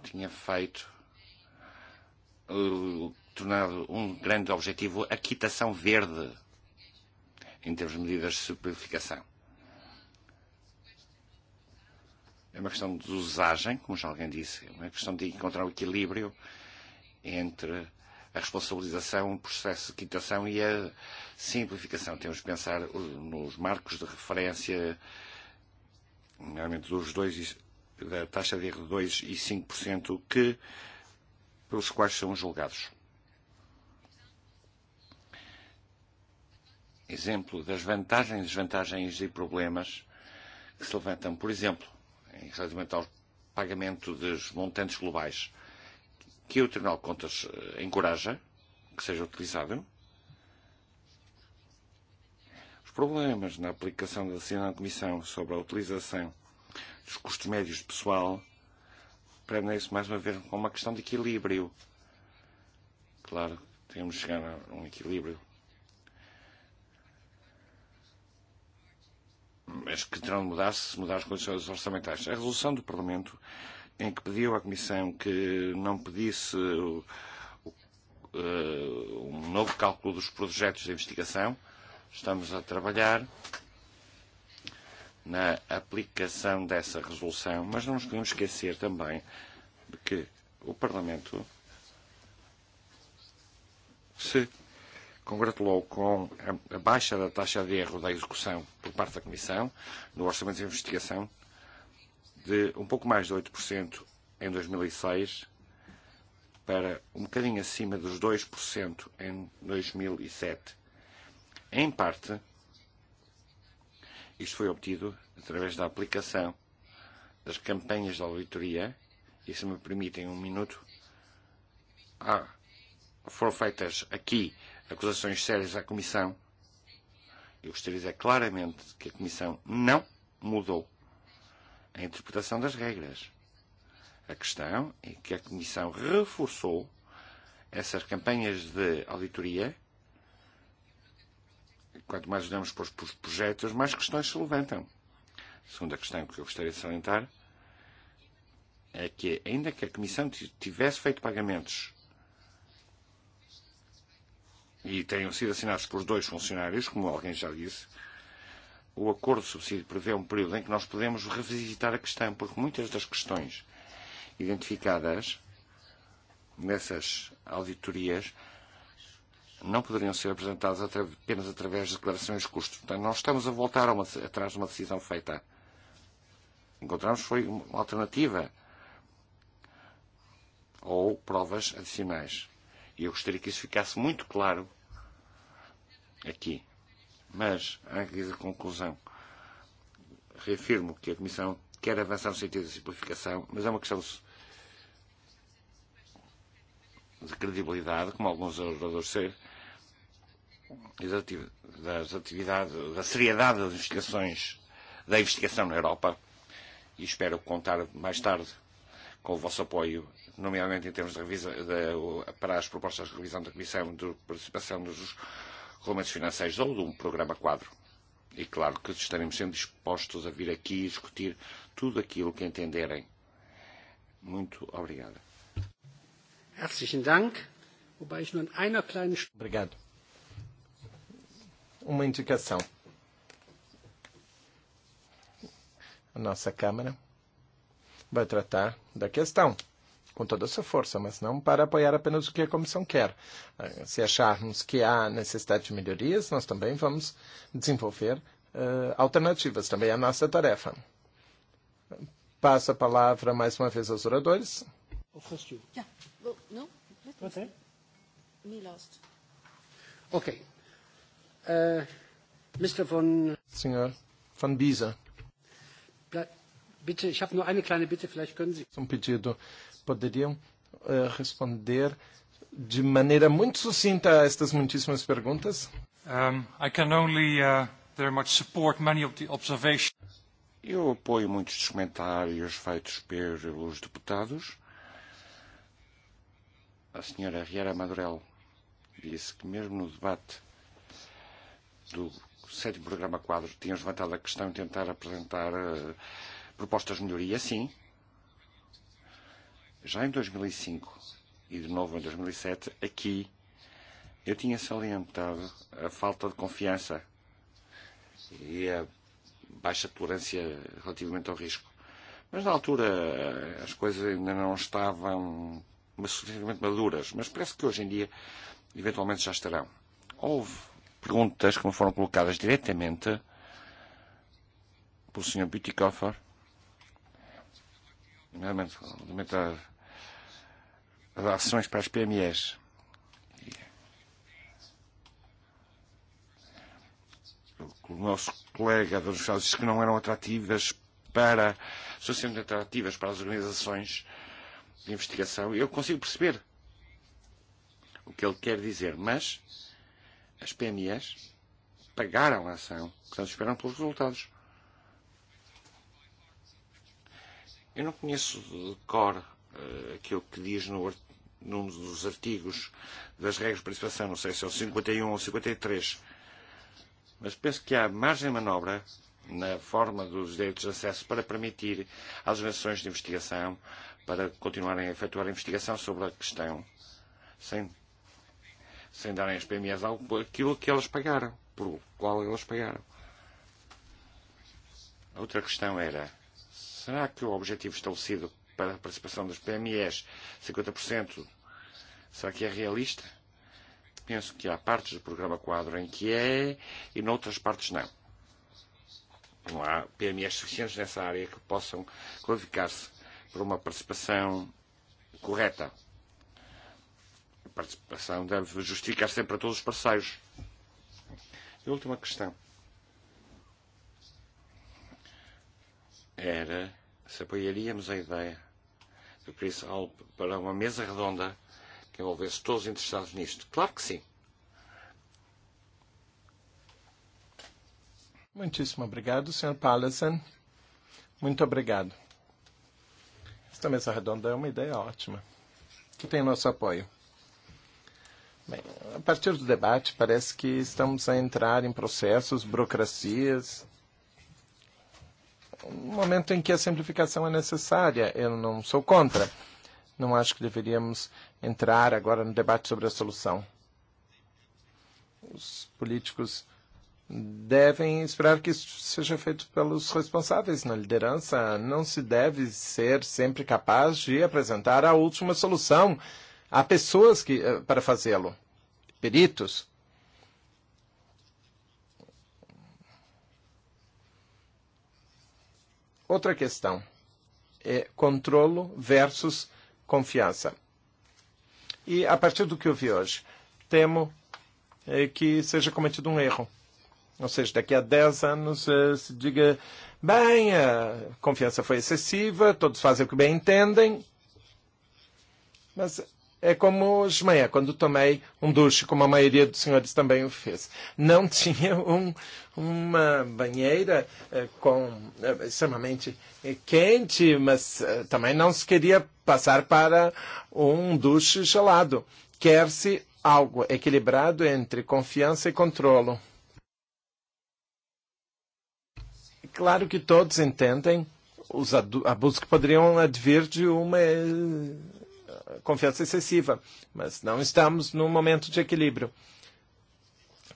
tinha feito, uh, tornado um grande objetivo a quitação verde em termos de medidas de simplificação. é uma questão de usagem, como já alguém disse, é uma questão de encontrar o equilíbrio entre a responsabilização, o processo de quitação e a simplificação. Temos que pensar uh, nos marcos de referência, nomeadamente dos dois, e da taxa de erro de 2% e 5%, que, pelos quais são julgados. Exemplo das vantagens, e desvantagens e problemas que se levantam. Por exemplo, relativamente ao pagamento dos montantes globais que o Tribunal de Contas eh, encoraja que seja utilizado. Os problemas na aplicação da decisão da Comissão sobre a utilização dos custos médios de pessoal prendem-se mais uma vez com uma questão de equilíbrio. Claro, temos de chegar a um equilíbrio mas que terão de mudar se mudar as condições orçamentais. A resolução do Parlamento, em que pediu à Comissão que não pedisse o, o, uh, um novo cálculo dos projetos de investigação, estamos a trabalhar na aplicação dessa resolução, mas não nos podemos esquecer também de que o Parlamento se congratulou com a baixa da taxa de erro da execução por parte da Comissão no Orçamento de Investigação de um pouco mais de 8% em 2006 e para um bocadinho acima dos 2% em 2007. E em parte, isto foi obtido através da aplicação das campanhas da auditoria, e se me permitem um minuto, ah, foram feitas aqui acusações sérias à Comissão. Eu gostaria de dizer claramente que a Comissão não mudou a interpretação das regras. A questão é que a Comissão reforçou essas campanhas de auditoria. Quanto mais olhamos para os projetos, mais questões se levantam. A segunda questão que eu gostaria de salientar é que, ainda que a Comissão tivesse feito pagamentos e tenham sido assinados pelos dois funcionários, como alguém já disse, o acordo de subsídio prevê um período em que nós podemos revisitar a questão, porque muitas das questões identificadas nessas auditorias não poderiam ser apresentadas atra apenas através de declarações de custos. Portanto, nós estamos a voltar a uma, atrás de uma decisão feita. Encontramos foi uma alternativa ou provas adicionais. E eu gostaria que isso ficasse muito claro aqui. Mas, antes da conclusão, reafirmo que a Comissão quer avançar no sentido da simplificação, mas é uma questão de credibilidade, como alguns oradores ser, e das atividades, da seriedade das investigações, da investigação na Europa, e espero contar mais tarde com o vosso apoio, nomeadamente em termos de revisão, de, para as propostas de revisão da Comissão de participação dos regulamentos financeiros ou de um programa quadro. E claro que estaremos sempre dispostos a vir aqui e discutir tudo aquilo que entenderem. Muito obrigado. Herzlichen Dank. Wobei ich nur in einer kleinen... Obrigado. Uma indicação. A nossa Câmara vai tratar da questão com toda a sua força, mas não para apoiar apenas o que a comissão quer. Ah, se acharmos que há necessidade de melhorias, nós também vamos desenvolver uh, alternativas, também é a nossa tarefa. Passo a palavra mais uma vez aos oradores. Yeah. Well, no. okay. Me lost. Okay. Uh, Mr. Von... Senhor Van Biesa. Bitte, ich habe nur eine kleine Bitte, vielleicht können Sie. Um pedido, poderiam uh, responder de maneira muito sucinta a estas muitíssimas perguntas? Um, I can only uh, very much support many of the observations. Eu apoio muitos dos comentários feitos pelos deputados. A senhora Riera Madurel disse que mesmo no debate do sétimo programa quadro tínhamos levantado a questão de tentar apresentar uh, propostas de melhoria, sim. Já em 2005 e, e de novo em 2007, e aqui, eu tinha salientado a falta de confiança e a baixa tolerância relativamente ao risco. Mas na altura as coisas ainda não estavam suficientemente maduras, mas parece que hoje em dia eventualmente já estarão. Houve perguntas que me foram colocadas diretamente pelo Sr. Bütikofer me das ações para as PMEs. O nosso colega dos Estados disse que não eram atrativas para, suficientemente atrativas para as organizações de investigação. Eu consigo perceber o que ele quer dizer, mas as PMEs pagaram a ação, portanto esperam pelos resultados. Eu não conheço de cor uh, aquilo que diz no, num dos artigos das regras de participação, não sei se é o 51 e um ou 53, e mas penso que há margem de manobra na forma dos direitos de acesso para permitir às organizações de investigação para continuarem a efetuar a investigação sobre a questão sem, sem darem às PMEs algo, aquilo que elas pagaram, por qual elas pagaram. A outra questão era Será que o objetivo estabelecido para a participação dos PMEs, 50%, será que é realista? Penso que há partes do programa quadro em que é e noutras partes não. Não há PMEs suficientes nessa área que possam qualificar-se por uma participação correta. A participação deve justificar sempre a todos os parceiros. E última questão. era se apoiaríamos a ideia do Chris Alp para uma mesa redonda que envolvesse todos interessados nisto. Claro que sim. Muitíssimo obrigado, Sr. Pallison. Muito obrigado. Esta mesa redonda é uma ideia ótima, que tem nosso apoio. Bem, a partir do debate, parece que estamos a entrar em processos, burocracias, um momento em que a simplificação é necessária. Eu não sou contra. Não acho que deveríamos entrar agora no debate sobre a solução. Os políticos devem esperar que isso seja feito pelos responsáveis na liderança. Não se deve ser sempre capaz de apresentar a última solução. Há pessoas que, eh, para fazê-lo, peritos, Outra questão é controlo versus confiança. E a partir do que eu vi hoje, temo é, que seja cometido um erro. Ou seja, daqui a 10 anos é, se diga, bem, a confiança foi excessiva, todos fazem o que bem entendem, mas é como Ismael, quando tomei um duche, como a maioria dos senhores também o fez. Não *laughs* tinha um, uma banheira eh, com, eh, extremamente eh, quente, mas eh, também não se queria passar para um duche gelado. Quer-se algo equilibrado entre confiança e controlo. Claro que todos entendem os abus que poderiam advir de uma eh, confiança excessiva, mas não estamos num momento de equilíbrio.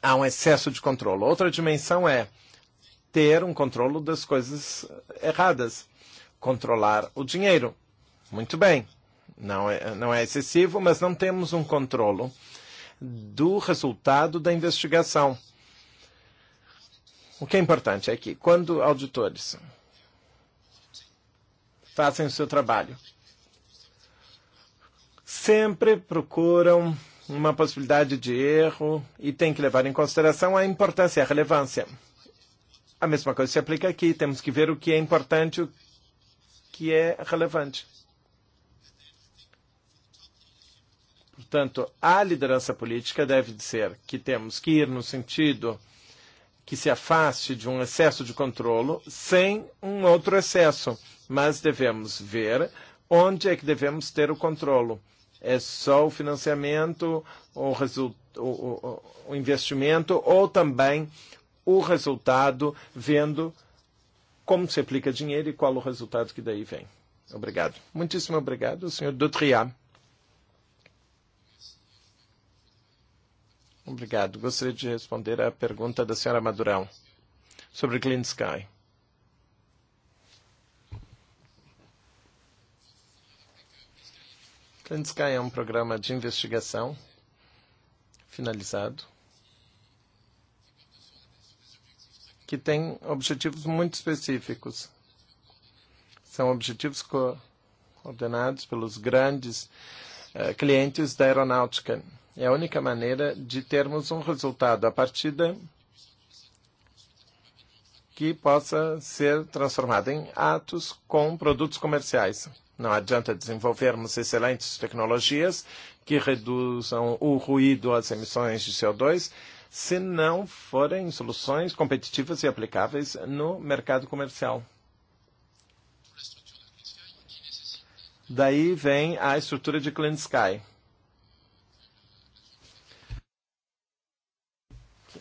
Há um excesso de controle. Outra dimensão é ter um controle das coisas erradas, controlar o dinheiro. Muito bem, não é, não é excessivo, mas não temos um controle do resultado da investigação. O que é importante é que quando auditores fazem o seu trabalho sempre procuram uma possibilidade de erro e tem que levar em consideração a importância e a relevância. A mesma coisa se aplica aqui. Temos que ver o que é importante e o que é relevante. Portanto, a liderança política deve dizer que temos que ir no sentido que se afaste de um excesso de controlo sem um outro excesso, mas devemos ver onde é que devemos ter o controlo é só o financiamento, o, result, o, o, o investimento ou também o resultado, vendo como se aplica dinheiro e qual o resultado que daí vem. Obrigado. Muitíssimo obrigado, senhor Dutriat. Obrigado. Gostaria de responder à pergunta da senhora Madurão sobre Clean Sky. Trend Sky é um programa de investigação finalizado que tem objetivos muito específicos. São objetivos coordenados pelos grandes eh, clientes da aeronáutica. É a única maneira de termos um resultado a partir da que possa ser transformado em atos com produtos comerciais. Não adianta desenvolvermos excelentes tecnologias que reduzam o ruído às emissões de CO2 se não forem soluções competitivas e aplicáveis no mercado comercial. Daí vem a estrutura de Clean Sky.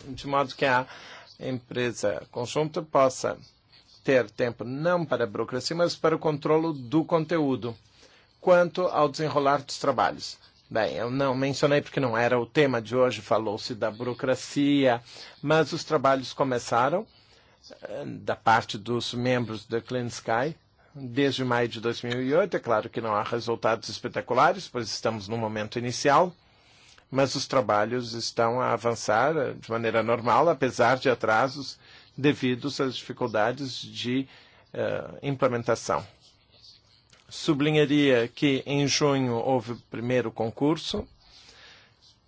De modo que a empresa conjunta possa ter tempo não para a burocracia, mas para o controlo do conteúdo, quanto ao desenrolar dos trabalhos. Bem, eu não mencionei porque não era o tema de hoje, falou-se da burocracia, mas os trabalhos começaram eh, da parte dos membros da Clean Sky desde maio de 2008. E é claro que não há resultados espetaculares, pois estamos no momento inicial, mas os trabalhos estão a avançar eh, de maneira normal, apesar de atrasos devido às dificuldades de uh, implementação. Sublinharia que em junho houve o primeiro concurso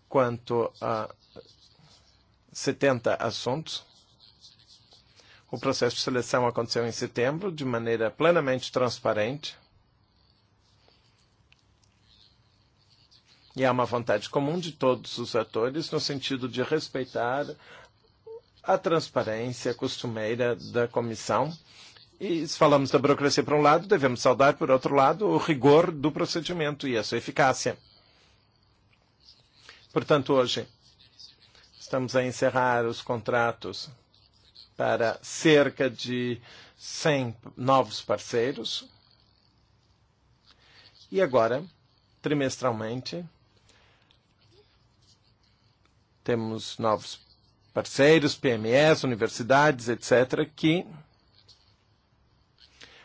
quanto a 70 assuntos. O processo de seleção aconteceu em setembro, de maneira plenamente transparente. E há uma vontade comum de todos os atores no sentido de respeitar a transparência costumeira da comissão. E se falamos da burocracia por um lado, devemos saudar, por outro lado, o rigor do procedimento e a sua eficácia. Portanto, hoje, estamos a encerrar os contratos para cerca de 100 novos parceiros. E agora, trimestralmente, temos novos parceiros, PMEs, universidades, etc., que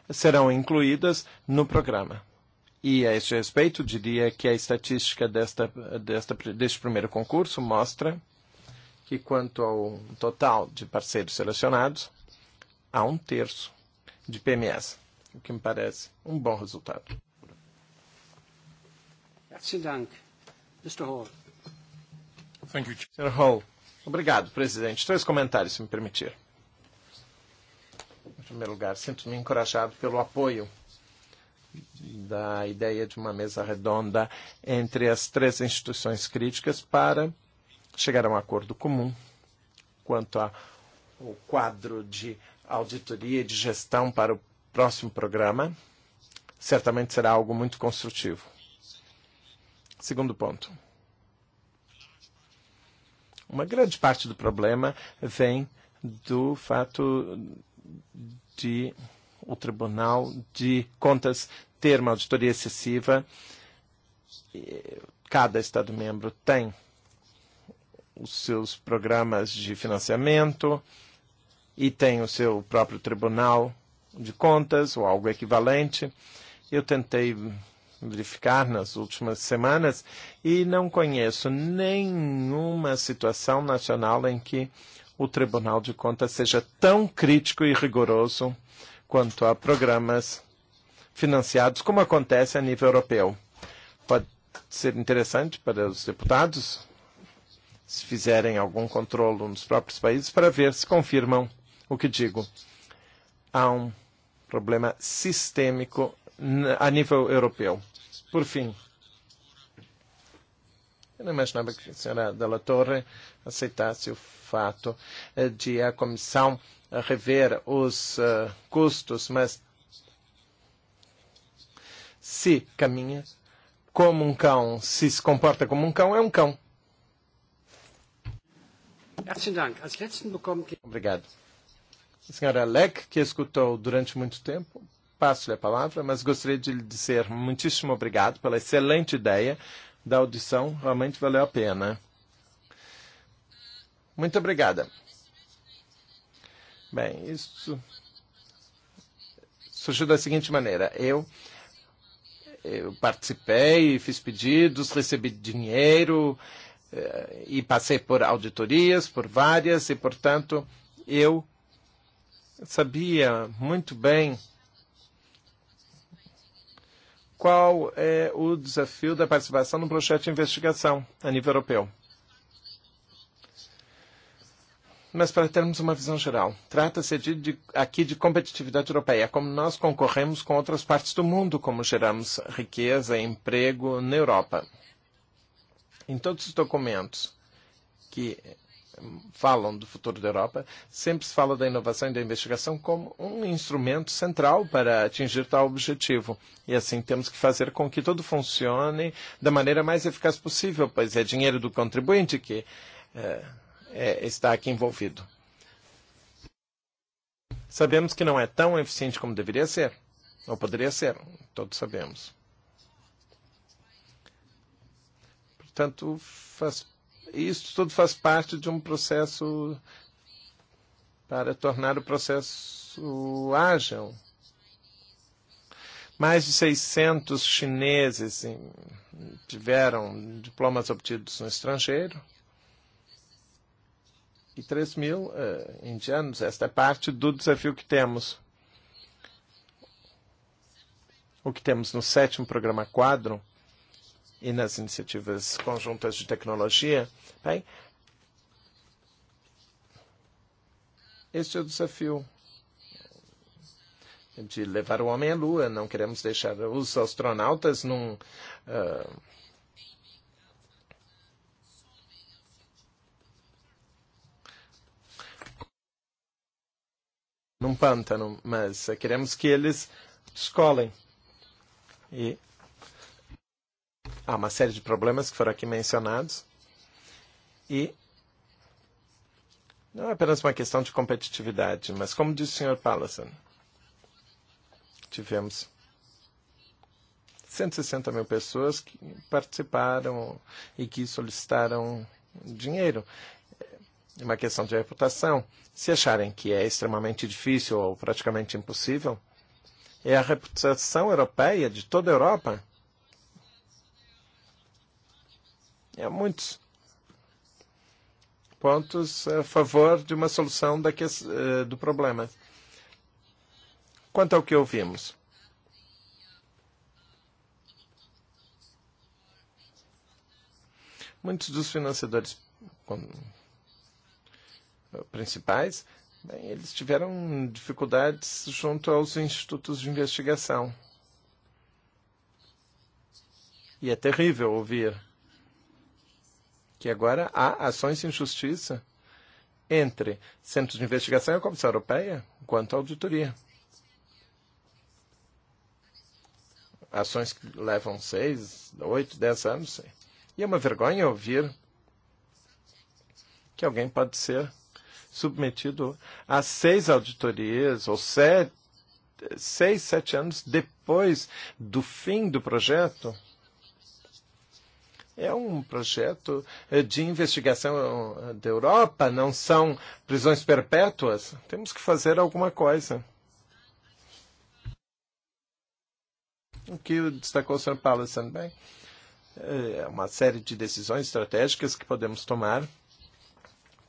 serão incluídas no programa. E a este respeito, diria que a estatística desta, desta, deste primeiro concurso mostra que, quanto ao total de parceiros selecionados, há um terço de PMS, o que me parece um bom resultado. Herzlichen Dank. Mr. Hall. Thank you. Sr. Hall. Obrigado, presidente. Três comentários, se me permitir. Em primeiro lugar, sinto-me encorajado pelo apoio da ideia de uma mesa redonda entre as três instituições críticas para chegar a um acordo comum quanto ao quadro de auditoria e de gestão para o próximo programa. Certamente será algo muito construtivo. Segundo ponto Uma grande parte do problema vem do fato de o Tribunal de Contas ter uma auditoria excessiva. E cada Estado-membro tem os seus programas de financiamento e tem o seu próprio Tribunal de Contas ou algo equivalente. Eu tentei verificar nas últimas semanas e não conheço nenhuma situação nacional em que o Tribunal de Contas seja tão crítico e rigoroso quanto a programas financiados, como acontece a nível europeu. Pode ser interessante para os deputados, se fizerem algum controle nos próprios países, para ver se confirmam o que digo. Há um problema sistêmico a nível europeu. Por fim, eu não imaginava que a senhora Della Torre aceitasse o fato eh, de eh, a comissão rever os uh, custos, mas se caminha como um cão, se se comporta como um cão, é um cão. Obrigado. A senhora Leck, que escutou durante muito tempo, passo-lhe a palavra, mas gostaria de lhe dizer muitíssimo obrigado pela excelente ideia da audição, realmente valeu a pena. Muito obrigada. Bem, isso surgiu da seguinte maneira. Eu, eu participei, fiz pedidos, recebi dinheiro eh, e passei por auditorias, por várias, e, portanto, eu sabia muito bem qual é o desafio da participação no projeto de investigação a nível europeu. Mas para termos uma visão geral, trata-se de, de, aqui de competitividade europeia, como nós concorremos com outras partes do mundo, como geramos riqueza e emprego na Europa. Em todos os documentos que falam do futuro da Europa, sempre se fala da inovação e da investigação como um instrumento central para atingir tal objetivo. E assim temos que fazer com que tudo funcione da maneira mais eficaz possível, pois é dinheiro do contribuinte que é, eh, é, está aqui envolvido. Sabemos que não é tão eficiente como deveria ser, ou poderia ser, todos sabemos. Portanto, faz Isso tudo faz parte de um processo para tornar o processo ágil. Mais de 600 chineses tiveram diplomas obtidos no estrangeiro e 3 mil uh, indianos. Esta é parte do desafio que temos. O que temos no sétimo programa quadro e nas iniciativas conjuntas de tecnologia, bem, este é o desafio de levar o homem à Lua. Não queremos deixar os astronautas num. Uh, num pântano, mas queremos que eles escolhem. E Há uma série de problemas que foram aqui mencionados e não é apenas uma questão de competitividade, mas como disse o Sr. Pallison, tivemos 160 e mil pessoas que participaram e que solicitaram dinheiro. É uma questão de reputação. Se acharem que é extremamente difícil ou praticamente impossível, é a reputação europeia de toda a Europa há muitos pontos a favor de uma solução daqui, eh, do problema. Quanto ao que ouvimos? Muitos dos financiadores eh, principais, bem, eles tiveram dificuldades junto aos institutos de investigação. E é terrível ouvir que agora há ações em justiça entre centros de investigação e a Comissão Europeia quanto à auditoria. Ações que levam seis, oito, dez anos. E é uma vergonha ouvir que alguém pode ser submetido a seis auditorias ou sete, seis, sete anos depois do fim do projeto é um projeto de investigação da Europa, não são prisões perpétuas. Temos que fazer alguma coisa. O que destacou o Sr. Paulo também é uma série de decisões estratégicas que podemos tomar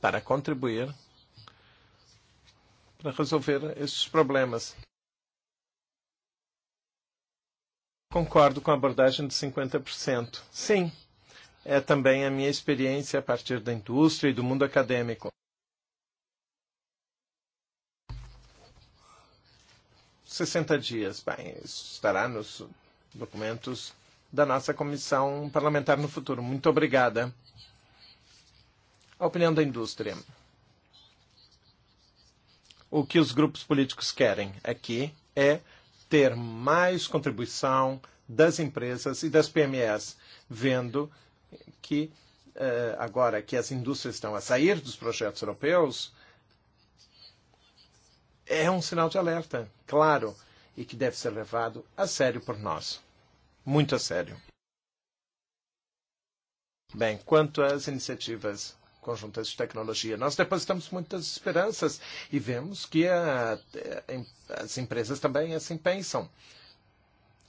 para contribuir para resolver esses problemas. Concordo com a abordagem de 50%. Sim é também a minha experiência a partir da indústria e do mundo acadêmico. Sessenta dias, bem, isso estará nos documentos da nossa comissão parlamentar no futuro. Muito obrigada. A opinião da indústria. O que os grupos políticos querem aqui é ter mais contribuição das empresas e das PMEs, vendo que agora que as indústrias estão a sair dos projetos europeus é um sinal de alerta, claro, e que deve ser levado a sério por nós. Muito a sério. Bem, quanto às iniciativas conjuntas de tecnologia, nós depositamos muitas esperanças e vemos que a, a, as empresas também assim pensam.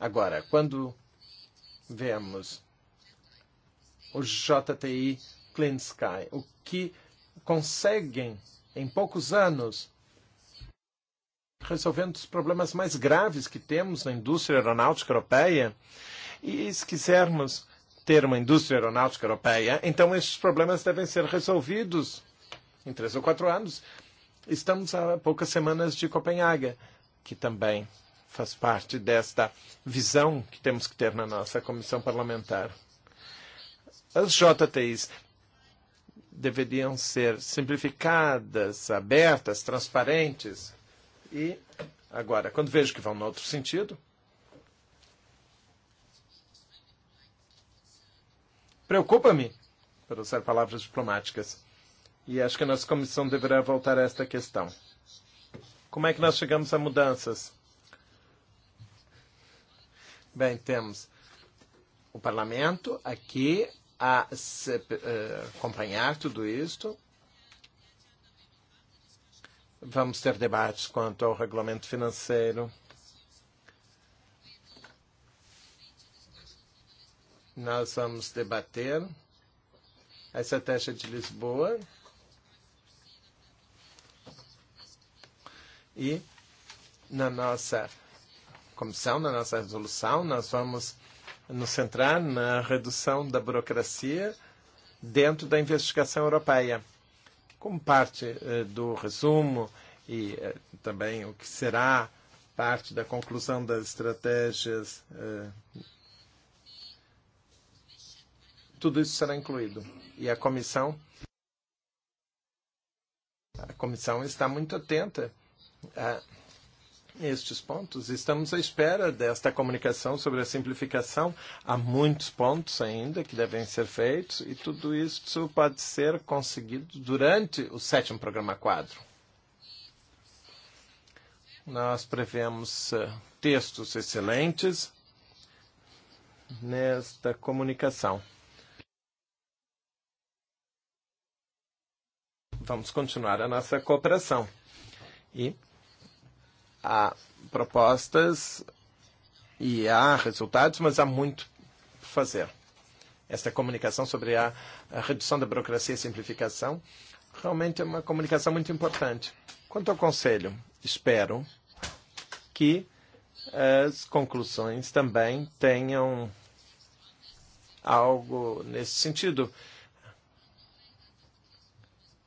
Agora, quando vemos o JTI Clean Sky, o que conseguem em poucos anos resolvendo os problemas mais graves que temos na indústria aeronáutica europeia. E se quisermos ter uma indústria aeronáutica europeia, então esses problemas devem ser resolvidos em três ou quatro anos. Estamos a poucas semanas de Copenhaga, que também faz parte desta visão que temos que ter na nossa comissão parlamentar. As JTIs deveriam ser simplificadas, abertas, transparentes. E agora, quando vejo que vão no outro sentido, preocupa-me, para usar palavras diplomáticas. E acho que a nossa comissão deverá voltar a esta questão. Como é que nós chegamos a mudanças? Bem, temos o parlamento aqui a se, eh, acompanhar tudo isto. Vamos ter debates quanto ao regulamento financeiro. Nós vamos debater a estratégia de Lisboa e na nossa comissão, na nossa resolução, nós vamos nos centrar na redução da burocracia dentro da investigação europeia. Como parte eh, do resumo e eh, também o que será parte da conclusão das estratégias, eh, tudo isso será incluído. E a comissão, a comissão está muito atenta a estes pontos. Estamos à espera desta comunicação sobre a simplificação. Há muitos pontos ainda que devem ser feitos e tudo isso pode ser conseguido durante o sétimo programa quadro. Nós prevemos eh, textos excelentes nesta comunicação. Vamos continuar a nossa cooperação. E há propostas e há resultados, mas há muito por fazer. Esta comunicação sobre a, a redução da burocracia e simplificação realmente é uma comunicação muito importante. Quanto ao Conselho, espero que as conclusões também tenham algo nesse sentido.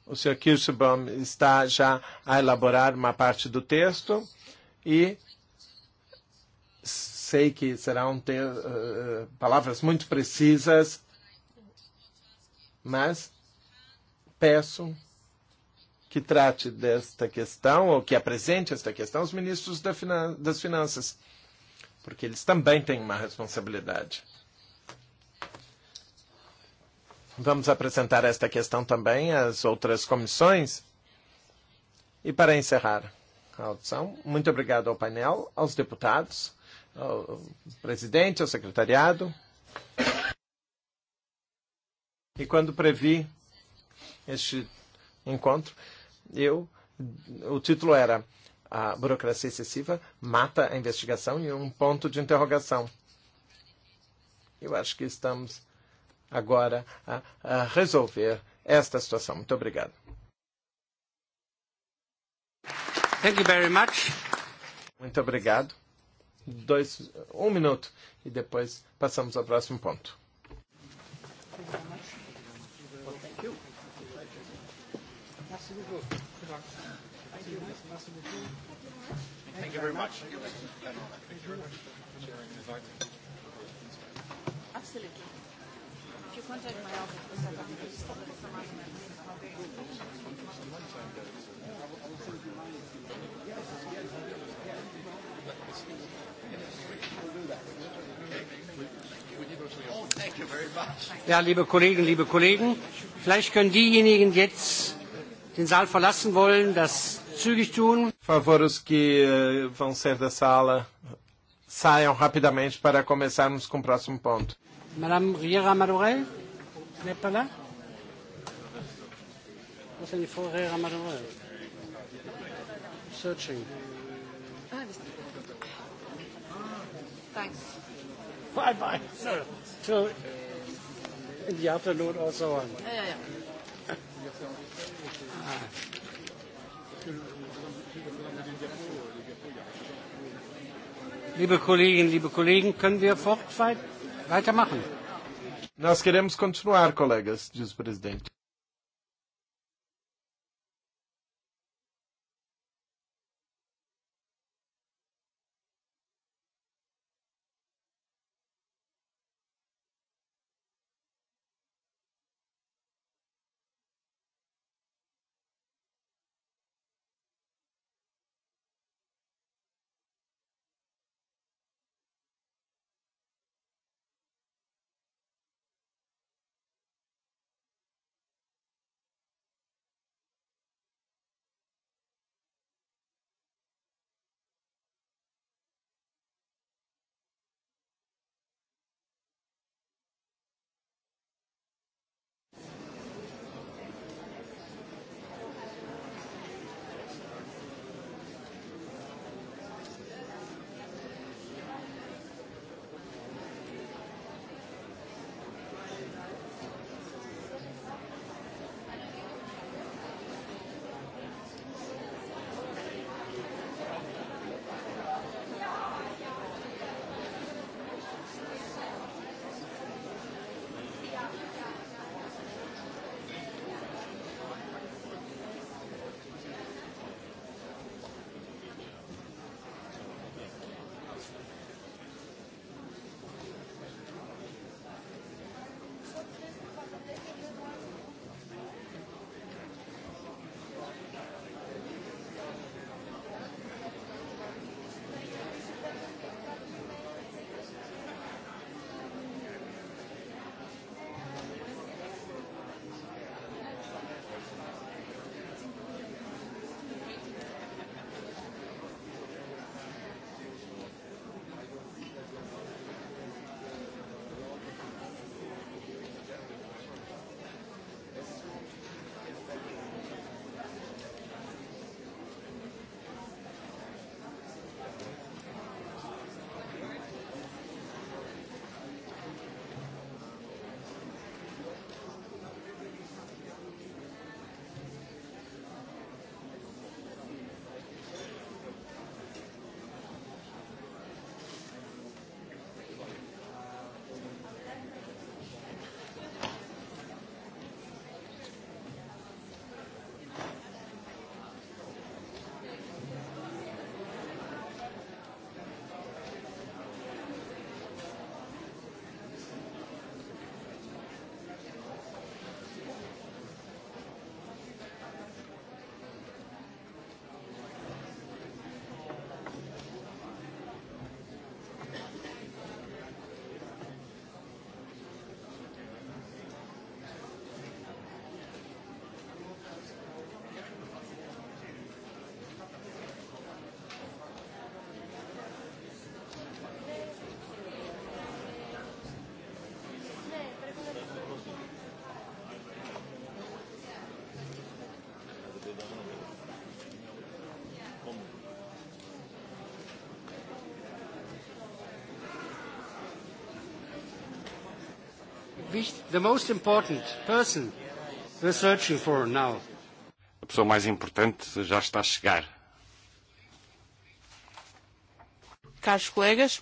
O senhor Kirschbaum está já a elaborar uma parte do texto e sei que serão ter, uh, eh, palavras muito precisas, mas peço que trate desta questão, ou que apresente esta questão aos ministros da finan das Finanças, porque eles também têm uma responsabilidade. Vamos apresentar esta questão também às outras comissões. E para encerrar, audição. Muito obrigado ao painel, aos deputados, ao presidente, ao secretariado. E quando previ este encontro, eu o título era A burocracia excessiva mata a investigação e um ponto de interrogação. Eu acho que estamos agora a, a resolver esta situação. Muito obrigado. Thank you very much. Muito obrigado. Dois, um minuto e depois passamos ao próximo ponto. Thank you very much. Absolutely you contact my office to set up this stuff with some other members? Yes, yes, yes. I'll do that. Oh, thank you very much. Ja, liebe Kollegen, liebe Kollegen, vielleicht können diejenigen jetzt den Saal verlassen wollen, das zügig tun. Favor, os que eh, vão sair da sala, saiam rapidamente para começarmos com o próximo ponto. Madame Riera Madorel n'est pas là What's in for Riera Madorel? Searching. Ah, Thanks. Bye bye. So, to in the afternoon or so on. Yeah, yeah, yeah. ah. Liebe Kolleginnen, liebe Kollegen, können wir fortfahren? Weitermachen. Nós queremos continuar, colegas, diz o presidente. the most important person we're searching for now. A pessoa mais importante já está a chegar. Caros colegas,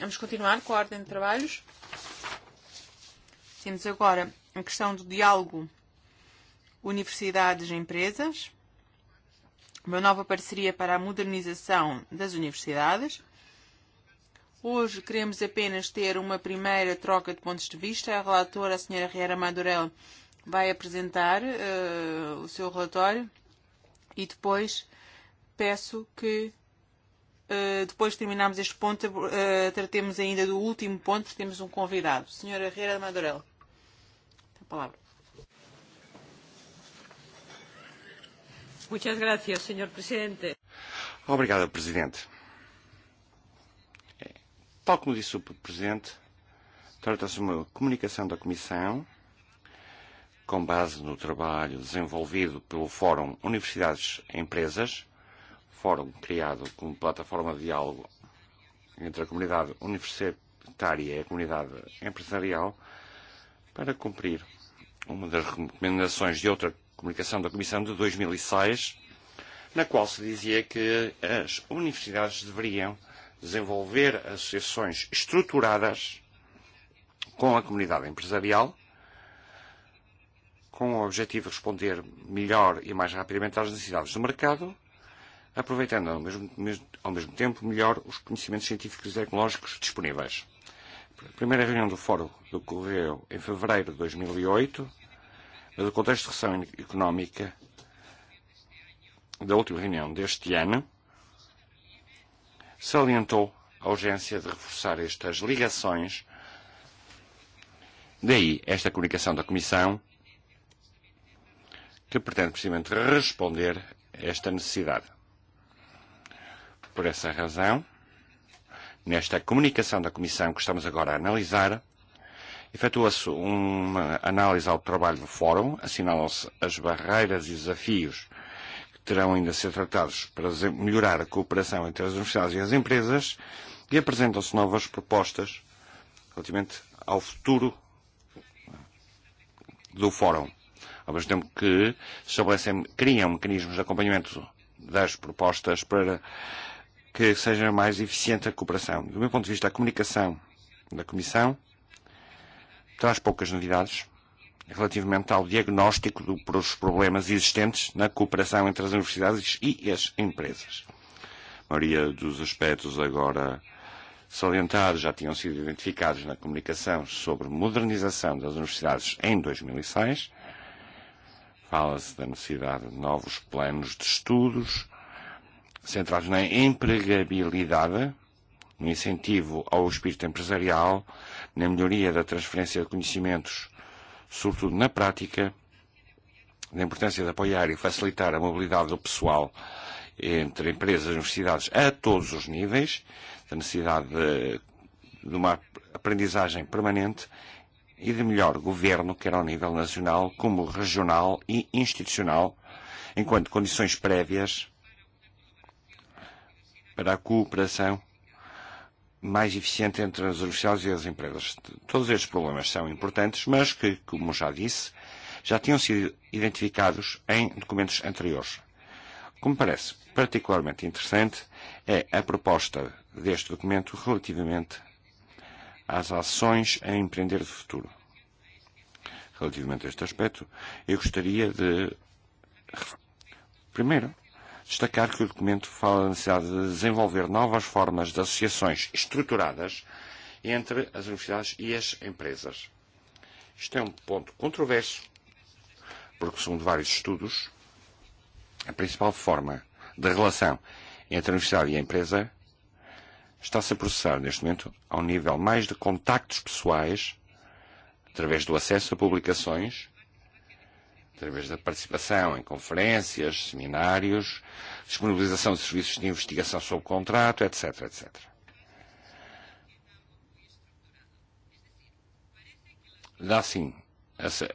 vamos continuar com a ordem de trabalhos. Temos agora a questão do diálogo universidades-empresas, e uma nova parceria para a modernização das universidades. Hoje queremos apenas ter uma primeira troca de pontos de vista. A relatora, a Sra. Riera Madurell, vai apresentar uh, o seu relatório e depois peço que uh, depois de terminarmos este ponto, uh, tratemos ainda do último ponto, porque temos um convidado. Senhora Herrera Madurell, a palavra. Muchas gracias, senhor presidente. Obrigado, presidente. Tal como disse o Presidente, trata-se de uma comunicação da Comissão com base no trabalho desenvolvido pelo Fórum Universidades e Empresas, fórum criado como plataforma de diálogo entre a comunidade universitária e a comunidade empresarial, para cumprir uma das recomendações de outra comunicação da Comissão de 2006, e na qual se dizia que as universidades deveriam desenvolver associações estruturadas com a comunidade empresarial, com o objetivo de responder melhor e mais rapidamente às necessidades do mercado, aproveitando ao mesmo, ao mesmo tempo melhor os conhecimentos científicos e tecnológicos disponíveis. A primeira reunião do Fórum decorreu em fevereiro de 2008, e mas o contexto de recessão económica da última reunião deste ano salientou a urgência de reforçar estas ligações. Daí esta comunicação da Comissão, que pretende precisamente responder a esta necessidade. Por essa razão, nesta comunicação da Comissão que estamos agora a analisar, efetua-se uma análise ao trabalho do Fórum, assinalam-se as barreiras e desafios terão ainda a ser tratados para melhorar a cooperação entre as universidades e as empresas e apresentam-se novas propostas relativamente ao futuro do fórum. Ao mesmo tempo que estabelecem, criam mecanismos de acompanhamento das propostas para que seja mais eficiente a cooperação. Do meu ponto de vista, a comunicação da Comissão traz poucas novidades relativamente ao diagnóstico dos problemas existentes na cooperação entre as universidades e as empresas. A maioria dos aspectos agora salientados já tinham sido identificados na comunicação sobre modernização das universidades em 2006. E Fala-se da necessidade de novos planos de estudos centrados na empregabilidade, no incentivo ao espírito empresarial, na melhoria da transferência de conhecimentos sobretudo na prática, da importância de apoiar e facilitar a mobilidade do pessoal entre empresas e universidades a todos os níveis, da necessidade de, de uma aprendizagem permanente e de melhor governo, quer ao nível nacional, como regional e institucional, enquanto condições prévias para a cooperação mais eficiente entre os industriais e as empresas. Todos estes problemas são importantes, mas que, como já disse, já tinham sido identificados em documentos anteriores. O que me parece particularmente interessante é a proposta deste documento relativamente às ações a empreender de futuro. Relativamente a este aspecto, eu gostaria de, primeiro, destacar que o documento fala-se a desenvolver novas formas de associações estruturadas entre as universidades e as empresas. Isto é um ponto controverso, porque, segundo vários estudos, a principal forma de relação entre a universidade e a empresa está-se a processar, neste momento, ao nível mais de contactos pessoais, através do acesso a publicações através da participação em conferências, seminários, disponibilização de serviços de investigação sob contrato, etc, etc. Dá, sim, essa,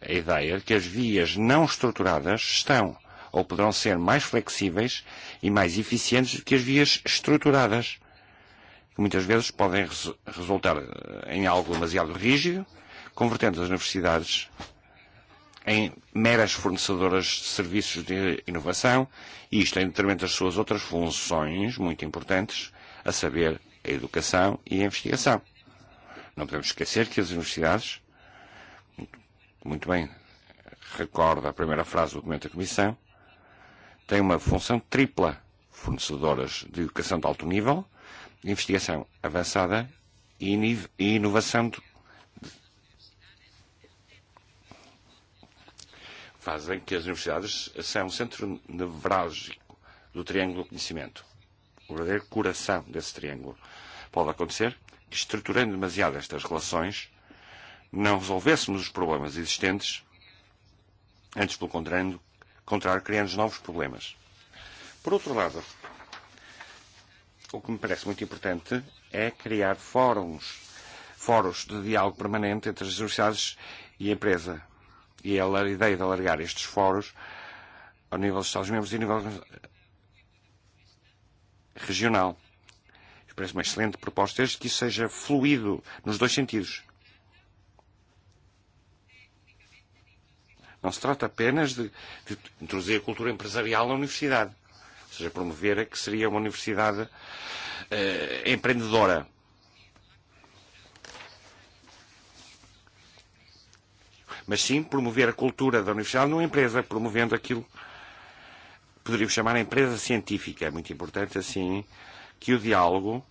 a ideia de que as vias não estruturadas estão ou poderão ser mais flexíveis e mais eficientes do que as vias estruturadas, que muitas vezes podem res resultar em algo demasiado rígido, convertendo as universidades em meras fornecedoras de serviços de inovação, e isto em detrimento das suas outras funções muito importantes, a saber, a educação e a investigação. Não podemos esquecer que as universidades, muito bem recorda a primeira frase do documento da Comissão, têm uma função tripla, fornecedoras de educação de alto nível, de investigação avançada e, e inovação de fazem que as universidades são o um centro nevrálgico do triângulo do conhecimento, o verdadeiro coração desse triângulo. Pode acontecer que, estruturando demasiado estas relações, não resolvêssemos os problemas existentes, antes, pelo contrário, contrário criando novos problemas. Por outro lado, o que me parece muito importante é criar fóruns, fóruns de diálogo permanente entre as universidades e a empresa, e a ideia de alargar estes fóruns ao nível dos Estados-membros e ao nível regional. E parece uma excelente proposta, desde que isso seja fluido nos dois sentidos. Não se trata apenas de, de introduzir a cultura empresarial na universidade, ou seja, promover a que seria uma universidade eh, empreendedora mas sim promover a cultura da universidade numa empresa, promovendo aquilo que poderíamos chamar a empresa científica. É muito importante, assim, que o diálogo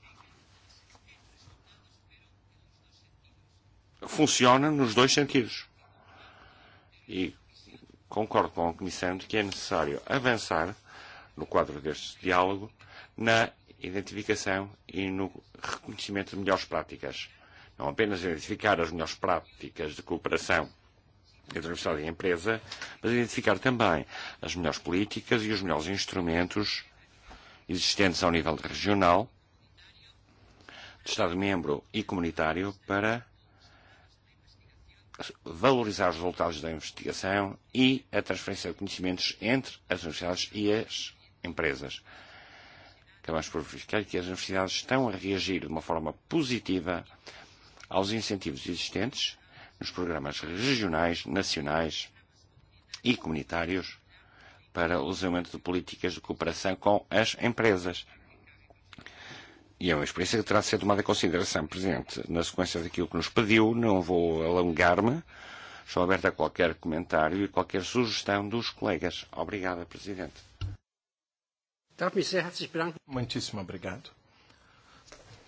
funciona nos dois sentidos. E concordo com o Comissário que é necessário avançar, no quadro deste diálogo, na identificação e no reconhecimento de melhores práticas. Não apenas identificar as melhores práticas de cooperação a transversal da empresa, mas identificar também as melhores políticas e os melhores instrumentos existentes ao nível regional, de Estado-membro e comunitário para valorizar os resultados da investigação e a transferência de conhecimentos entre as universidades e as empresas. Acabamos por verificar que as universidades estão a reagir de uma forma positiva aos incentivos existentes nos programas regionais, nacionais e comunitários para o desenvolvimento de políticas de cooperação com as empresas. E é uma experiência que terá de ser tomada em consideração, Presidente. Na sequência daquilo que nos pediu, não vou alongar-me. Estou aberto a qualquer comentário e qualquer sugestão dos colegas. Obrigada, Presidente. Muitíssimo obrigado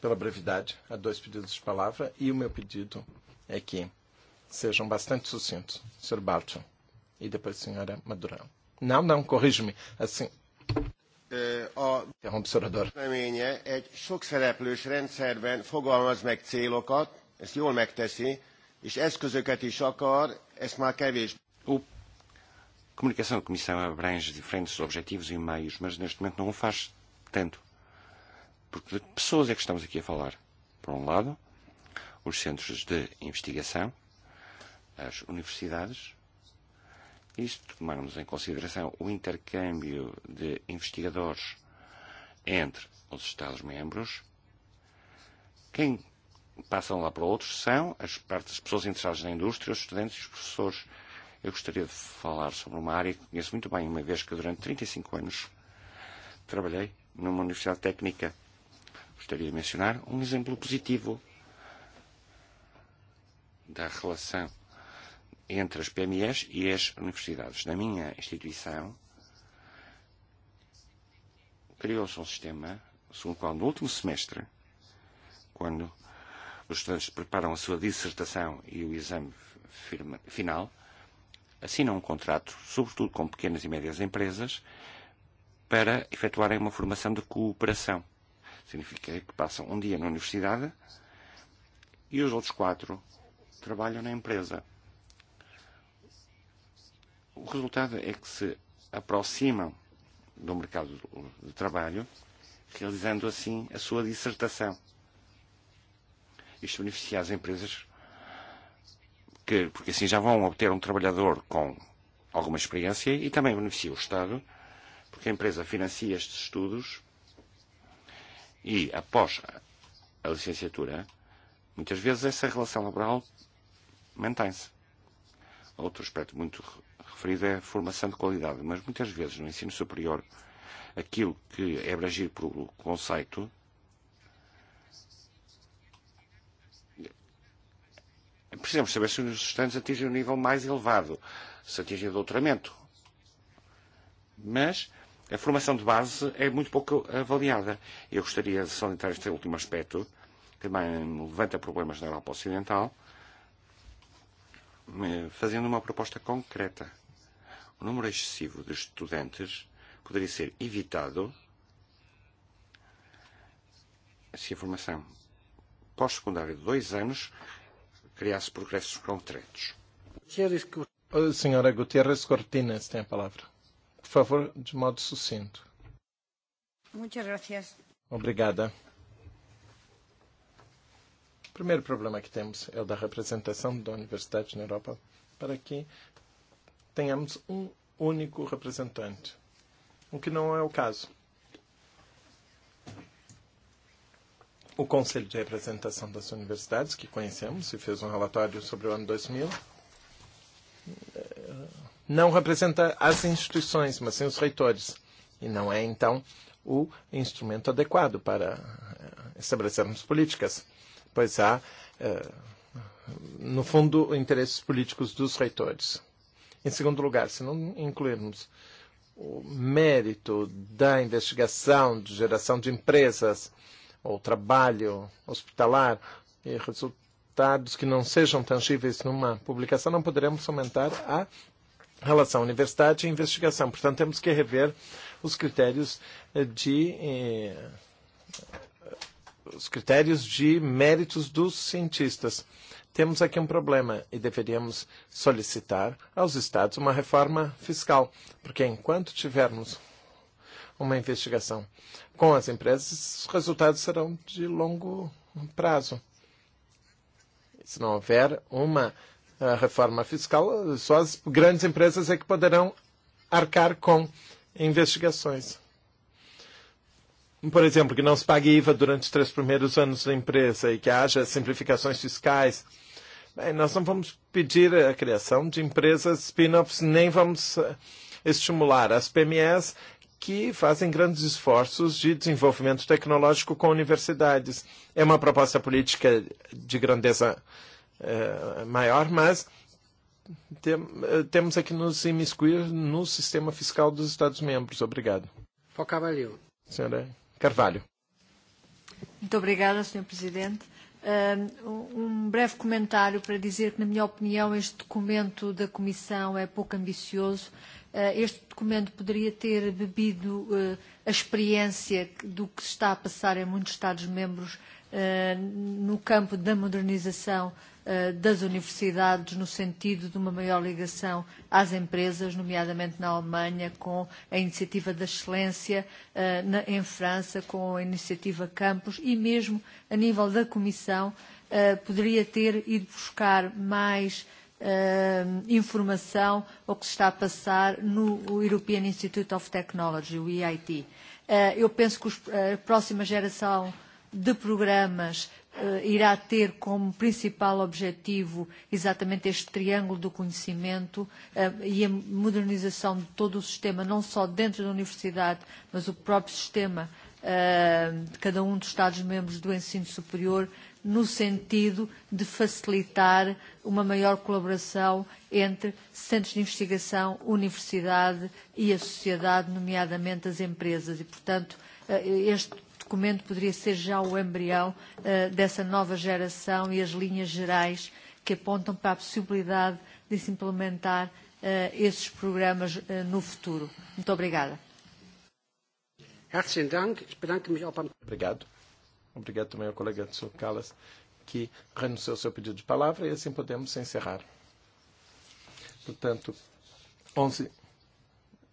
pela brevidade. Há dois pedidos de palavra e o meu pedido é que Sejam bastante sucintos, Sr. Barton. E depois a senhora Madurão. Não, não, corrige-me. Assim. A véleménye egy sokszereplős rendszerben fogalmaz meg célokat, ezt jól megteszi, és eszközöket is akar, ezt már kevés. O Comunicação da Comissão abrange diferentes objetivos e meios, mas neste momento não o faz tanto. Porque de pessoas é que estamos aqui a falar. Por um lado, os centros de investigação, as universidades. Isto, tomarmos em consideração o intercâmbio de investigadores entre os Estados-membros, quem passam lá para outros são as, partes, as pessoas interessadas na indústria, os estudantes e os professores. Eu gostaria de falar sobre uma área que conheço muito bem, uma vez que durante 35 e anos trabalhei numa universidade técnica. Gostaria de mencionar um exemplo positivo da relação entre as PMEs e as universidades. Na minha instituição, criou-se um sistema segundo o qual, no último semestre, quando os estudantes preparam a sua dissertação e o exame firma, final, assinam um contrato, sobretudo com pequenas e médias empresas, para efetuarem uma formação de cooperação. Significa que passam um dia na universidade e os outros quatro trabalham na empresa. O resultado é que se aproximam do mercado de trabalho, realizando assim a sua dissertação. Isto beneficia as empresas que, porque assim já vão obter um trabalhador com alguma experiência e também beneficia o Estado, porque a empresa financia estes estudos e após a licenciatura, muitas vezes essa relação laboral mantém-se. Outro aspecto muito referido é a formação de qualidade, mas muitas vezes no ensino superior aquilo que é abrangido pelo conceito precisamos saber se os estudantes atingem um nível mais elevado, se atingem o doutoramento. Mas a formação de base é muito pouco avaliada. Eu gostaria de salientar este último aspecto, que também levanta problemas na Europa Ocidental, eh, fazendo uma proposta concreta o número excessivo de estudantes poderia ser evitado se a formação pós-secundária de dois anos criasse progressos concretos. A oh, senhora Gutierrez Cortines tem a palavra. Por favor, de modo sucinto. Muchas gracias. Obrigada. O primeiro problema que temos é o da representação da universidade na Europa para que tenhamos um único representante, o que não é o caso. O Conselho de Representação das Universidades, que conhecemos e fez um relatório sobre o ano 2000, eh, não representa as instituições, mas sim os reitores. E não é, então, o instrumento adequado para eh, estabelecermos políticas, pois há, eh, no fundo, interesses políticos dos reitores. Em segundo lugar, se não incluirmos o mérito da investigação de geração de empresas ou trabalho hospitalar e resultados que não sejam tangíveis numa publicação, não poderemos aumentar a relação universidade e investigação. Portanto, temos que rever os critérios de eh, os critérios de méritos dos cientistas. Temos aqui um problema e deveríamos solicitar aos Estados uma reforma fiscal, porque enquanto tivermos uma investigação com as empresas, os resultados serão de longo prazo. Se não houver uma uh, reforma fiscal, só as grandes empresas é que poderão arcar com investigações. Por exemplo, que não se pague IVA durante os três primeiros anos da empresa e que haja simplificações fiscais. Uh, Bem, nós não vamos pedir a criação de empresas spin-offs, nem vamos eh, estimular as PMEs que fazem grandes esforços de desenvolvimento tecnológico com universidades. É uma proposta política de grandeza eh, maior, mas tem, eh, temos aqui nos imiscuir no sistema fiscal dos Estados-membros. Obrigado. Focavalho. Senhora Carvalho. Muito obrigada, Sr. Presidente. Ehm, um, um breve comentário para dizer que, na minha opinião, este documento da Comissão é pouco ambicioso. Eh, este documento poderia ter bebido eh, a experiência do que se está a passar em muitos Estados-membros eh, no campo da modernização Eh, das universidades no sentido de uma maior ligação às empresas, nomeadamente na Alemanha, com a iniciativa da excelência, eh, na, em França, com a iniciativa Campus e mesmo a nível da Comissão, eh, poderia ter ido buscar mais uh, informação ao que se está a passar no European Institute of Technology, o EIT. Uh, eu penso que os, a próxima geração de programas Eh, irá ter como principal objetivo exatamente este triângulo do conhecimento eh, e a modernização de todo o sistema, não só dentro da universidade, mas o próprio sistema eh, de cada um dos Estados-membros do ensino superior, no sentido de facilitar uma maior colaboração entre centros de investigação, universidade e a sociedade, nomeadamente as empresas. E, portanto, este documento poderia ser já o embrião uh, dessa nova geração e as linhas gerais que apontam para a possibilidade de se implementar uh, esses programas uh, no futuro. Muito obrigada. Obrigado. Obrigado também ao colega Tsu Calas, que renunciou ao seu pedido de palavra e assim podemos encerrar. Portanto, 11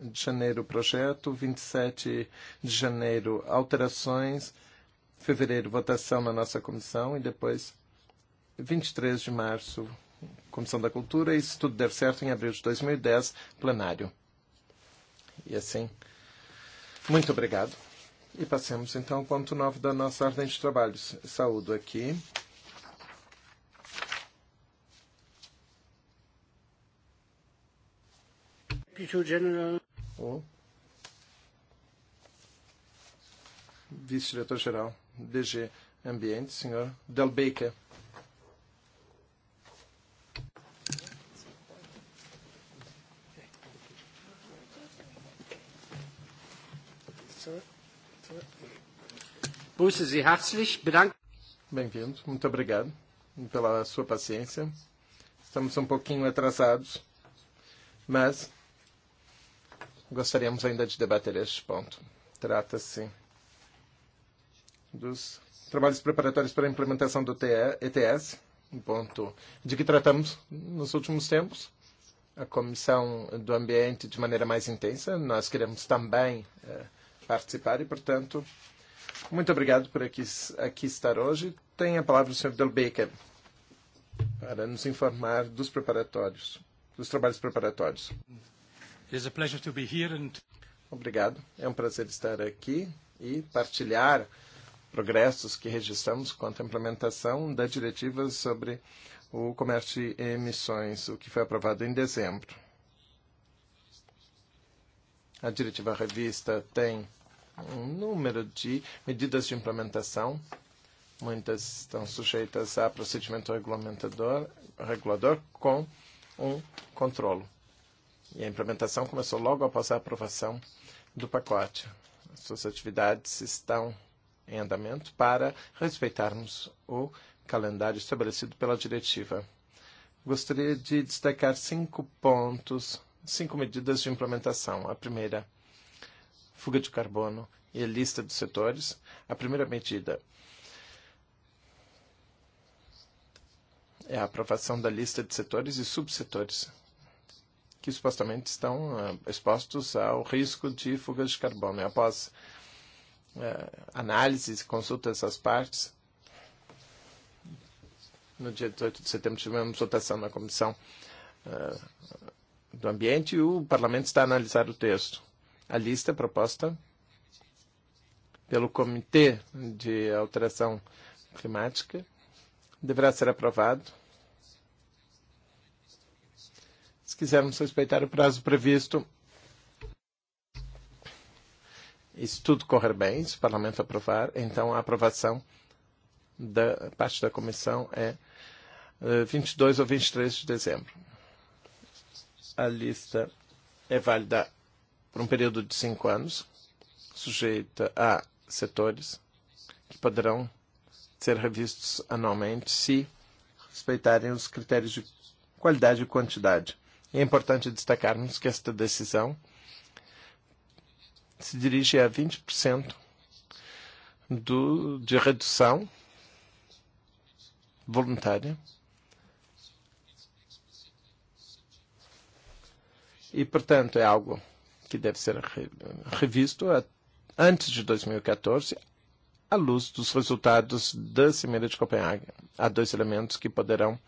de janeiro, projeto. 27 e de janeiro, alterações. Fevereiro, votação na nossa comissão. E depois, 23 e de março, Comissão da Cultura. E se tudo der certo, em abril de 2010, e plenário. E assim, muito obrigado. E passemos então ao ponto 9 da nossa ordem de trabalhos. Saúdo aqui. Secretary General o vice-diretor-geral DG Ambiente, senhor Delbaker. Begrüße Sie herzlich, bedanke Bem-vindo, muito obrigado pela sua paciência. Estamos um pouquinho atrasados, mas gostaríamos ainda de debater este ponto. Trata-se dos trabalhos preparatórios para a implementação do ETS, e um ponto de que tratamos nos últimos tempos. A Comissão do Ambiente de maneira mais intensa, nós queremos também eh, participar e, portanto, muito obrigado por aqui, aqui estar hoje. Tem a palavra o Sr. Del Baker para nos informar dos preparatórios, dos trabalhos preparatórios. It is a pleasure to be here and... Obrigado. É um prazer estar aqui e partilhar progressos que registramos quanto à implementação da diretiva sobre o comércio de emissões, o que foi aprovado em dezembro. A diretiva revista tem um número de medidas de implementação. Muitas estão sujeitas a procedimento regulamentador, regulador com um controlo. E a implementação começou logo após a aprovação do pacote. As suas atividades estão em andamento para respeitarmos o calendário estabelecido pela diretiva. Gostaria de destacar cinco pontos, cinco medidas de implementação. A primeira, fuga de carbono e a lista dos setores. A primeira medida é a aprovação da lista de setores e subsetores que supostamente estão eh, expostos ao risco de fugas de carbono. E após eh, análises, e consulta dessas partes, no dia 18 de setembro tivemos votação na Comissão eh, do Ambiente e o Parlamento está a analisar o texto. A lista proposta pelo Comitê de Alteração Climática deverá ser aprovado se quisermos respeitar o prazo previsto. E se tudo correr bem, se o Parlamento aprovar, então a aprovação da parte da Comissão é 22 eh, e ou 23 e de dezembro. A lista é válida por um período de cinco anos, sujeita a setores que poderão ser revistos anualmente se respeitarem os critérios de qualidade e quantidade É importante destacarmos que esta decisão se dirige a 20% do, de redução voluntária e, portanto, é algo que deve ser revisto a, antes de 2014, e à luz dos resultados da Cimeira de Copenhague. Há dois elementos que poderão uh,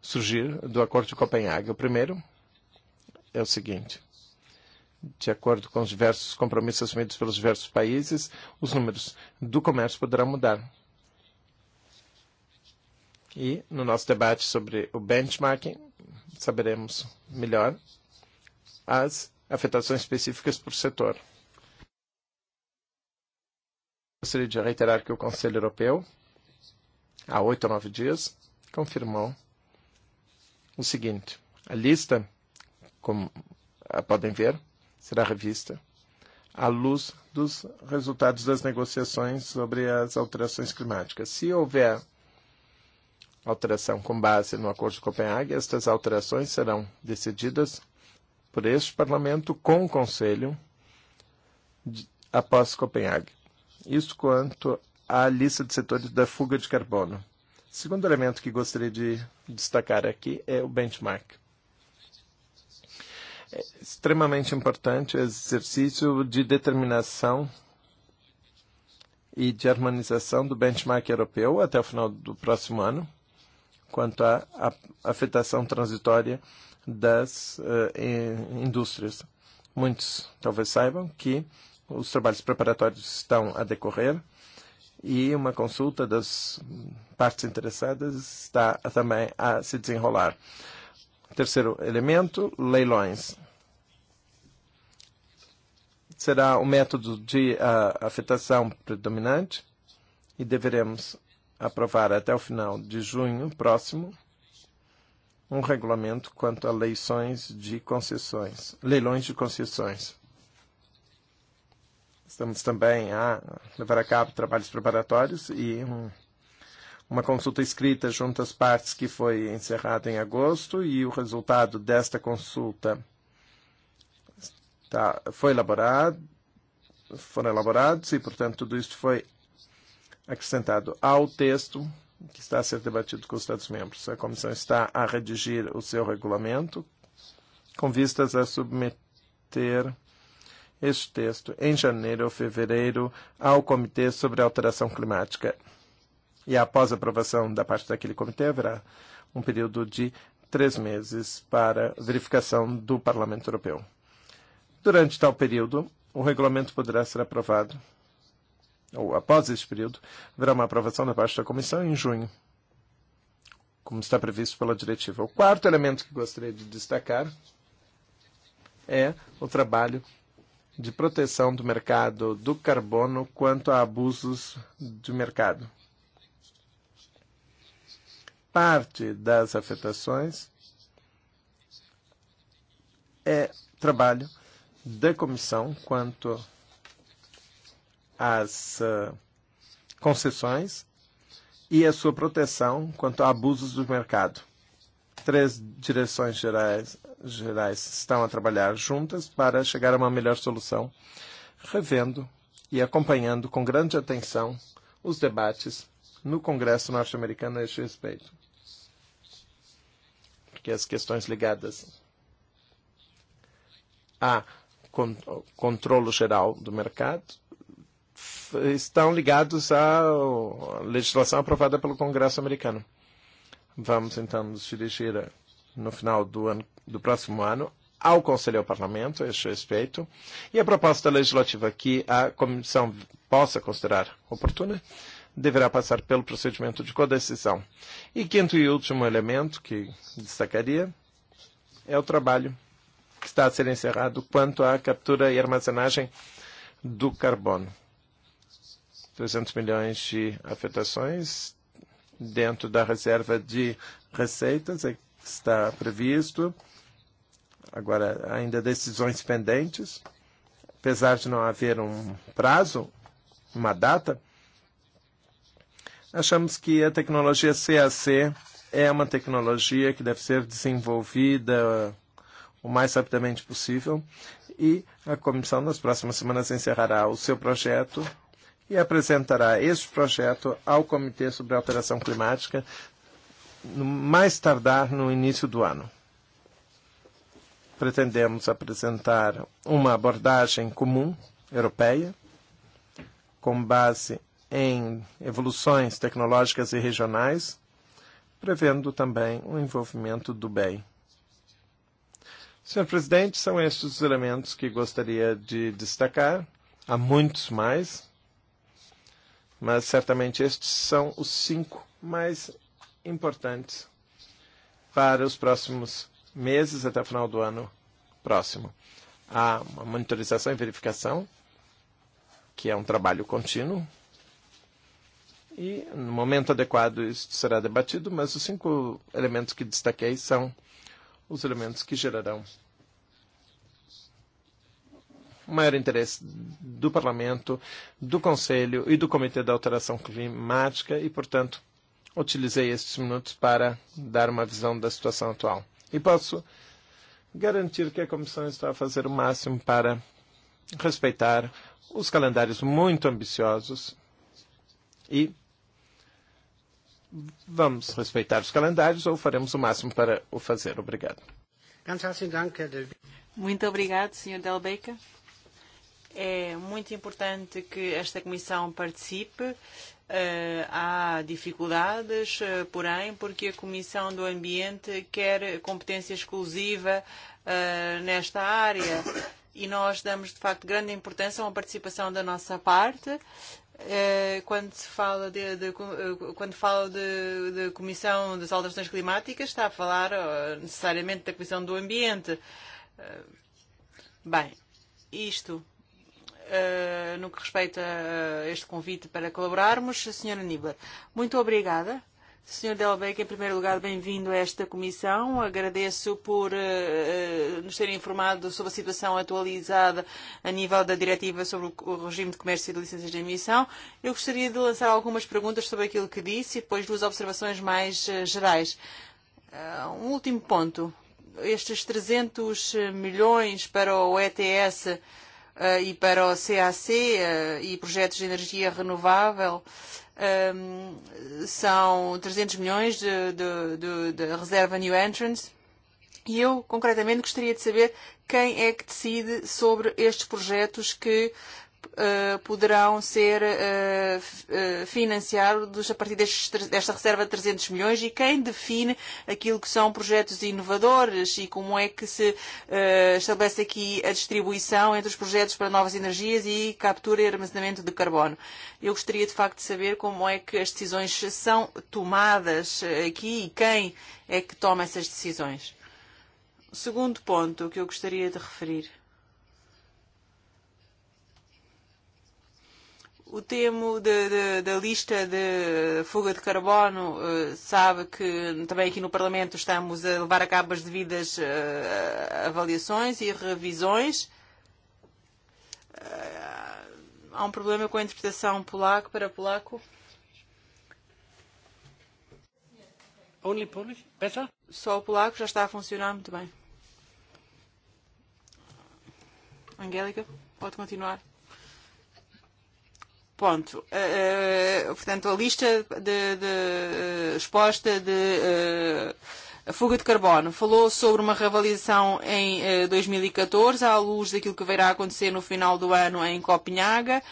surgir do Acordo de Copenhague. O primeiro é o seguinte. De acordo com os diversos compromissos assumidos pelos diversos países, os números do comércio poderão mudar. E no nosso debate sobre o benchmarking, saberemos melhor as afetações específicas por setor. Gostaria de reiterar que o Conselho Europeu, há oito ou nove dias, confirmou o seguinte: a lista, como eh, podem ver, será revista à luz dos resultados das negociações sobre as alterações climáticas. Se houver alteração com base no Acordo de Copenhague, estas alterações serão decididas por este Parlamento com o Conselho de, após Copenhague. Isso quanto à lista de setores da fuga de carbono. O segundo elemento que gostaria de destacar aqui é o benchmark. É extremamente importante o exercício de determinação e de harmonização do benchmark europeu até o final do próximo ano, quanto à afetação transitória das uh, indústrias. Muitos talvez saibam que os trabalhos preparatórios estão a decorrer e uma consulta das partes interessadas está também a se desenrolar. Terceiro elemento, leilões. Será o um método de uh, afetação predominante e deveremos aprovar até o final de junho próximo um regulamento quanto a leições de concessões, leilões de concessões. Estamos também a levar a cabo trabalhos preparatórios e um, uma consulta escrita junto às partes que foi encerrada em agosto e o resultado desta consulta tá, foi elaborado, foram elaborados e, portanto, tudo isto foi acrescentado ao texto que está a ser debatido com os Estados-membros. A Comissão está a redigir o seu regulamento com vistas a submeter este texto em janeiro ou fevereiro ao Comitê sobre Alteração Climática. E após a aprovação da parte daquele comitê, haverá um período de três meses para verificação do Parlamento Europeu. Durante tal período, o regulamento poderá ser aprovado, ou após este período, haverá uma aprovação da parte da Comissão em junho, como está previsto pela diretiva. O quarto elemento que gostaria de destacar é o trabalho de proteção do mercado do carbono quanto a abusos de mercado. Parte das afetações é trabalho da comissão quanto às ah, concessões e a sua proteção quanto a abusos do mercado três direções gerais, gerais estão a trabalhar juntas para chegar a uma melhor solução, revendo e acompanhando com grande atenção os debates no Congresso norte-americano a este respeito. Porque as questões ligadas a controlo geral do mercado estão ligados à legislação aprovada pelo Congresso americano vamos então nos dirigir no final do, ano, do próximo ano ao Conselho e ao Parlamento a este respeito e a proposta legislativa que a Comissão possa considerar oportuna deverá passar pelo procedimento de codecisão. E quinto e último elemento que destacaria é o trabalho que está a ser encerrado quanto à captura e armazenagem do carbono. 300 milhões de afetações dentro da reserva de receitas é que está previsto. Agora, ainda decisões pendentes. Apesar de não haver um prazo, uma data, achamos que a tecnologia CAC é uma tecnologia que deve ser desenvolvida o mais rapidamente possível e a comissão nas próximas semanas encerrará o seu projeto e apresentará este projeto ao Comitê sobre Alteração Climática mais tardar no início do ano. Pretendemos apresentar uma abordagem comum europeia com base em evoluções tecnológicas e regionais, prevendo também o envolvimento do BEI. Senhor presidente, são estes os elementos que gostaria de destacar. Há muitos mais, mas certamente estes são os cinco mais importantes para os próximos meses até o final do ano próximo. Há uma monitorização e verificação, que é um trabalho contínuo, e no momento adequado isso será debatido, mas os cinco elementos que destaquei são os elementos que gerarão maior interesse do Parlamento, do Conselho e do Comitê da Alteração Climática e, portanto, utilizei estes minutos para dar uma visão da situação atual. E posso garantir que a Comissão está a fazer o máximo para respeitar os calendários muito ambiciosos e vamos respeitar os calendários ou faremos o máximo para o fazer. Obrigado. Muito obrigado, Sr. Delbeca. É muito importante que esta Comissão participe. Eh, há dificuldades, eh, porém, porque a Comissão do Ambiente quer competência exclusiva eh, nesta área e nós damos, de facto, grande importância a uma participação da nossa parte quando se fala de, de quando fala de, de comissão das alterações climáticas está a falar necessariamente da comissão do ambiente bem isto Eh, no que respeita a este convite para colaborarmos. Senhora Nibler, muito obrigada. Sr. Delbeck, em primeiro lugar, bem-vindo a esta comissão. Agradeço por uh, nos ter informado sobre a situação atualizada a nível da diretiva sobre o regime de comércio e de licenças de emissão. Eu gostaria de lançar algumas perguntas sobre aquilo que disse e depois duas observações mais uh, gerais. Uh, um último ponto. Estes 300 milhões para o ETS uh, Eh, e para o CAC eh, e projetos de energia renovável ehm, são 300 milhões de, de, de, de reserva New Entrance. E eu, concretamente, gostaria de saber quem é que decide sobre estes projetos que Eh, poderão ser eh, eh, financiados a partir desta reserva de 300 milhões e quem define aquilo que são projetos inovadores e como é que se estabelece aqui a distribuição entre os projetos para novas energias e captura e armazenamento de carbono. Eu gostaria de facto de saber como é que as decisões são tomadas aqui e quem é que toma essas decisões. O segundo ponto que eu gostaria de referir o tema de, de, da lista de fuga de carbono, eh, sabe que também aqui no Parlamento estamos a levar a cabo as devidas eh, avaliações e revisões. Eh, há um problema com a interpretação polaco para polaco. Only Polish? Better? Só o polaco já está a funcionar muito bem. Angélica, pode continuar. Ponto. Uh, portanto, a lista de, de eh, exposta de uh, fuga de carbono. Falou sobre uma reavaliação em uh, 2014, e à luz daquilo que virá acontecer no final do ano em Copenhaga.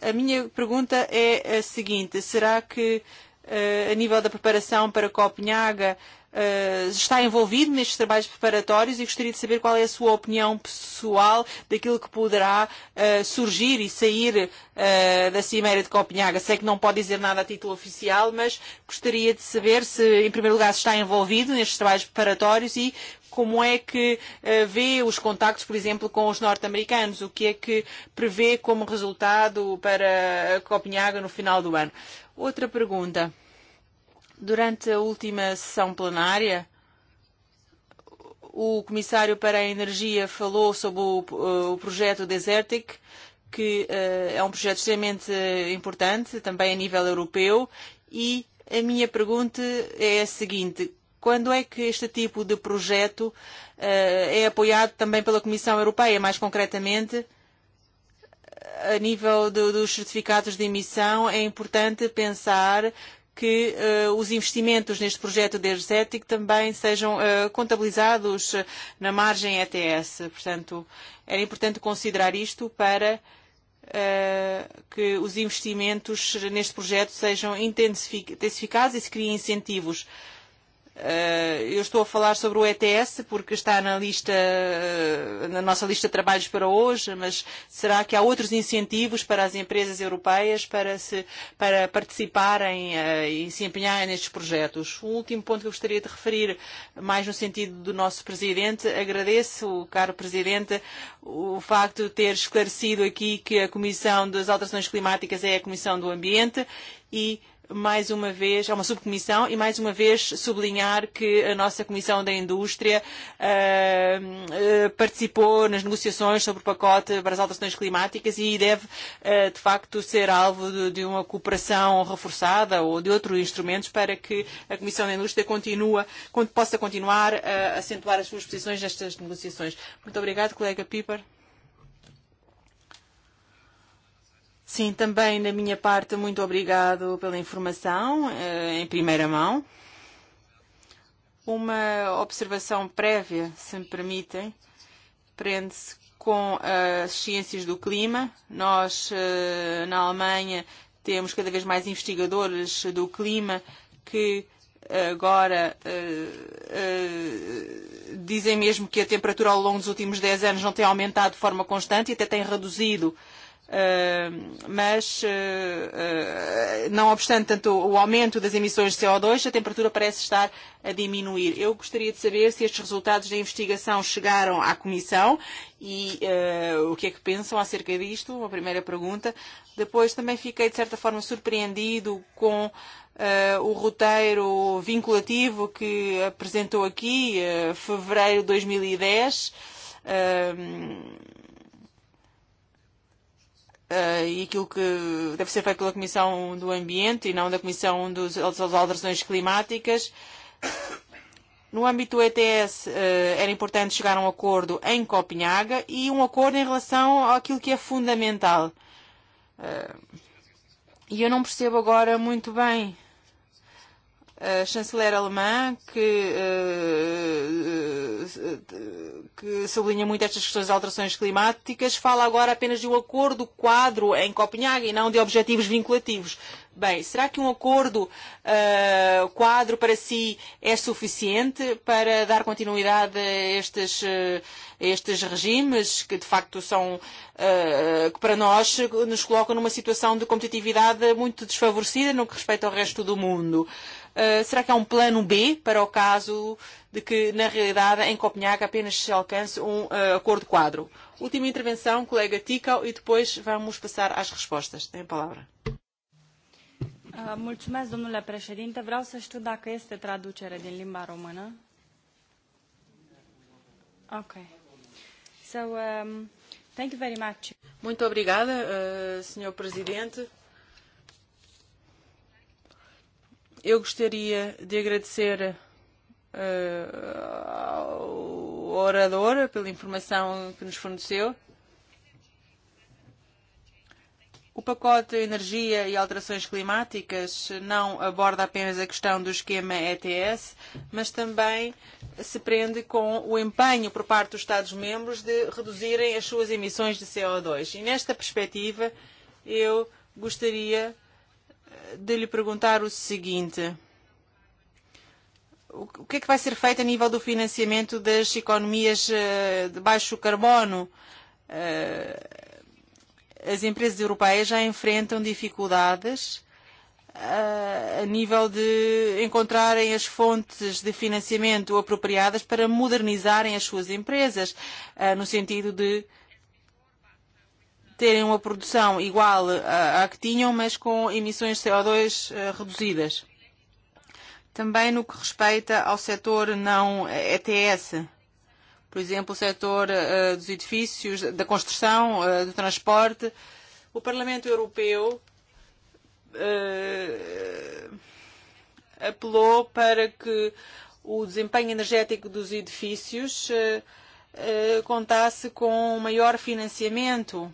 A minha pergunta é a seguinte: será que, uh, a nível da preparação para Copenhaga, uh, Eh, está envolvido nestes trabalhos preparatórios e gostaria de saber qual é a sua opinião pessoal daquilo que poderá uh, surgir e sair uh, da Cimeira de Copenhaga. Sei que não pode dizer nada a título oficial, mas gostaria de saber se, em primeiro lugar, se está envolvido nestes trabalhos preparatórios e como é que uh, vê os contactos, por exemplo, com os norte-americanos, o que é que prevê como resultado para Copenhaga no final do ano. Outra pergunta. Uh, Durante a última sessão plenária, o Comissário para a Energia falou sobre o, eh, o projeto Desertic, que uh, é um projeto extremamente importante, também a nível europeu, e a minha pergunta é a seguinte. Quando é que este tipo de projeto uh, é apoiado também pela Comissão Europeia, mais concretamente, a nível do, dos certificados de emissão, é importante pensar que uh, os investimentos neste projeto de energético também sejam uh, contabilizados na margem ETS. Portanto, era importante considerar isto para uh, que os investimentos neste projeto sejam intensific intensificados e se criem incentivos uh, Eh, eu estou a falar sobre o ETS porque está na, lista, eh, na nossa lista de trabalhos para hoje, mas será que há outros incentivos para as empresas europeias para, se, para participarem eh, e se empenharem nestes projetos? Um último ponto que eu gostaria de referir, mais no sentido do nosso Presidente, agradeço, caro Presidente, o facto de ter esclarecido aqui que a Comissão das Alterações Climáticas é a Comissão do Ambiente e mais uma vez, é uma subcomissão, e mais uma vez sublinhar que a nossa Comissão da Indústria uh, uh, participou nas negociações sobre o pacote para as alterações climáticas e deve, uh, de facto, ser alvo de, de uma cooperação reforçada ou de outros instrumentos para que a Comissão da Indústria continua, possa continuar a acentuar as suas posições nestas negociações. Muito obrigado, colega Piper. Sim, também da minha parte, muito obrigado pela informação eh, em primeira mão. Uma observação prévia, se me permitem, prende-se com eh, as ciências do clima. Nós, eh, na Alemanha, temos cada vez mais investigadores do clima que agora uh, uh, dizem mesmo que a temperatura ao longo dos últimos 10 anos não tem aumentado de forma constante e até tem reduzido uh, Eh, mas eh, eh, não obstante tanto o aumento das emissões de CO2, a temperatura parece estar a diminuir. Eu gostaria de saber se estes resultados da investigação chegaram à Comissão e uh, o que é que pensam acerca disto, uma primeira pergunta. Depois também fiquei, de certa forma, surpreendido com uh, o roteiro vinculativo que apresentou aqui, uh, fevereiro de 2010. Uh, Eh, e aquilo que deve ser feito pela Comissão do Ambiente e não da Comissão dos, das Alterações Climáticas. No âmbito do ETS eh, era importante chegar a um acordo em Copenhaga e um acordo em relação àquilo que é fundamental. Eh, e eu não percebo agora muito bem chanceler alemã que, que sublinha muito estas questões de alterações climáticas, fala agora apenas de um acordo quadro em Copenhague e não de objetivos vinculativos. Bem, será que um acordo uh, quadro para si é suficiente para dar continuidade a estes, uh, estes regimes que de facto são, uh, que para nós nos colocam numa situação de competitividade muito desfavorecida no que respeita ao resto do mundo? Uh, Uh, será que há um plano B para o caso de que, na realidade, em Copenhague apenas se alcance um uh, acordo quadro? Última intervenção, colega Ticau, e depois vamos passar às respostas. Tem a palavra. Uh, mulțumesc, domnule președinte. Vreau să știu dacă este traducere din limba română. Ok. So, um, thank you very much. Muito obrigada, uh, eh, Sr. Presidente. eu gostaria de agradecer uh, ao orador pela informação que nos forneceu. O pacote Energia e Alterações Climáticas não aborda apenas a questão do esquema ETS, mas também se prende com o empenho por parte dos Estados-membros de reduzirem as suas emissões de CO2. E nesta perspectiva, eu gostaria de dele perguntar o seguinte. O que é que vai ser feito a nível do financiamento das economias eh, de baixo carbono? Eh, as empresas europeias já enfrentam dificuldades eh, a nível de encontrarem as fontes de financiamento apropriadas para modernizarem as suas empresas, no sentido de terem uma produção igual à que tinham, mas com emissões de CO2 eh, reduzidas. Também no que respeita ao setor não ETS, por exemplo, o setor eh, dos edifícios, da construção, eh, do transporte, o Parlamento Europeu apelou para que o desempenho energético dos edifícios contasse com maior financiamento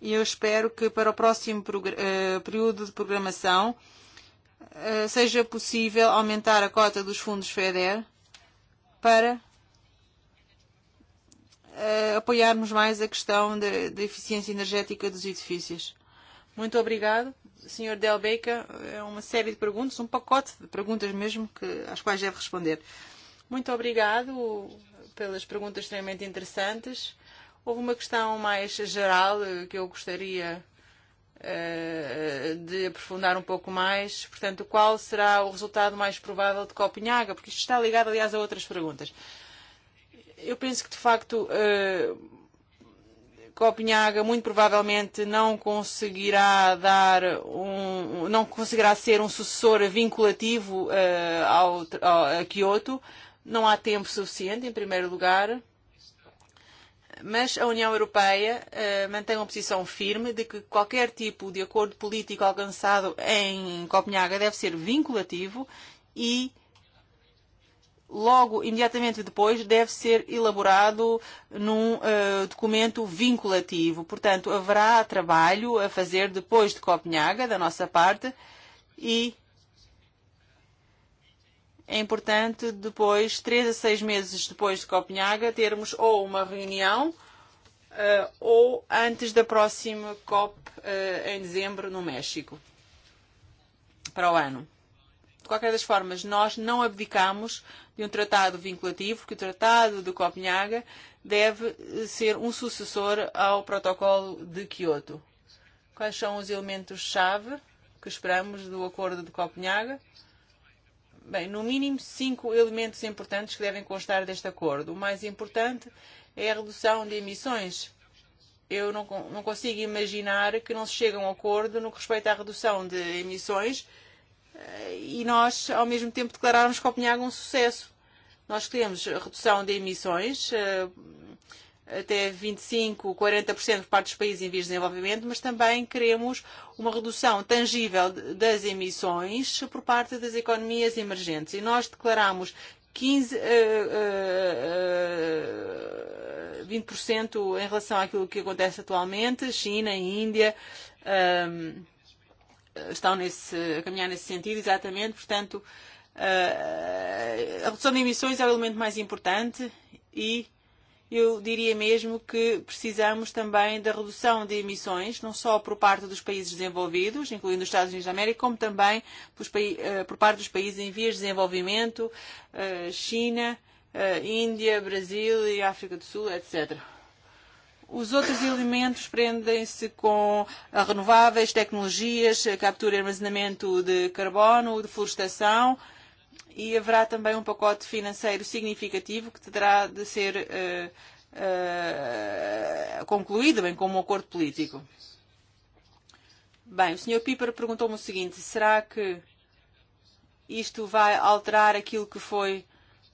e eu espero que para o próximo eh, período de programação eh, seja possível aumentar a cota dos fundos FEDER para eh, apoiarmos mais a questão da eficiência energética dos edifícios. Muito obrigado. Sr. Delbeca, é uma série de perguntas, um pacote de perguntas mesmo que, às quais deve responder. Muito obrigado pelas perguntas extremamente interessantes. Houve uma questão mais geral eh, que eu gostaria eh, eh, de aprofundar um pouco mais. Portanto, qual será o resultado mais provável de Copenhaga? Porque isto está ligado, aliás, a outras perguntas. Eu penso que, de facto, Copenhaga muito provavelmente não conseguirá dar um, não conseguirá ser um sucessor vinculativo uh, ao, ao, a Kyoto. Não há tempo suficiente, em primeiro lugar. Mas a União Europeia uh, mantém uma posição firme de que qualquer tipo de acordo político alcançado em Copenhaga deve ser vinculativo e logo, imediatamente depois, deve ser elaborado num uh, documento vinculativo. Portanto, haverá trabalho a fazer depois de Copenhaga, da nossa parte, e é importante depois, três a seis meses depois de Copenhaga, termos ou uma reunião uh, ou antes da próxima COP uh, em dezembro no México, para o ano. De qualquer das formas, nós não abdicamos de um tratado vinculativo, que o Tratado de Copenhaga deve eh, ser um sucessor ao Protocolo de Quioto. Quais são os elementos-chave que esperamos do Acordo de Copenhaga? Uh, bem, no mínimo cinco elementos importantes que devem constar deste acordo. O mais importante é a redução de emissões. Eu não, não consigo imaginar que não se chegue a um acordo no que respeita à redução de emissões eh, e nós, ao mesmo tempo, declararmos Copenhague um sucesso. Nós queremos redução de emissões eh, até 25, 40% e por parte dos países em vias de desenvolvimento, mas também queremos uma redução tangível das emissões por parte das economias emergentes. E nós declaramos 15, uh, uh, uh, 20% em relação àquilo que acontece atualmente. China, Índia um, estão nesse, a caminhar nesse sentido, exatamente. Portanto, uh, a redução de emissões é o elemento mais importante e uh, eu diria mesmo que precisamos também da redução de emissões, não só por parte dos países desenvolvidos, incluindo os Estados Unidos da América, como também por eh, parte dos países em vias de desenvolvimento, eh, China, eh, Índia, Brasil e África do Sul, etc. Os outros elementos prendem-se com renováveis, tecnologias, captura e armazenamento de carbono, deflorestação, uh, e haverá também um pacote financeiro significativo que terá de ser uh, uh, concluído, bem como um acordo político. Bem, o Sr. Piper perguntou-me o seguinte, será que isto vai alterar aquilo que foi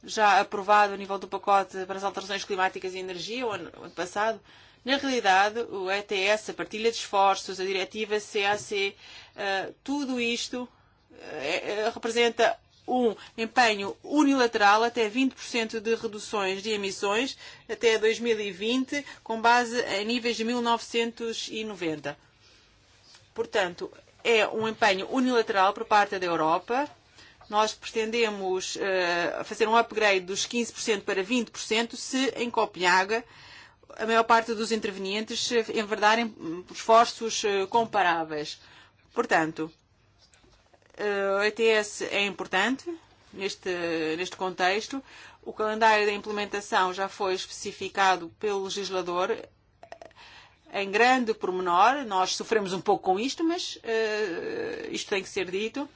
já aprovado a nível do pacote para as alterações climáticas e energia o ano, o ano passado? Na realidade, o ETS, a partilha de esforços, a diretiva CAC, uh, eh, tudo isto uh, representa um empenho unilateral até 20% de reduções de emissões até 2020, e com base em níveis de 1990. E Portanto, é um empenho unilateral por parte da Europa. Nós pretendemos uh, fazer um upgrade dos 15% para 20% se em Copenhaga a maior parte dos intervenientes enverdarem esforços eh, comparáveis. Portanto, Eh, a ETS é importante neste, neste contexto. O calendário da implementação já foi especificado pelo legislador em grande pormenor. Nós sofremos um pouco com isto, mas uh, isto tem que ser dito.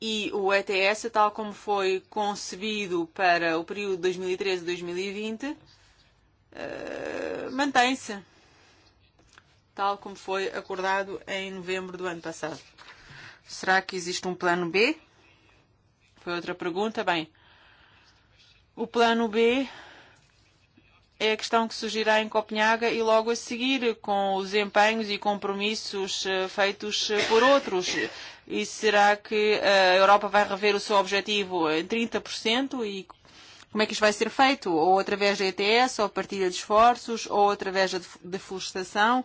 E o ETS, tal como foi concebido para o período 2013-2020, uh, e e eh, mantém-se, tal como foi acordado em novembro do ano passado. Será que existe um plano B? Foi outra pergunta. Bem, o plano B é a questão que surgirá em Copenhaga e logo a seguir, com os empenhos e compromissos eh, feitos eh, por outros. E será que eh, a Europa vai rever o seu objetivo em 30% e como é que isto vai ser feito? Ou através da ETS, ou partilha de esforços, ou através da deflorestação? Uh,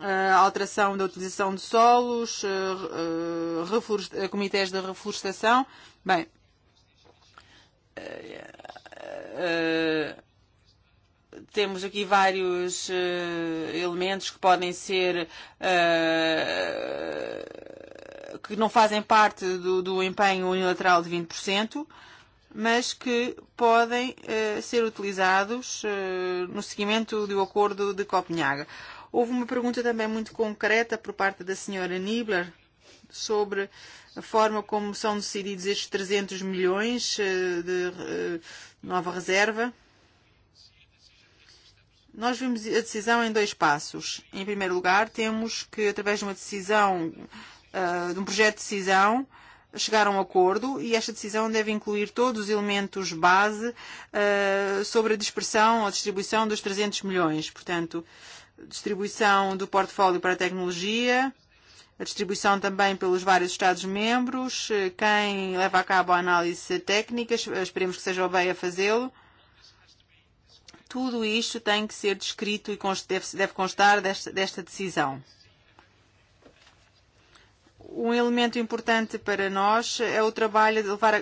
Eh, a alteração da utilização de solos, eh, eh, comitês de reflorestação. Bem, temos aqui vários uh, elementos que podem ser uh, que não fazem parte do, do empenho unilateral de 20%, mas que podem uh, ser utilizados uh, no seguimento do acordo de Copenhaga. Uh, Houve uma pergunta também muito concreta por parte da senhora Nibler sobre a forma como são decididos estes 300 milhões eh, de eh, nova reserva. Nós vimos a decisão em dois passos. Em primeiro lugar, temos que, através de uma decisão, eh, de um projeto de decisão, chegar a um acordo e esta decisão deve incluir todos os elementos base uh, sobre a dispersão ou distribuição dos 300 milhões. Portanto, uh, distribuição do portfólio para a tecnologia, a distribuição também pelos vários Estados-membros, quem leva a cabo a análise técnica, esperemos que seja o bem a fazê-lo. Tudo isto tem que ser descrito e deve constar desta, desta decisão. Um elemento importante para nós é o trabalho de levar a,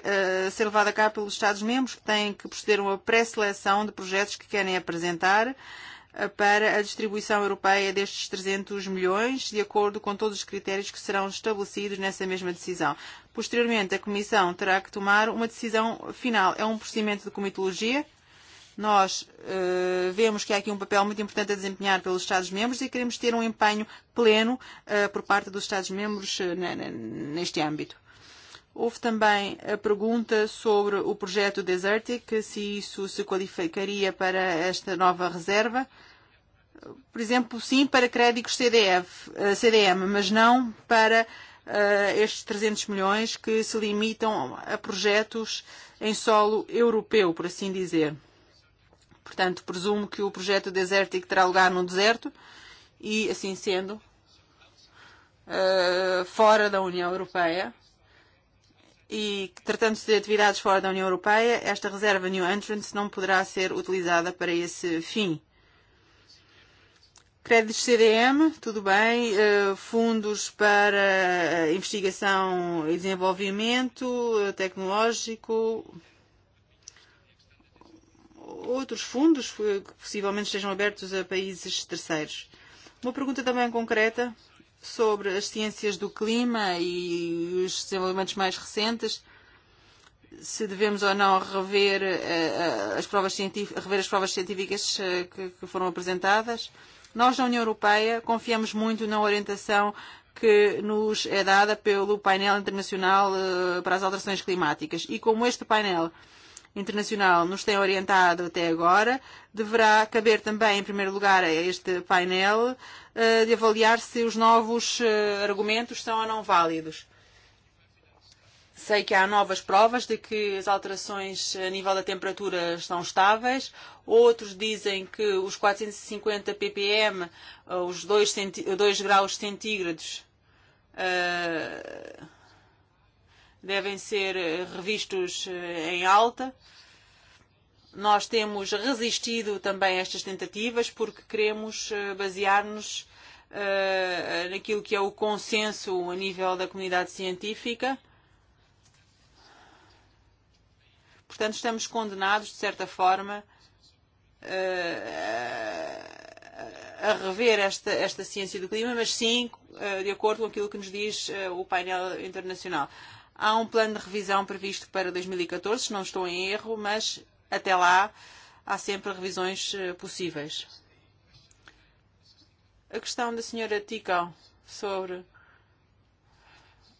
a ser levado a cabo pelos Estados-membros, que têm que proceder a uma pré-seleção de projetos que querem apresentar para a distribuição europeia destes 300 milhões, de acordo com todos os critérios que serão estabelecidos nessa mesma decisão. Posteriormente, a Comissão terá que tomar uma decisão final. É um procedimento de comitologia. Nós uh, vemos que há aqui um papel muito importante a desempenhar pelos Estados-membros e queremos ter um empenho pleno uh, por parte dos Estados-membros uh, neste âmbito. Houve também a pergunta sobre o projeto Desertic, se isso se qualificaria para esta nova reserva. Por exemplo, sim, para créditos CDF, eh, CDM, mas não para uh, estes 300 milhões que se limitam a projetos em solo europeu, por assim dizer. Portanto, presumo que o projeto Desertic terá lugar no deserto e, assim sendo, uh, fora da União Europeia e tratando-se de atividades fora da União Europeia, esta reserva New Entrance não poderá ser utilizada para esse fim. Créditos CDM, tudo bem. Uh, fundos para eh, investigação e desenvolvimento eh, tecnológico. Outros fundos que possivelmente estejam abertos a países terceiros. Uma pergunta também concreta sobre as ciências do clima e os desenvolvimentos mais recentes, se devemos ou não rever, uh, as, provas rever as provas científicas uh, que, que foram apresentadas. Nós, na União Europeia, confiamos muito na orientação que nos é dada pelo painel internacional uh, para as alterações climáticas. E como este painel uh, internacional nos tem orientado até agora, deverá caber também, em primeiro lugar, a este painel eh, de avaliar se os novos eh, argumentos são ou não válidos. Sei que há novas provas de que as alterações a nível da temperatura estão estáveis. Outros dizem que os 450 e ppm, eh, os 2, 2 graus centígrados, uh, devem ser eh, revistos eh, em alta. Nós temos resistido também a estas tentativas porque queremos eh, basear-nos naquilo que é o consenso a nível da comunidade científica. Portanto, estamos condenados, de certa forma, a rever esta, esta ciência do clima, mas sim de acordo com aquilo que nos diz o painel internacional. Há um plano de revisão previsto para 2014, e se não estou em erro, mas até lá há sempre revisões eh, possíveis. A questão da senhora Ticão sobre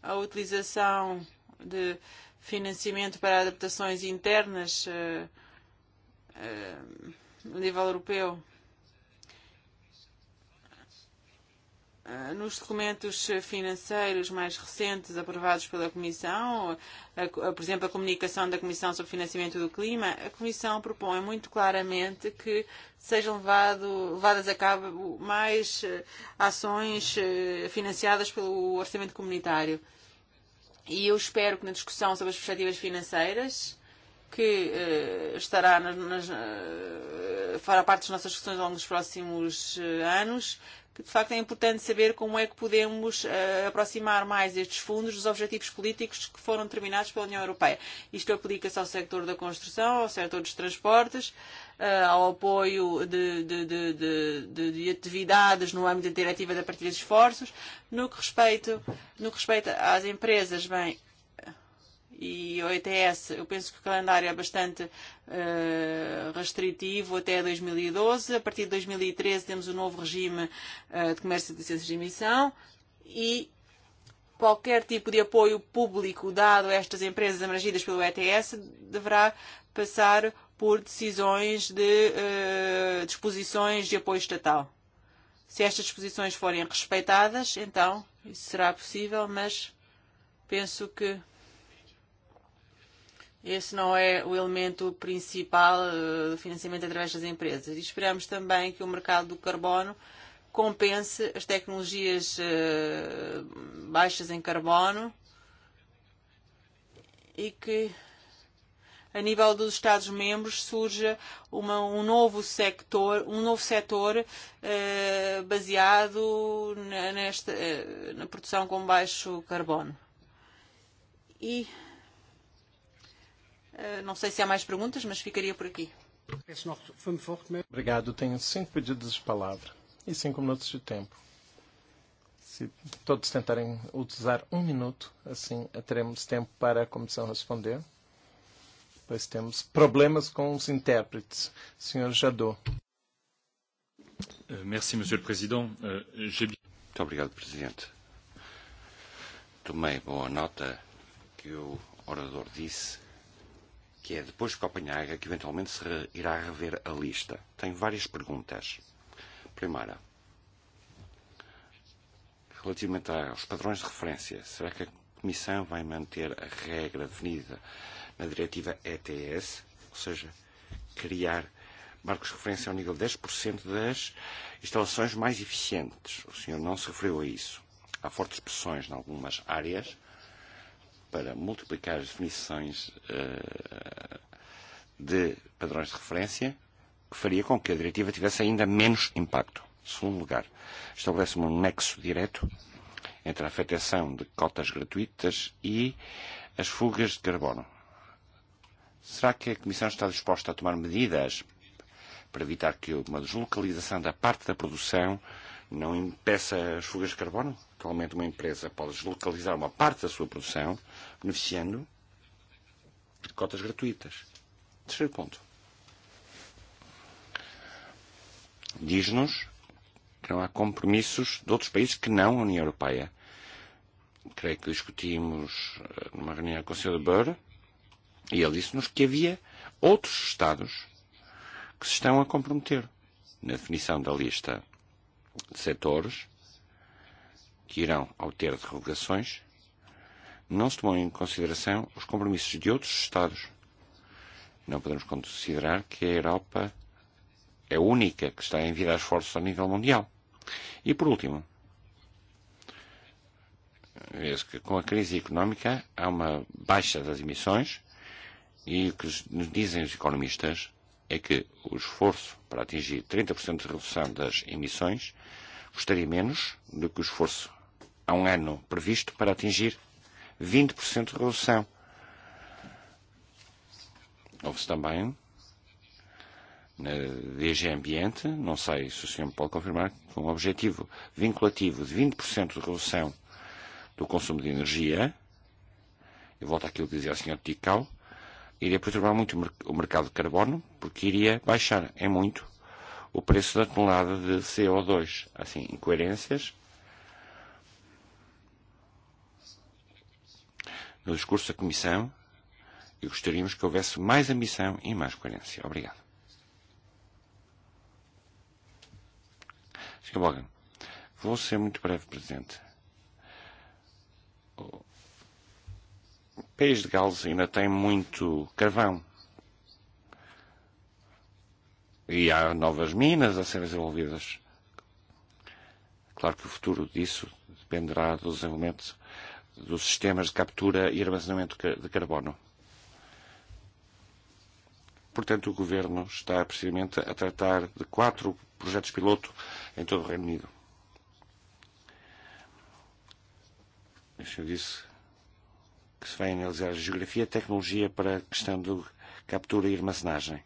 a utilização de financiamento para adaptações internas eh, eh, a nível europeu Ah, nos documentos financeiros mais recentes aprovados pela Comissão, por exemplo, a comunicação da Comissão sobre Financiamento do Clima, a Comissão propõe muito claramente que sejam levado, levadas a cabo mais ah, ações ah, financiadas pelo orçamento comunitário. E eu espero que na discussão sobre as perspectivas financeiras, que uh, estará nas, nas, uh, fará parte das nossas discussões ao longo dos próximos uh, anos, que de facto é importante saber como é que podemos uh, aproximar mais estes fundos dos objetivos políticos que foram determinados pela União Europeia. Isto aplica-se ao setor da construção, ao setor dos transportes, uh, ao apoio de, de, de, de, de, de atividades no âmbito da diretiva da partilha de esforços. No que, respeito, no que respeita às empresas, bem, e o ETS, e eu penso que o calendário é bastante uh, restritivo até 2012. E a partir de 2013 e temos o um novo regime uh, de comércio de licenças de emissão e qualquer tipo de apoio público dado a estas empresas abrangidas pelo ETS deverá passar por decisões de uh, disposições de apoio estatal. Se estas disposições forem respeitadas, então isso será possível, mas penso que Esse não é o elemento principal eh, do financiamento através das empresas. E esperamos também que o mercado do carbono compense as tecnologias eh, baixas em carbono e que a nível dos Estados-membros surja uma, um novo sector, um novo setor eh, baseado na, nesta, eh, na produção com baixo carbono. E Eh, não sei se há mais perguntas, mas ficaria por aqui. Obrigado. Tenho cinco pedidos de palavra e cinco minutos de tempo. Se todos tentarem utilizar um minuto, assim eh, teremos tempo para a comissão responder, pois temos problemas com os intérpretes. Senhor Jadot. Eh, merci, Monsieur le Président. Muito obrigado, Presidente. Tomei boa nota que o orador disse que é depois de Copenhaga que eventualmente se irá rever a lista. Tenho várias perguntas. Primeira, relativamente aos padrões de referência, será que a Comissão vai manter a regra definida na diretiva ETS, ou seja, criar marcos de referência ao nível de 10% das instalações mais eficientes? O senhor não se referiu a isso. Há fortes pressões em algumas áreas para multiplicar as definições uh, eh, de padrões de referência, que faria com que a diretiva tivesse ainda menos impacto. Em segundo lugar, estabelece um nexo direto entre a afetação de cotas gratuitas e as fugas de carbono. Será que a Comissão está disposta a tomar medidas para evitar que uma deslocalização da parte da produção não impeça as fugas de carbono? Radicalmente, uma empresa pode deslocalizar uma parte da sua produção, beneficiando de cotas gratuitas. Terceiro ponto. Diz-nos que não há compromissos de outros países que não a União Europeia. Creio que discutimos eh, numa reunião com o Sr. Burr e ele disse-nos que havia outros Estados que se estão a comprometer na definição da lista de setores que irão obter de revelações, não se tomam em consideração os compromissos de outros Estados. Não podemos considerar que a Europa é a única que está a enviar esforços a nível mundial. E por último, vê-se que com a crise económica há uma baixa das emissões e o que nos dizem os economistas é que o esforço para atingir 30% de redução das emissões custaria menos do que o esforço há um ano previsto para atingir 20% de redução. Houve-se também na DG Ambiente, não sei se o senhor pode confirmar, com um objetivo vinculativo de 20% de redução do consumo de energia, eu volto àquilo que dizia o senhor Tical, iria perturbar muito o mercado de carbono, porque iria baixar em muito o preço da tonelada de CO2. Assim, incoerências no discurso da Comissão e gostaríamos que houvesse mais ambição e mais coerência. Obrigado. Sr. Bogan, vou ser muito breve, Presidente. O país de Gales ainda tem muito carvão. E há novas minas a serem desenvolvidas. Claro que o futuro disso dependerá do desenvolvimento dos sistemas de captura e armazenamento de carbono. Portanto, o Governo está precisamente a tratar de quatro projetos piloto em todo o Reino Unido. O senhor disse que se vai analisar a geografia e tecnologia para a questão de captura e armazenagem.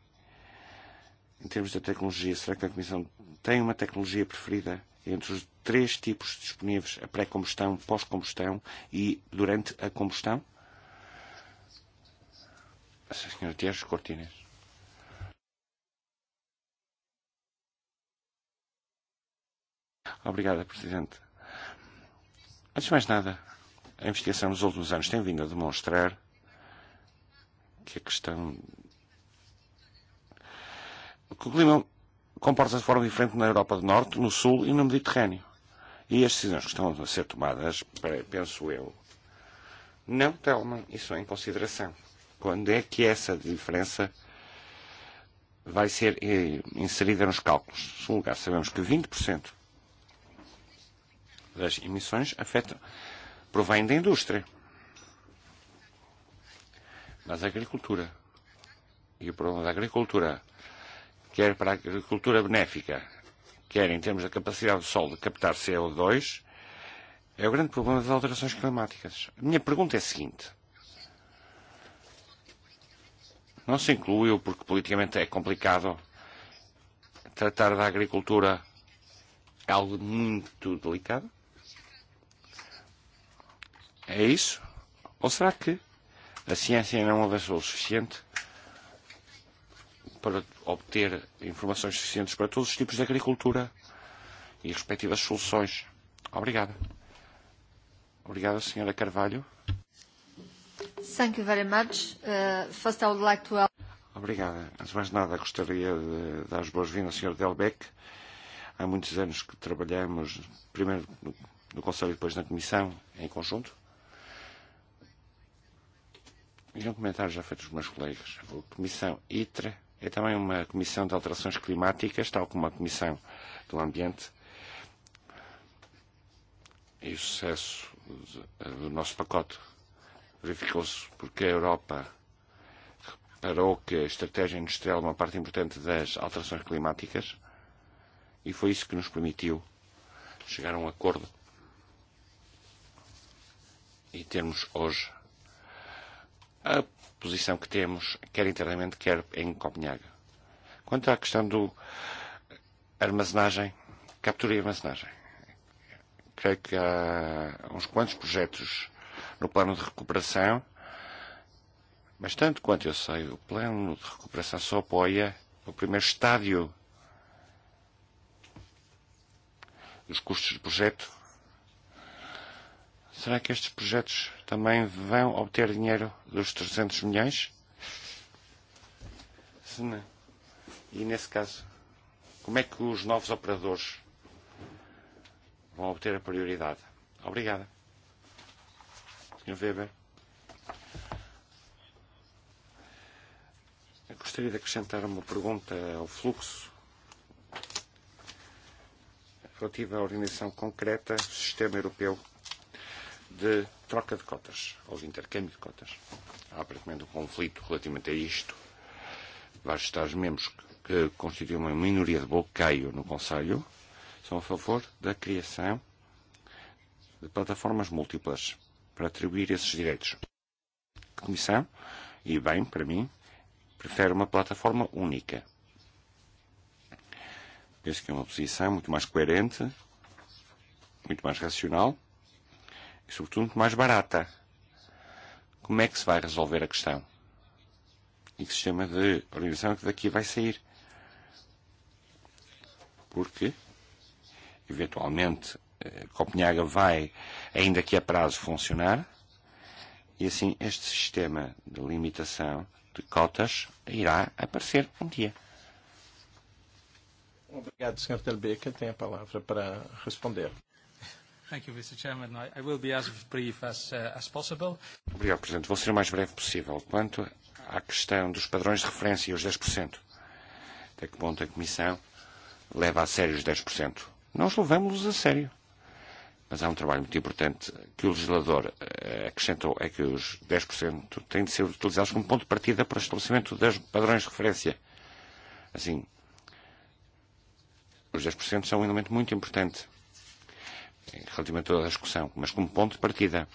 Em termos da tecnologia, será que a Comissão tem uma tecnologia preferida? entre os três tipos disponíveis, a pré-combustão, pós-combustão e durante a combustão? A senhora Teres Cortines. Obrigada, Presidente. Antes de mais nada, a investigação nos últimos anos tem vindo a demonstrar que a questão que o clima comporta-se de forma diferente na Europa do Norte, no Sul e no Mediterrâneo. E as decisões que estão a ser tomadas, penso eu, não tomam isso em consideração. Quando é que essa diferença vai ser eh, inserida nos cálculos? Em lugar, sabemos que 20% das emissões afetam, provém da indústria. Mas a agricultura e o problema da agricultura quer para a agricultura benéfica, quer em termos da capacidade do Sol de captar CO2, é o grande problema das alterações climáticas. A minha pergunta é a seguinte. Não se incluiu, porque politicamente é complicado, tratar da agricultura é algo muito delicado? É isso? Ou será que a ciência não avançou o suficiente para obter informações suficientes para todos os tipos de agricultura e respectivas soluções. Obrigada. Obrigada, Sra. Carvalho. Thank you very much. Uh, first I would like to... Obrigada. Antes de mais nada, gostaria de dar as boas-vindas ao Sr. Delbeck. Há muitos anos que trabalhamos, primeiro no, no Conselho e depois na Comissão, em conjunto. E um comentário já feito dos meus colegas. A Comissão ITRA é também uma comissão de alterações climáticas, tal como a comissão do ambiente. E o sucesso do nosso pacote verificou-se porque a Europa reparou que a estratégia industrial é uma parte importante das alterações climáticas e foi isso que nos permitiu chegar a um acordo e termos hoje a posição que temos, quer internamente, quer em Copenhague. Quanto à questão do armazenagem, captura e armazenagem, creio que há uns quantos projetos no plano de recuperação, mas tanto quanto eu sei, o plano de recuperação só apoia o primeiro estádio dos custos do projeto Será que estes projetos também vão obter dinheiro dos 300 milhões? Se não. E nesse caso, como é que os novos operadores vão obter a prioridade? Obrigada. Sr. Weber. Eu gostaria de acrescentar uma pergunta ao fluxo relativa à organização concreta do Sistema Europeu de troca de cotas, ou de intercâmbio de cotas. Há aparentemente um conflito relativamente a isto. Vários Estados-membros que constituem uma minoria de bloqueio no Conselho são a favor da criação de plataformas múltiplas para atribuir esses direitos. A Comissão, e bem, para mim, prefere uma plataforma única. Penso que é uma posição muito mais coerente, muito mais racional e, sobretudo, mais barata. Como é que se vai resolver a questão? E que sistema de organização é que daqui vai sair? Porque, eventualmente, eh, Copenhaga vai, ainda que a prazo, funcionar. E assim, este sistema de limitação de cotas irá aparecer um dia. Obrigado, Sr. Telbeca. Tem a palavra para responder. Thank you, Mr. Chairman. I, I will be as brief as, uh, as possible. Obrigado, Presidente. Vou ser o mais breve possível. Quanto à questão dos padrões de referência e os 10%, até que ponto a Comissão leva a sério os 10%? Nós levamos-los a sério. Mas há um trabalho muito importante que o legislador eh, acrescentou, é que os 10% têm de ser utilizados como ponto de partida para o estabelecimento dos padrões de referência. Assim, os 10% são um elemento muito importante relativamente a toda a discussão, mas como ponto de partida.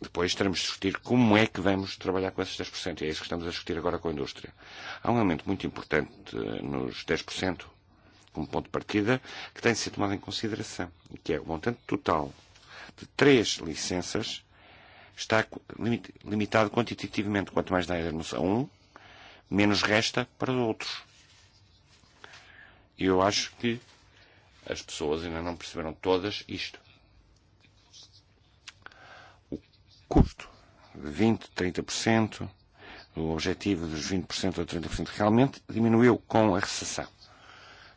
Depois teremos de discutir como é que vamos trabalhar com esses 10%, e é isso que estamos a discutir agora com a indústria. Há um elemento muito importante eh, nos 10%, como ponto de partida, que tem de ser tomado em consideração, e que é o montante total de três licenças está limitado quantitativamente. Quanto mais der a um, menos resta para os outros. Eu acho que as pessoas ainda não perceberam todas isto. O custo de 20, 30%, o objetivo dos 20% a 30% realmente diminuiu com a recessão.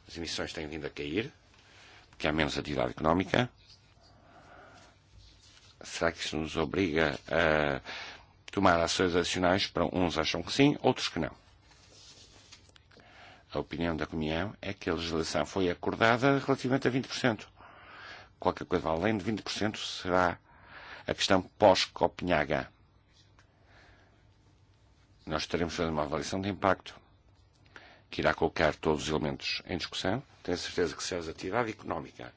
As emissões têm vindo a cair, porque há menos atividade económica. Será que isso nos obriga a tomar ações adicionais para uns acham que sim, outros que não? A opinião da Comunhão é que a legislação foi acordada relativamente a 20%. Qualquer coisa além de 20% será a questão pós-Copenhaga. Nós teremos fazer uma avaliação de impacto que irá colocar todos os elementos em discussão. Tenho certeza que se a atividade económica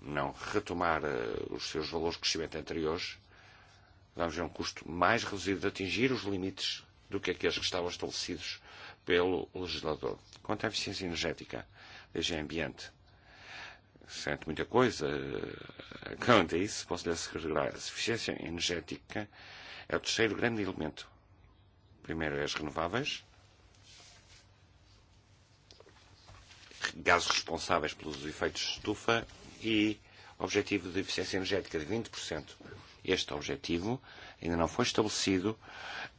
não retomar uh, os seus valores de crescimento anteriores, vamos ver um custo mais reduzido de atingir os limites do que aqueles que estavam estabelecidos pelo legislador. Quanto à eficiência energética, desde ambiente, sente muita coisa. Eh, quanto a isso, posso lhe assegurar, a eficiência energética é o terceiro grande elemento. Primeiro é as renováveis, gases responsáveis pelos efeitos de estufa e objetivo de eficiência energética de 20% este objetivo ainda não foi estabelecido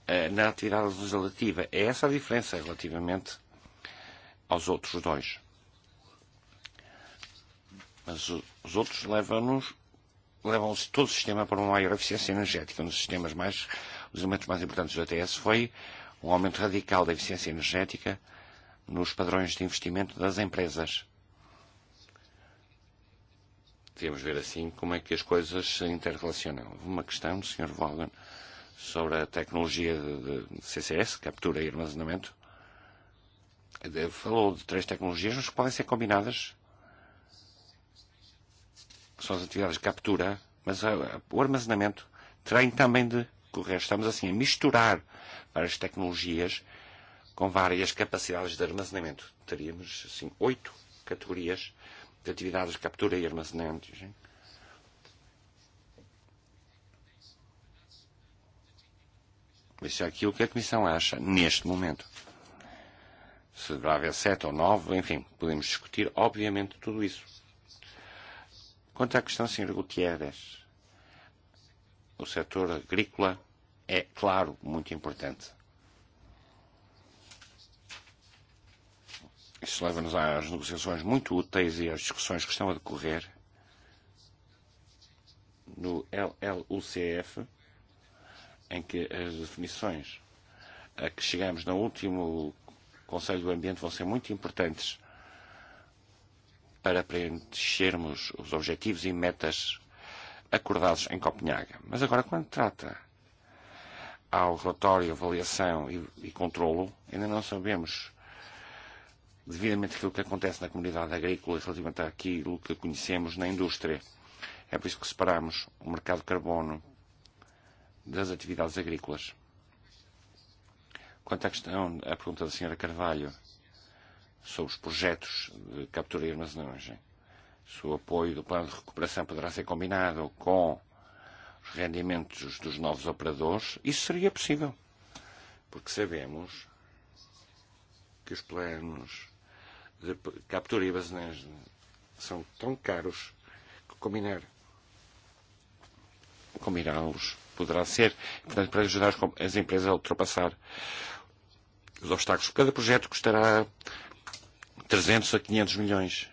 eh, na atividade legislativa. É essa a diferença relativamente aos outros dois. Mas os outros levam-nos levam todo o sistema para uma maior eficiência energética. Um dos sistemas mais, os elementos mais importantes do ATS e foi um aumento radical da eficiência energética nos padrões de investimento das empresas. Podíamos ver assim como é que as coisas se interrelacionam. Houve uma questão, Sr. Vaughan, sobre a tecnologia de, de CCS, captura e armazenamento. Falou de três tecnologias, mas podem ser combinadas. São as atividades de captura, mas a, a, o armazenamento tem também de correr. Estamos assim a misturar várias tecnologias com várias capacidades de armazenamento. Teríamos assim oito categorias de atividades de captura e armazenamento. Isso é aquilo que a Comissão acha neste momento. Se deverá haver sete ou nove, enfim, podemos discutir, obviamente, tudo isso. Quanto à questão, Sr. Gutierrez, o setor agrícola é, claro, muito importante. Isso leva-nos às negociações muito úteis e às discussões que estão a decorrer no LLUCF, em que as definições a que chegamos no último Conselho do Ambiente vão ser muito importantes para preenchermos os objetivos e metas acordados em Copenhaga. Mas agora, quando trata ao relatório, avaliação e, e controlo, ainda não sabemos devidamente aquilo que acontece na comunidade agrícola relativamente àquilo que conhecemos na indústria. É por isso que separamos o mercado de carbono das atividades agrícolas. Quanto à questão, à pergunta da Sra. Carvalho sobre os projetos de captura e armazenagem, se o apoio do plano de recuperação poderá ser combinado com os rendimentos dos novos operadores, isso seria possível. Porque sabemos que os planos capturíveis nas, são tão caros que combinar combiná-los poderá ser, portanto, para ajudar as empresas a ultrapassar os obstáculos. Cada projeto custará 300 a 500 milhões.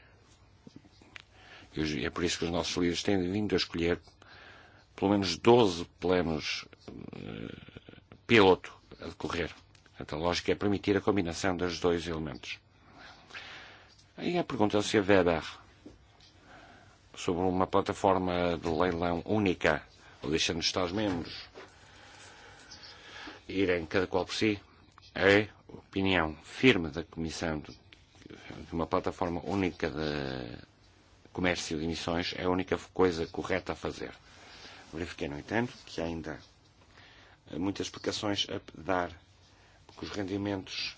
E, e é por isso que os nossos líderes têm vindo a escolher pelo menos 12 planos eh, piloto a decorrer. Portanto, a lógica é permitir a combinação dos dois elementos. E a pergunta ao Sr. Weber sobre uma plataforma de leilão única, ou deixando os Estados-membros irem cada qual por si, é opinião firme da Comissão de uma plataforma única de comércio de emissões é a única coisa correta a fazer. Verifiquei, no entanto, que ainda há muitas explicações a dar, porque os rendimentos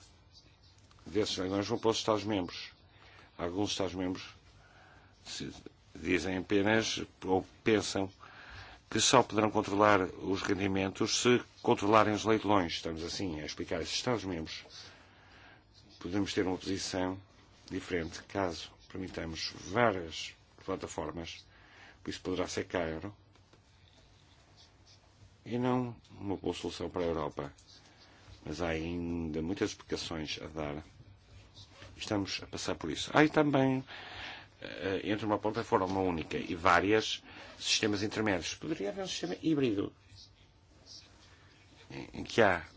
desses leilões vão para os Estados-membros. Alguns Estados-membros dizem apenas, ou pensam, que só poderão controlar os rendimentos se controlarem os leilões. Estamos assim a explicar esses Estados-membros. Podemos ter uma posição diferente caso permitamos várias plataformas, por isso poderá ser caro, e não uma boa solução para a Europa. Mas há ainda muitas explicações a dar estamos a passar por isso. Há também, eh, entre uma plataforma única e vários sistemas intermédios, poderia haver um sistema híbrido, em que há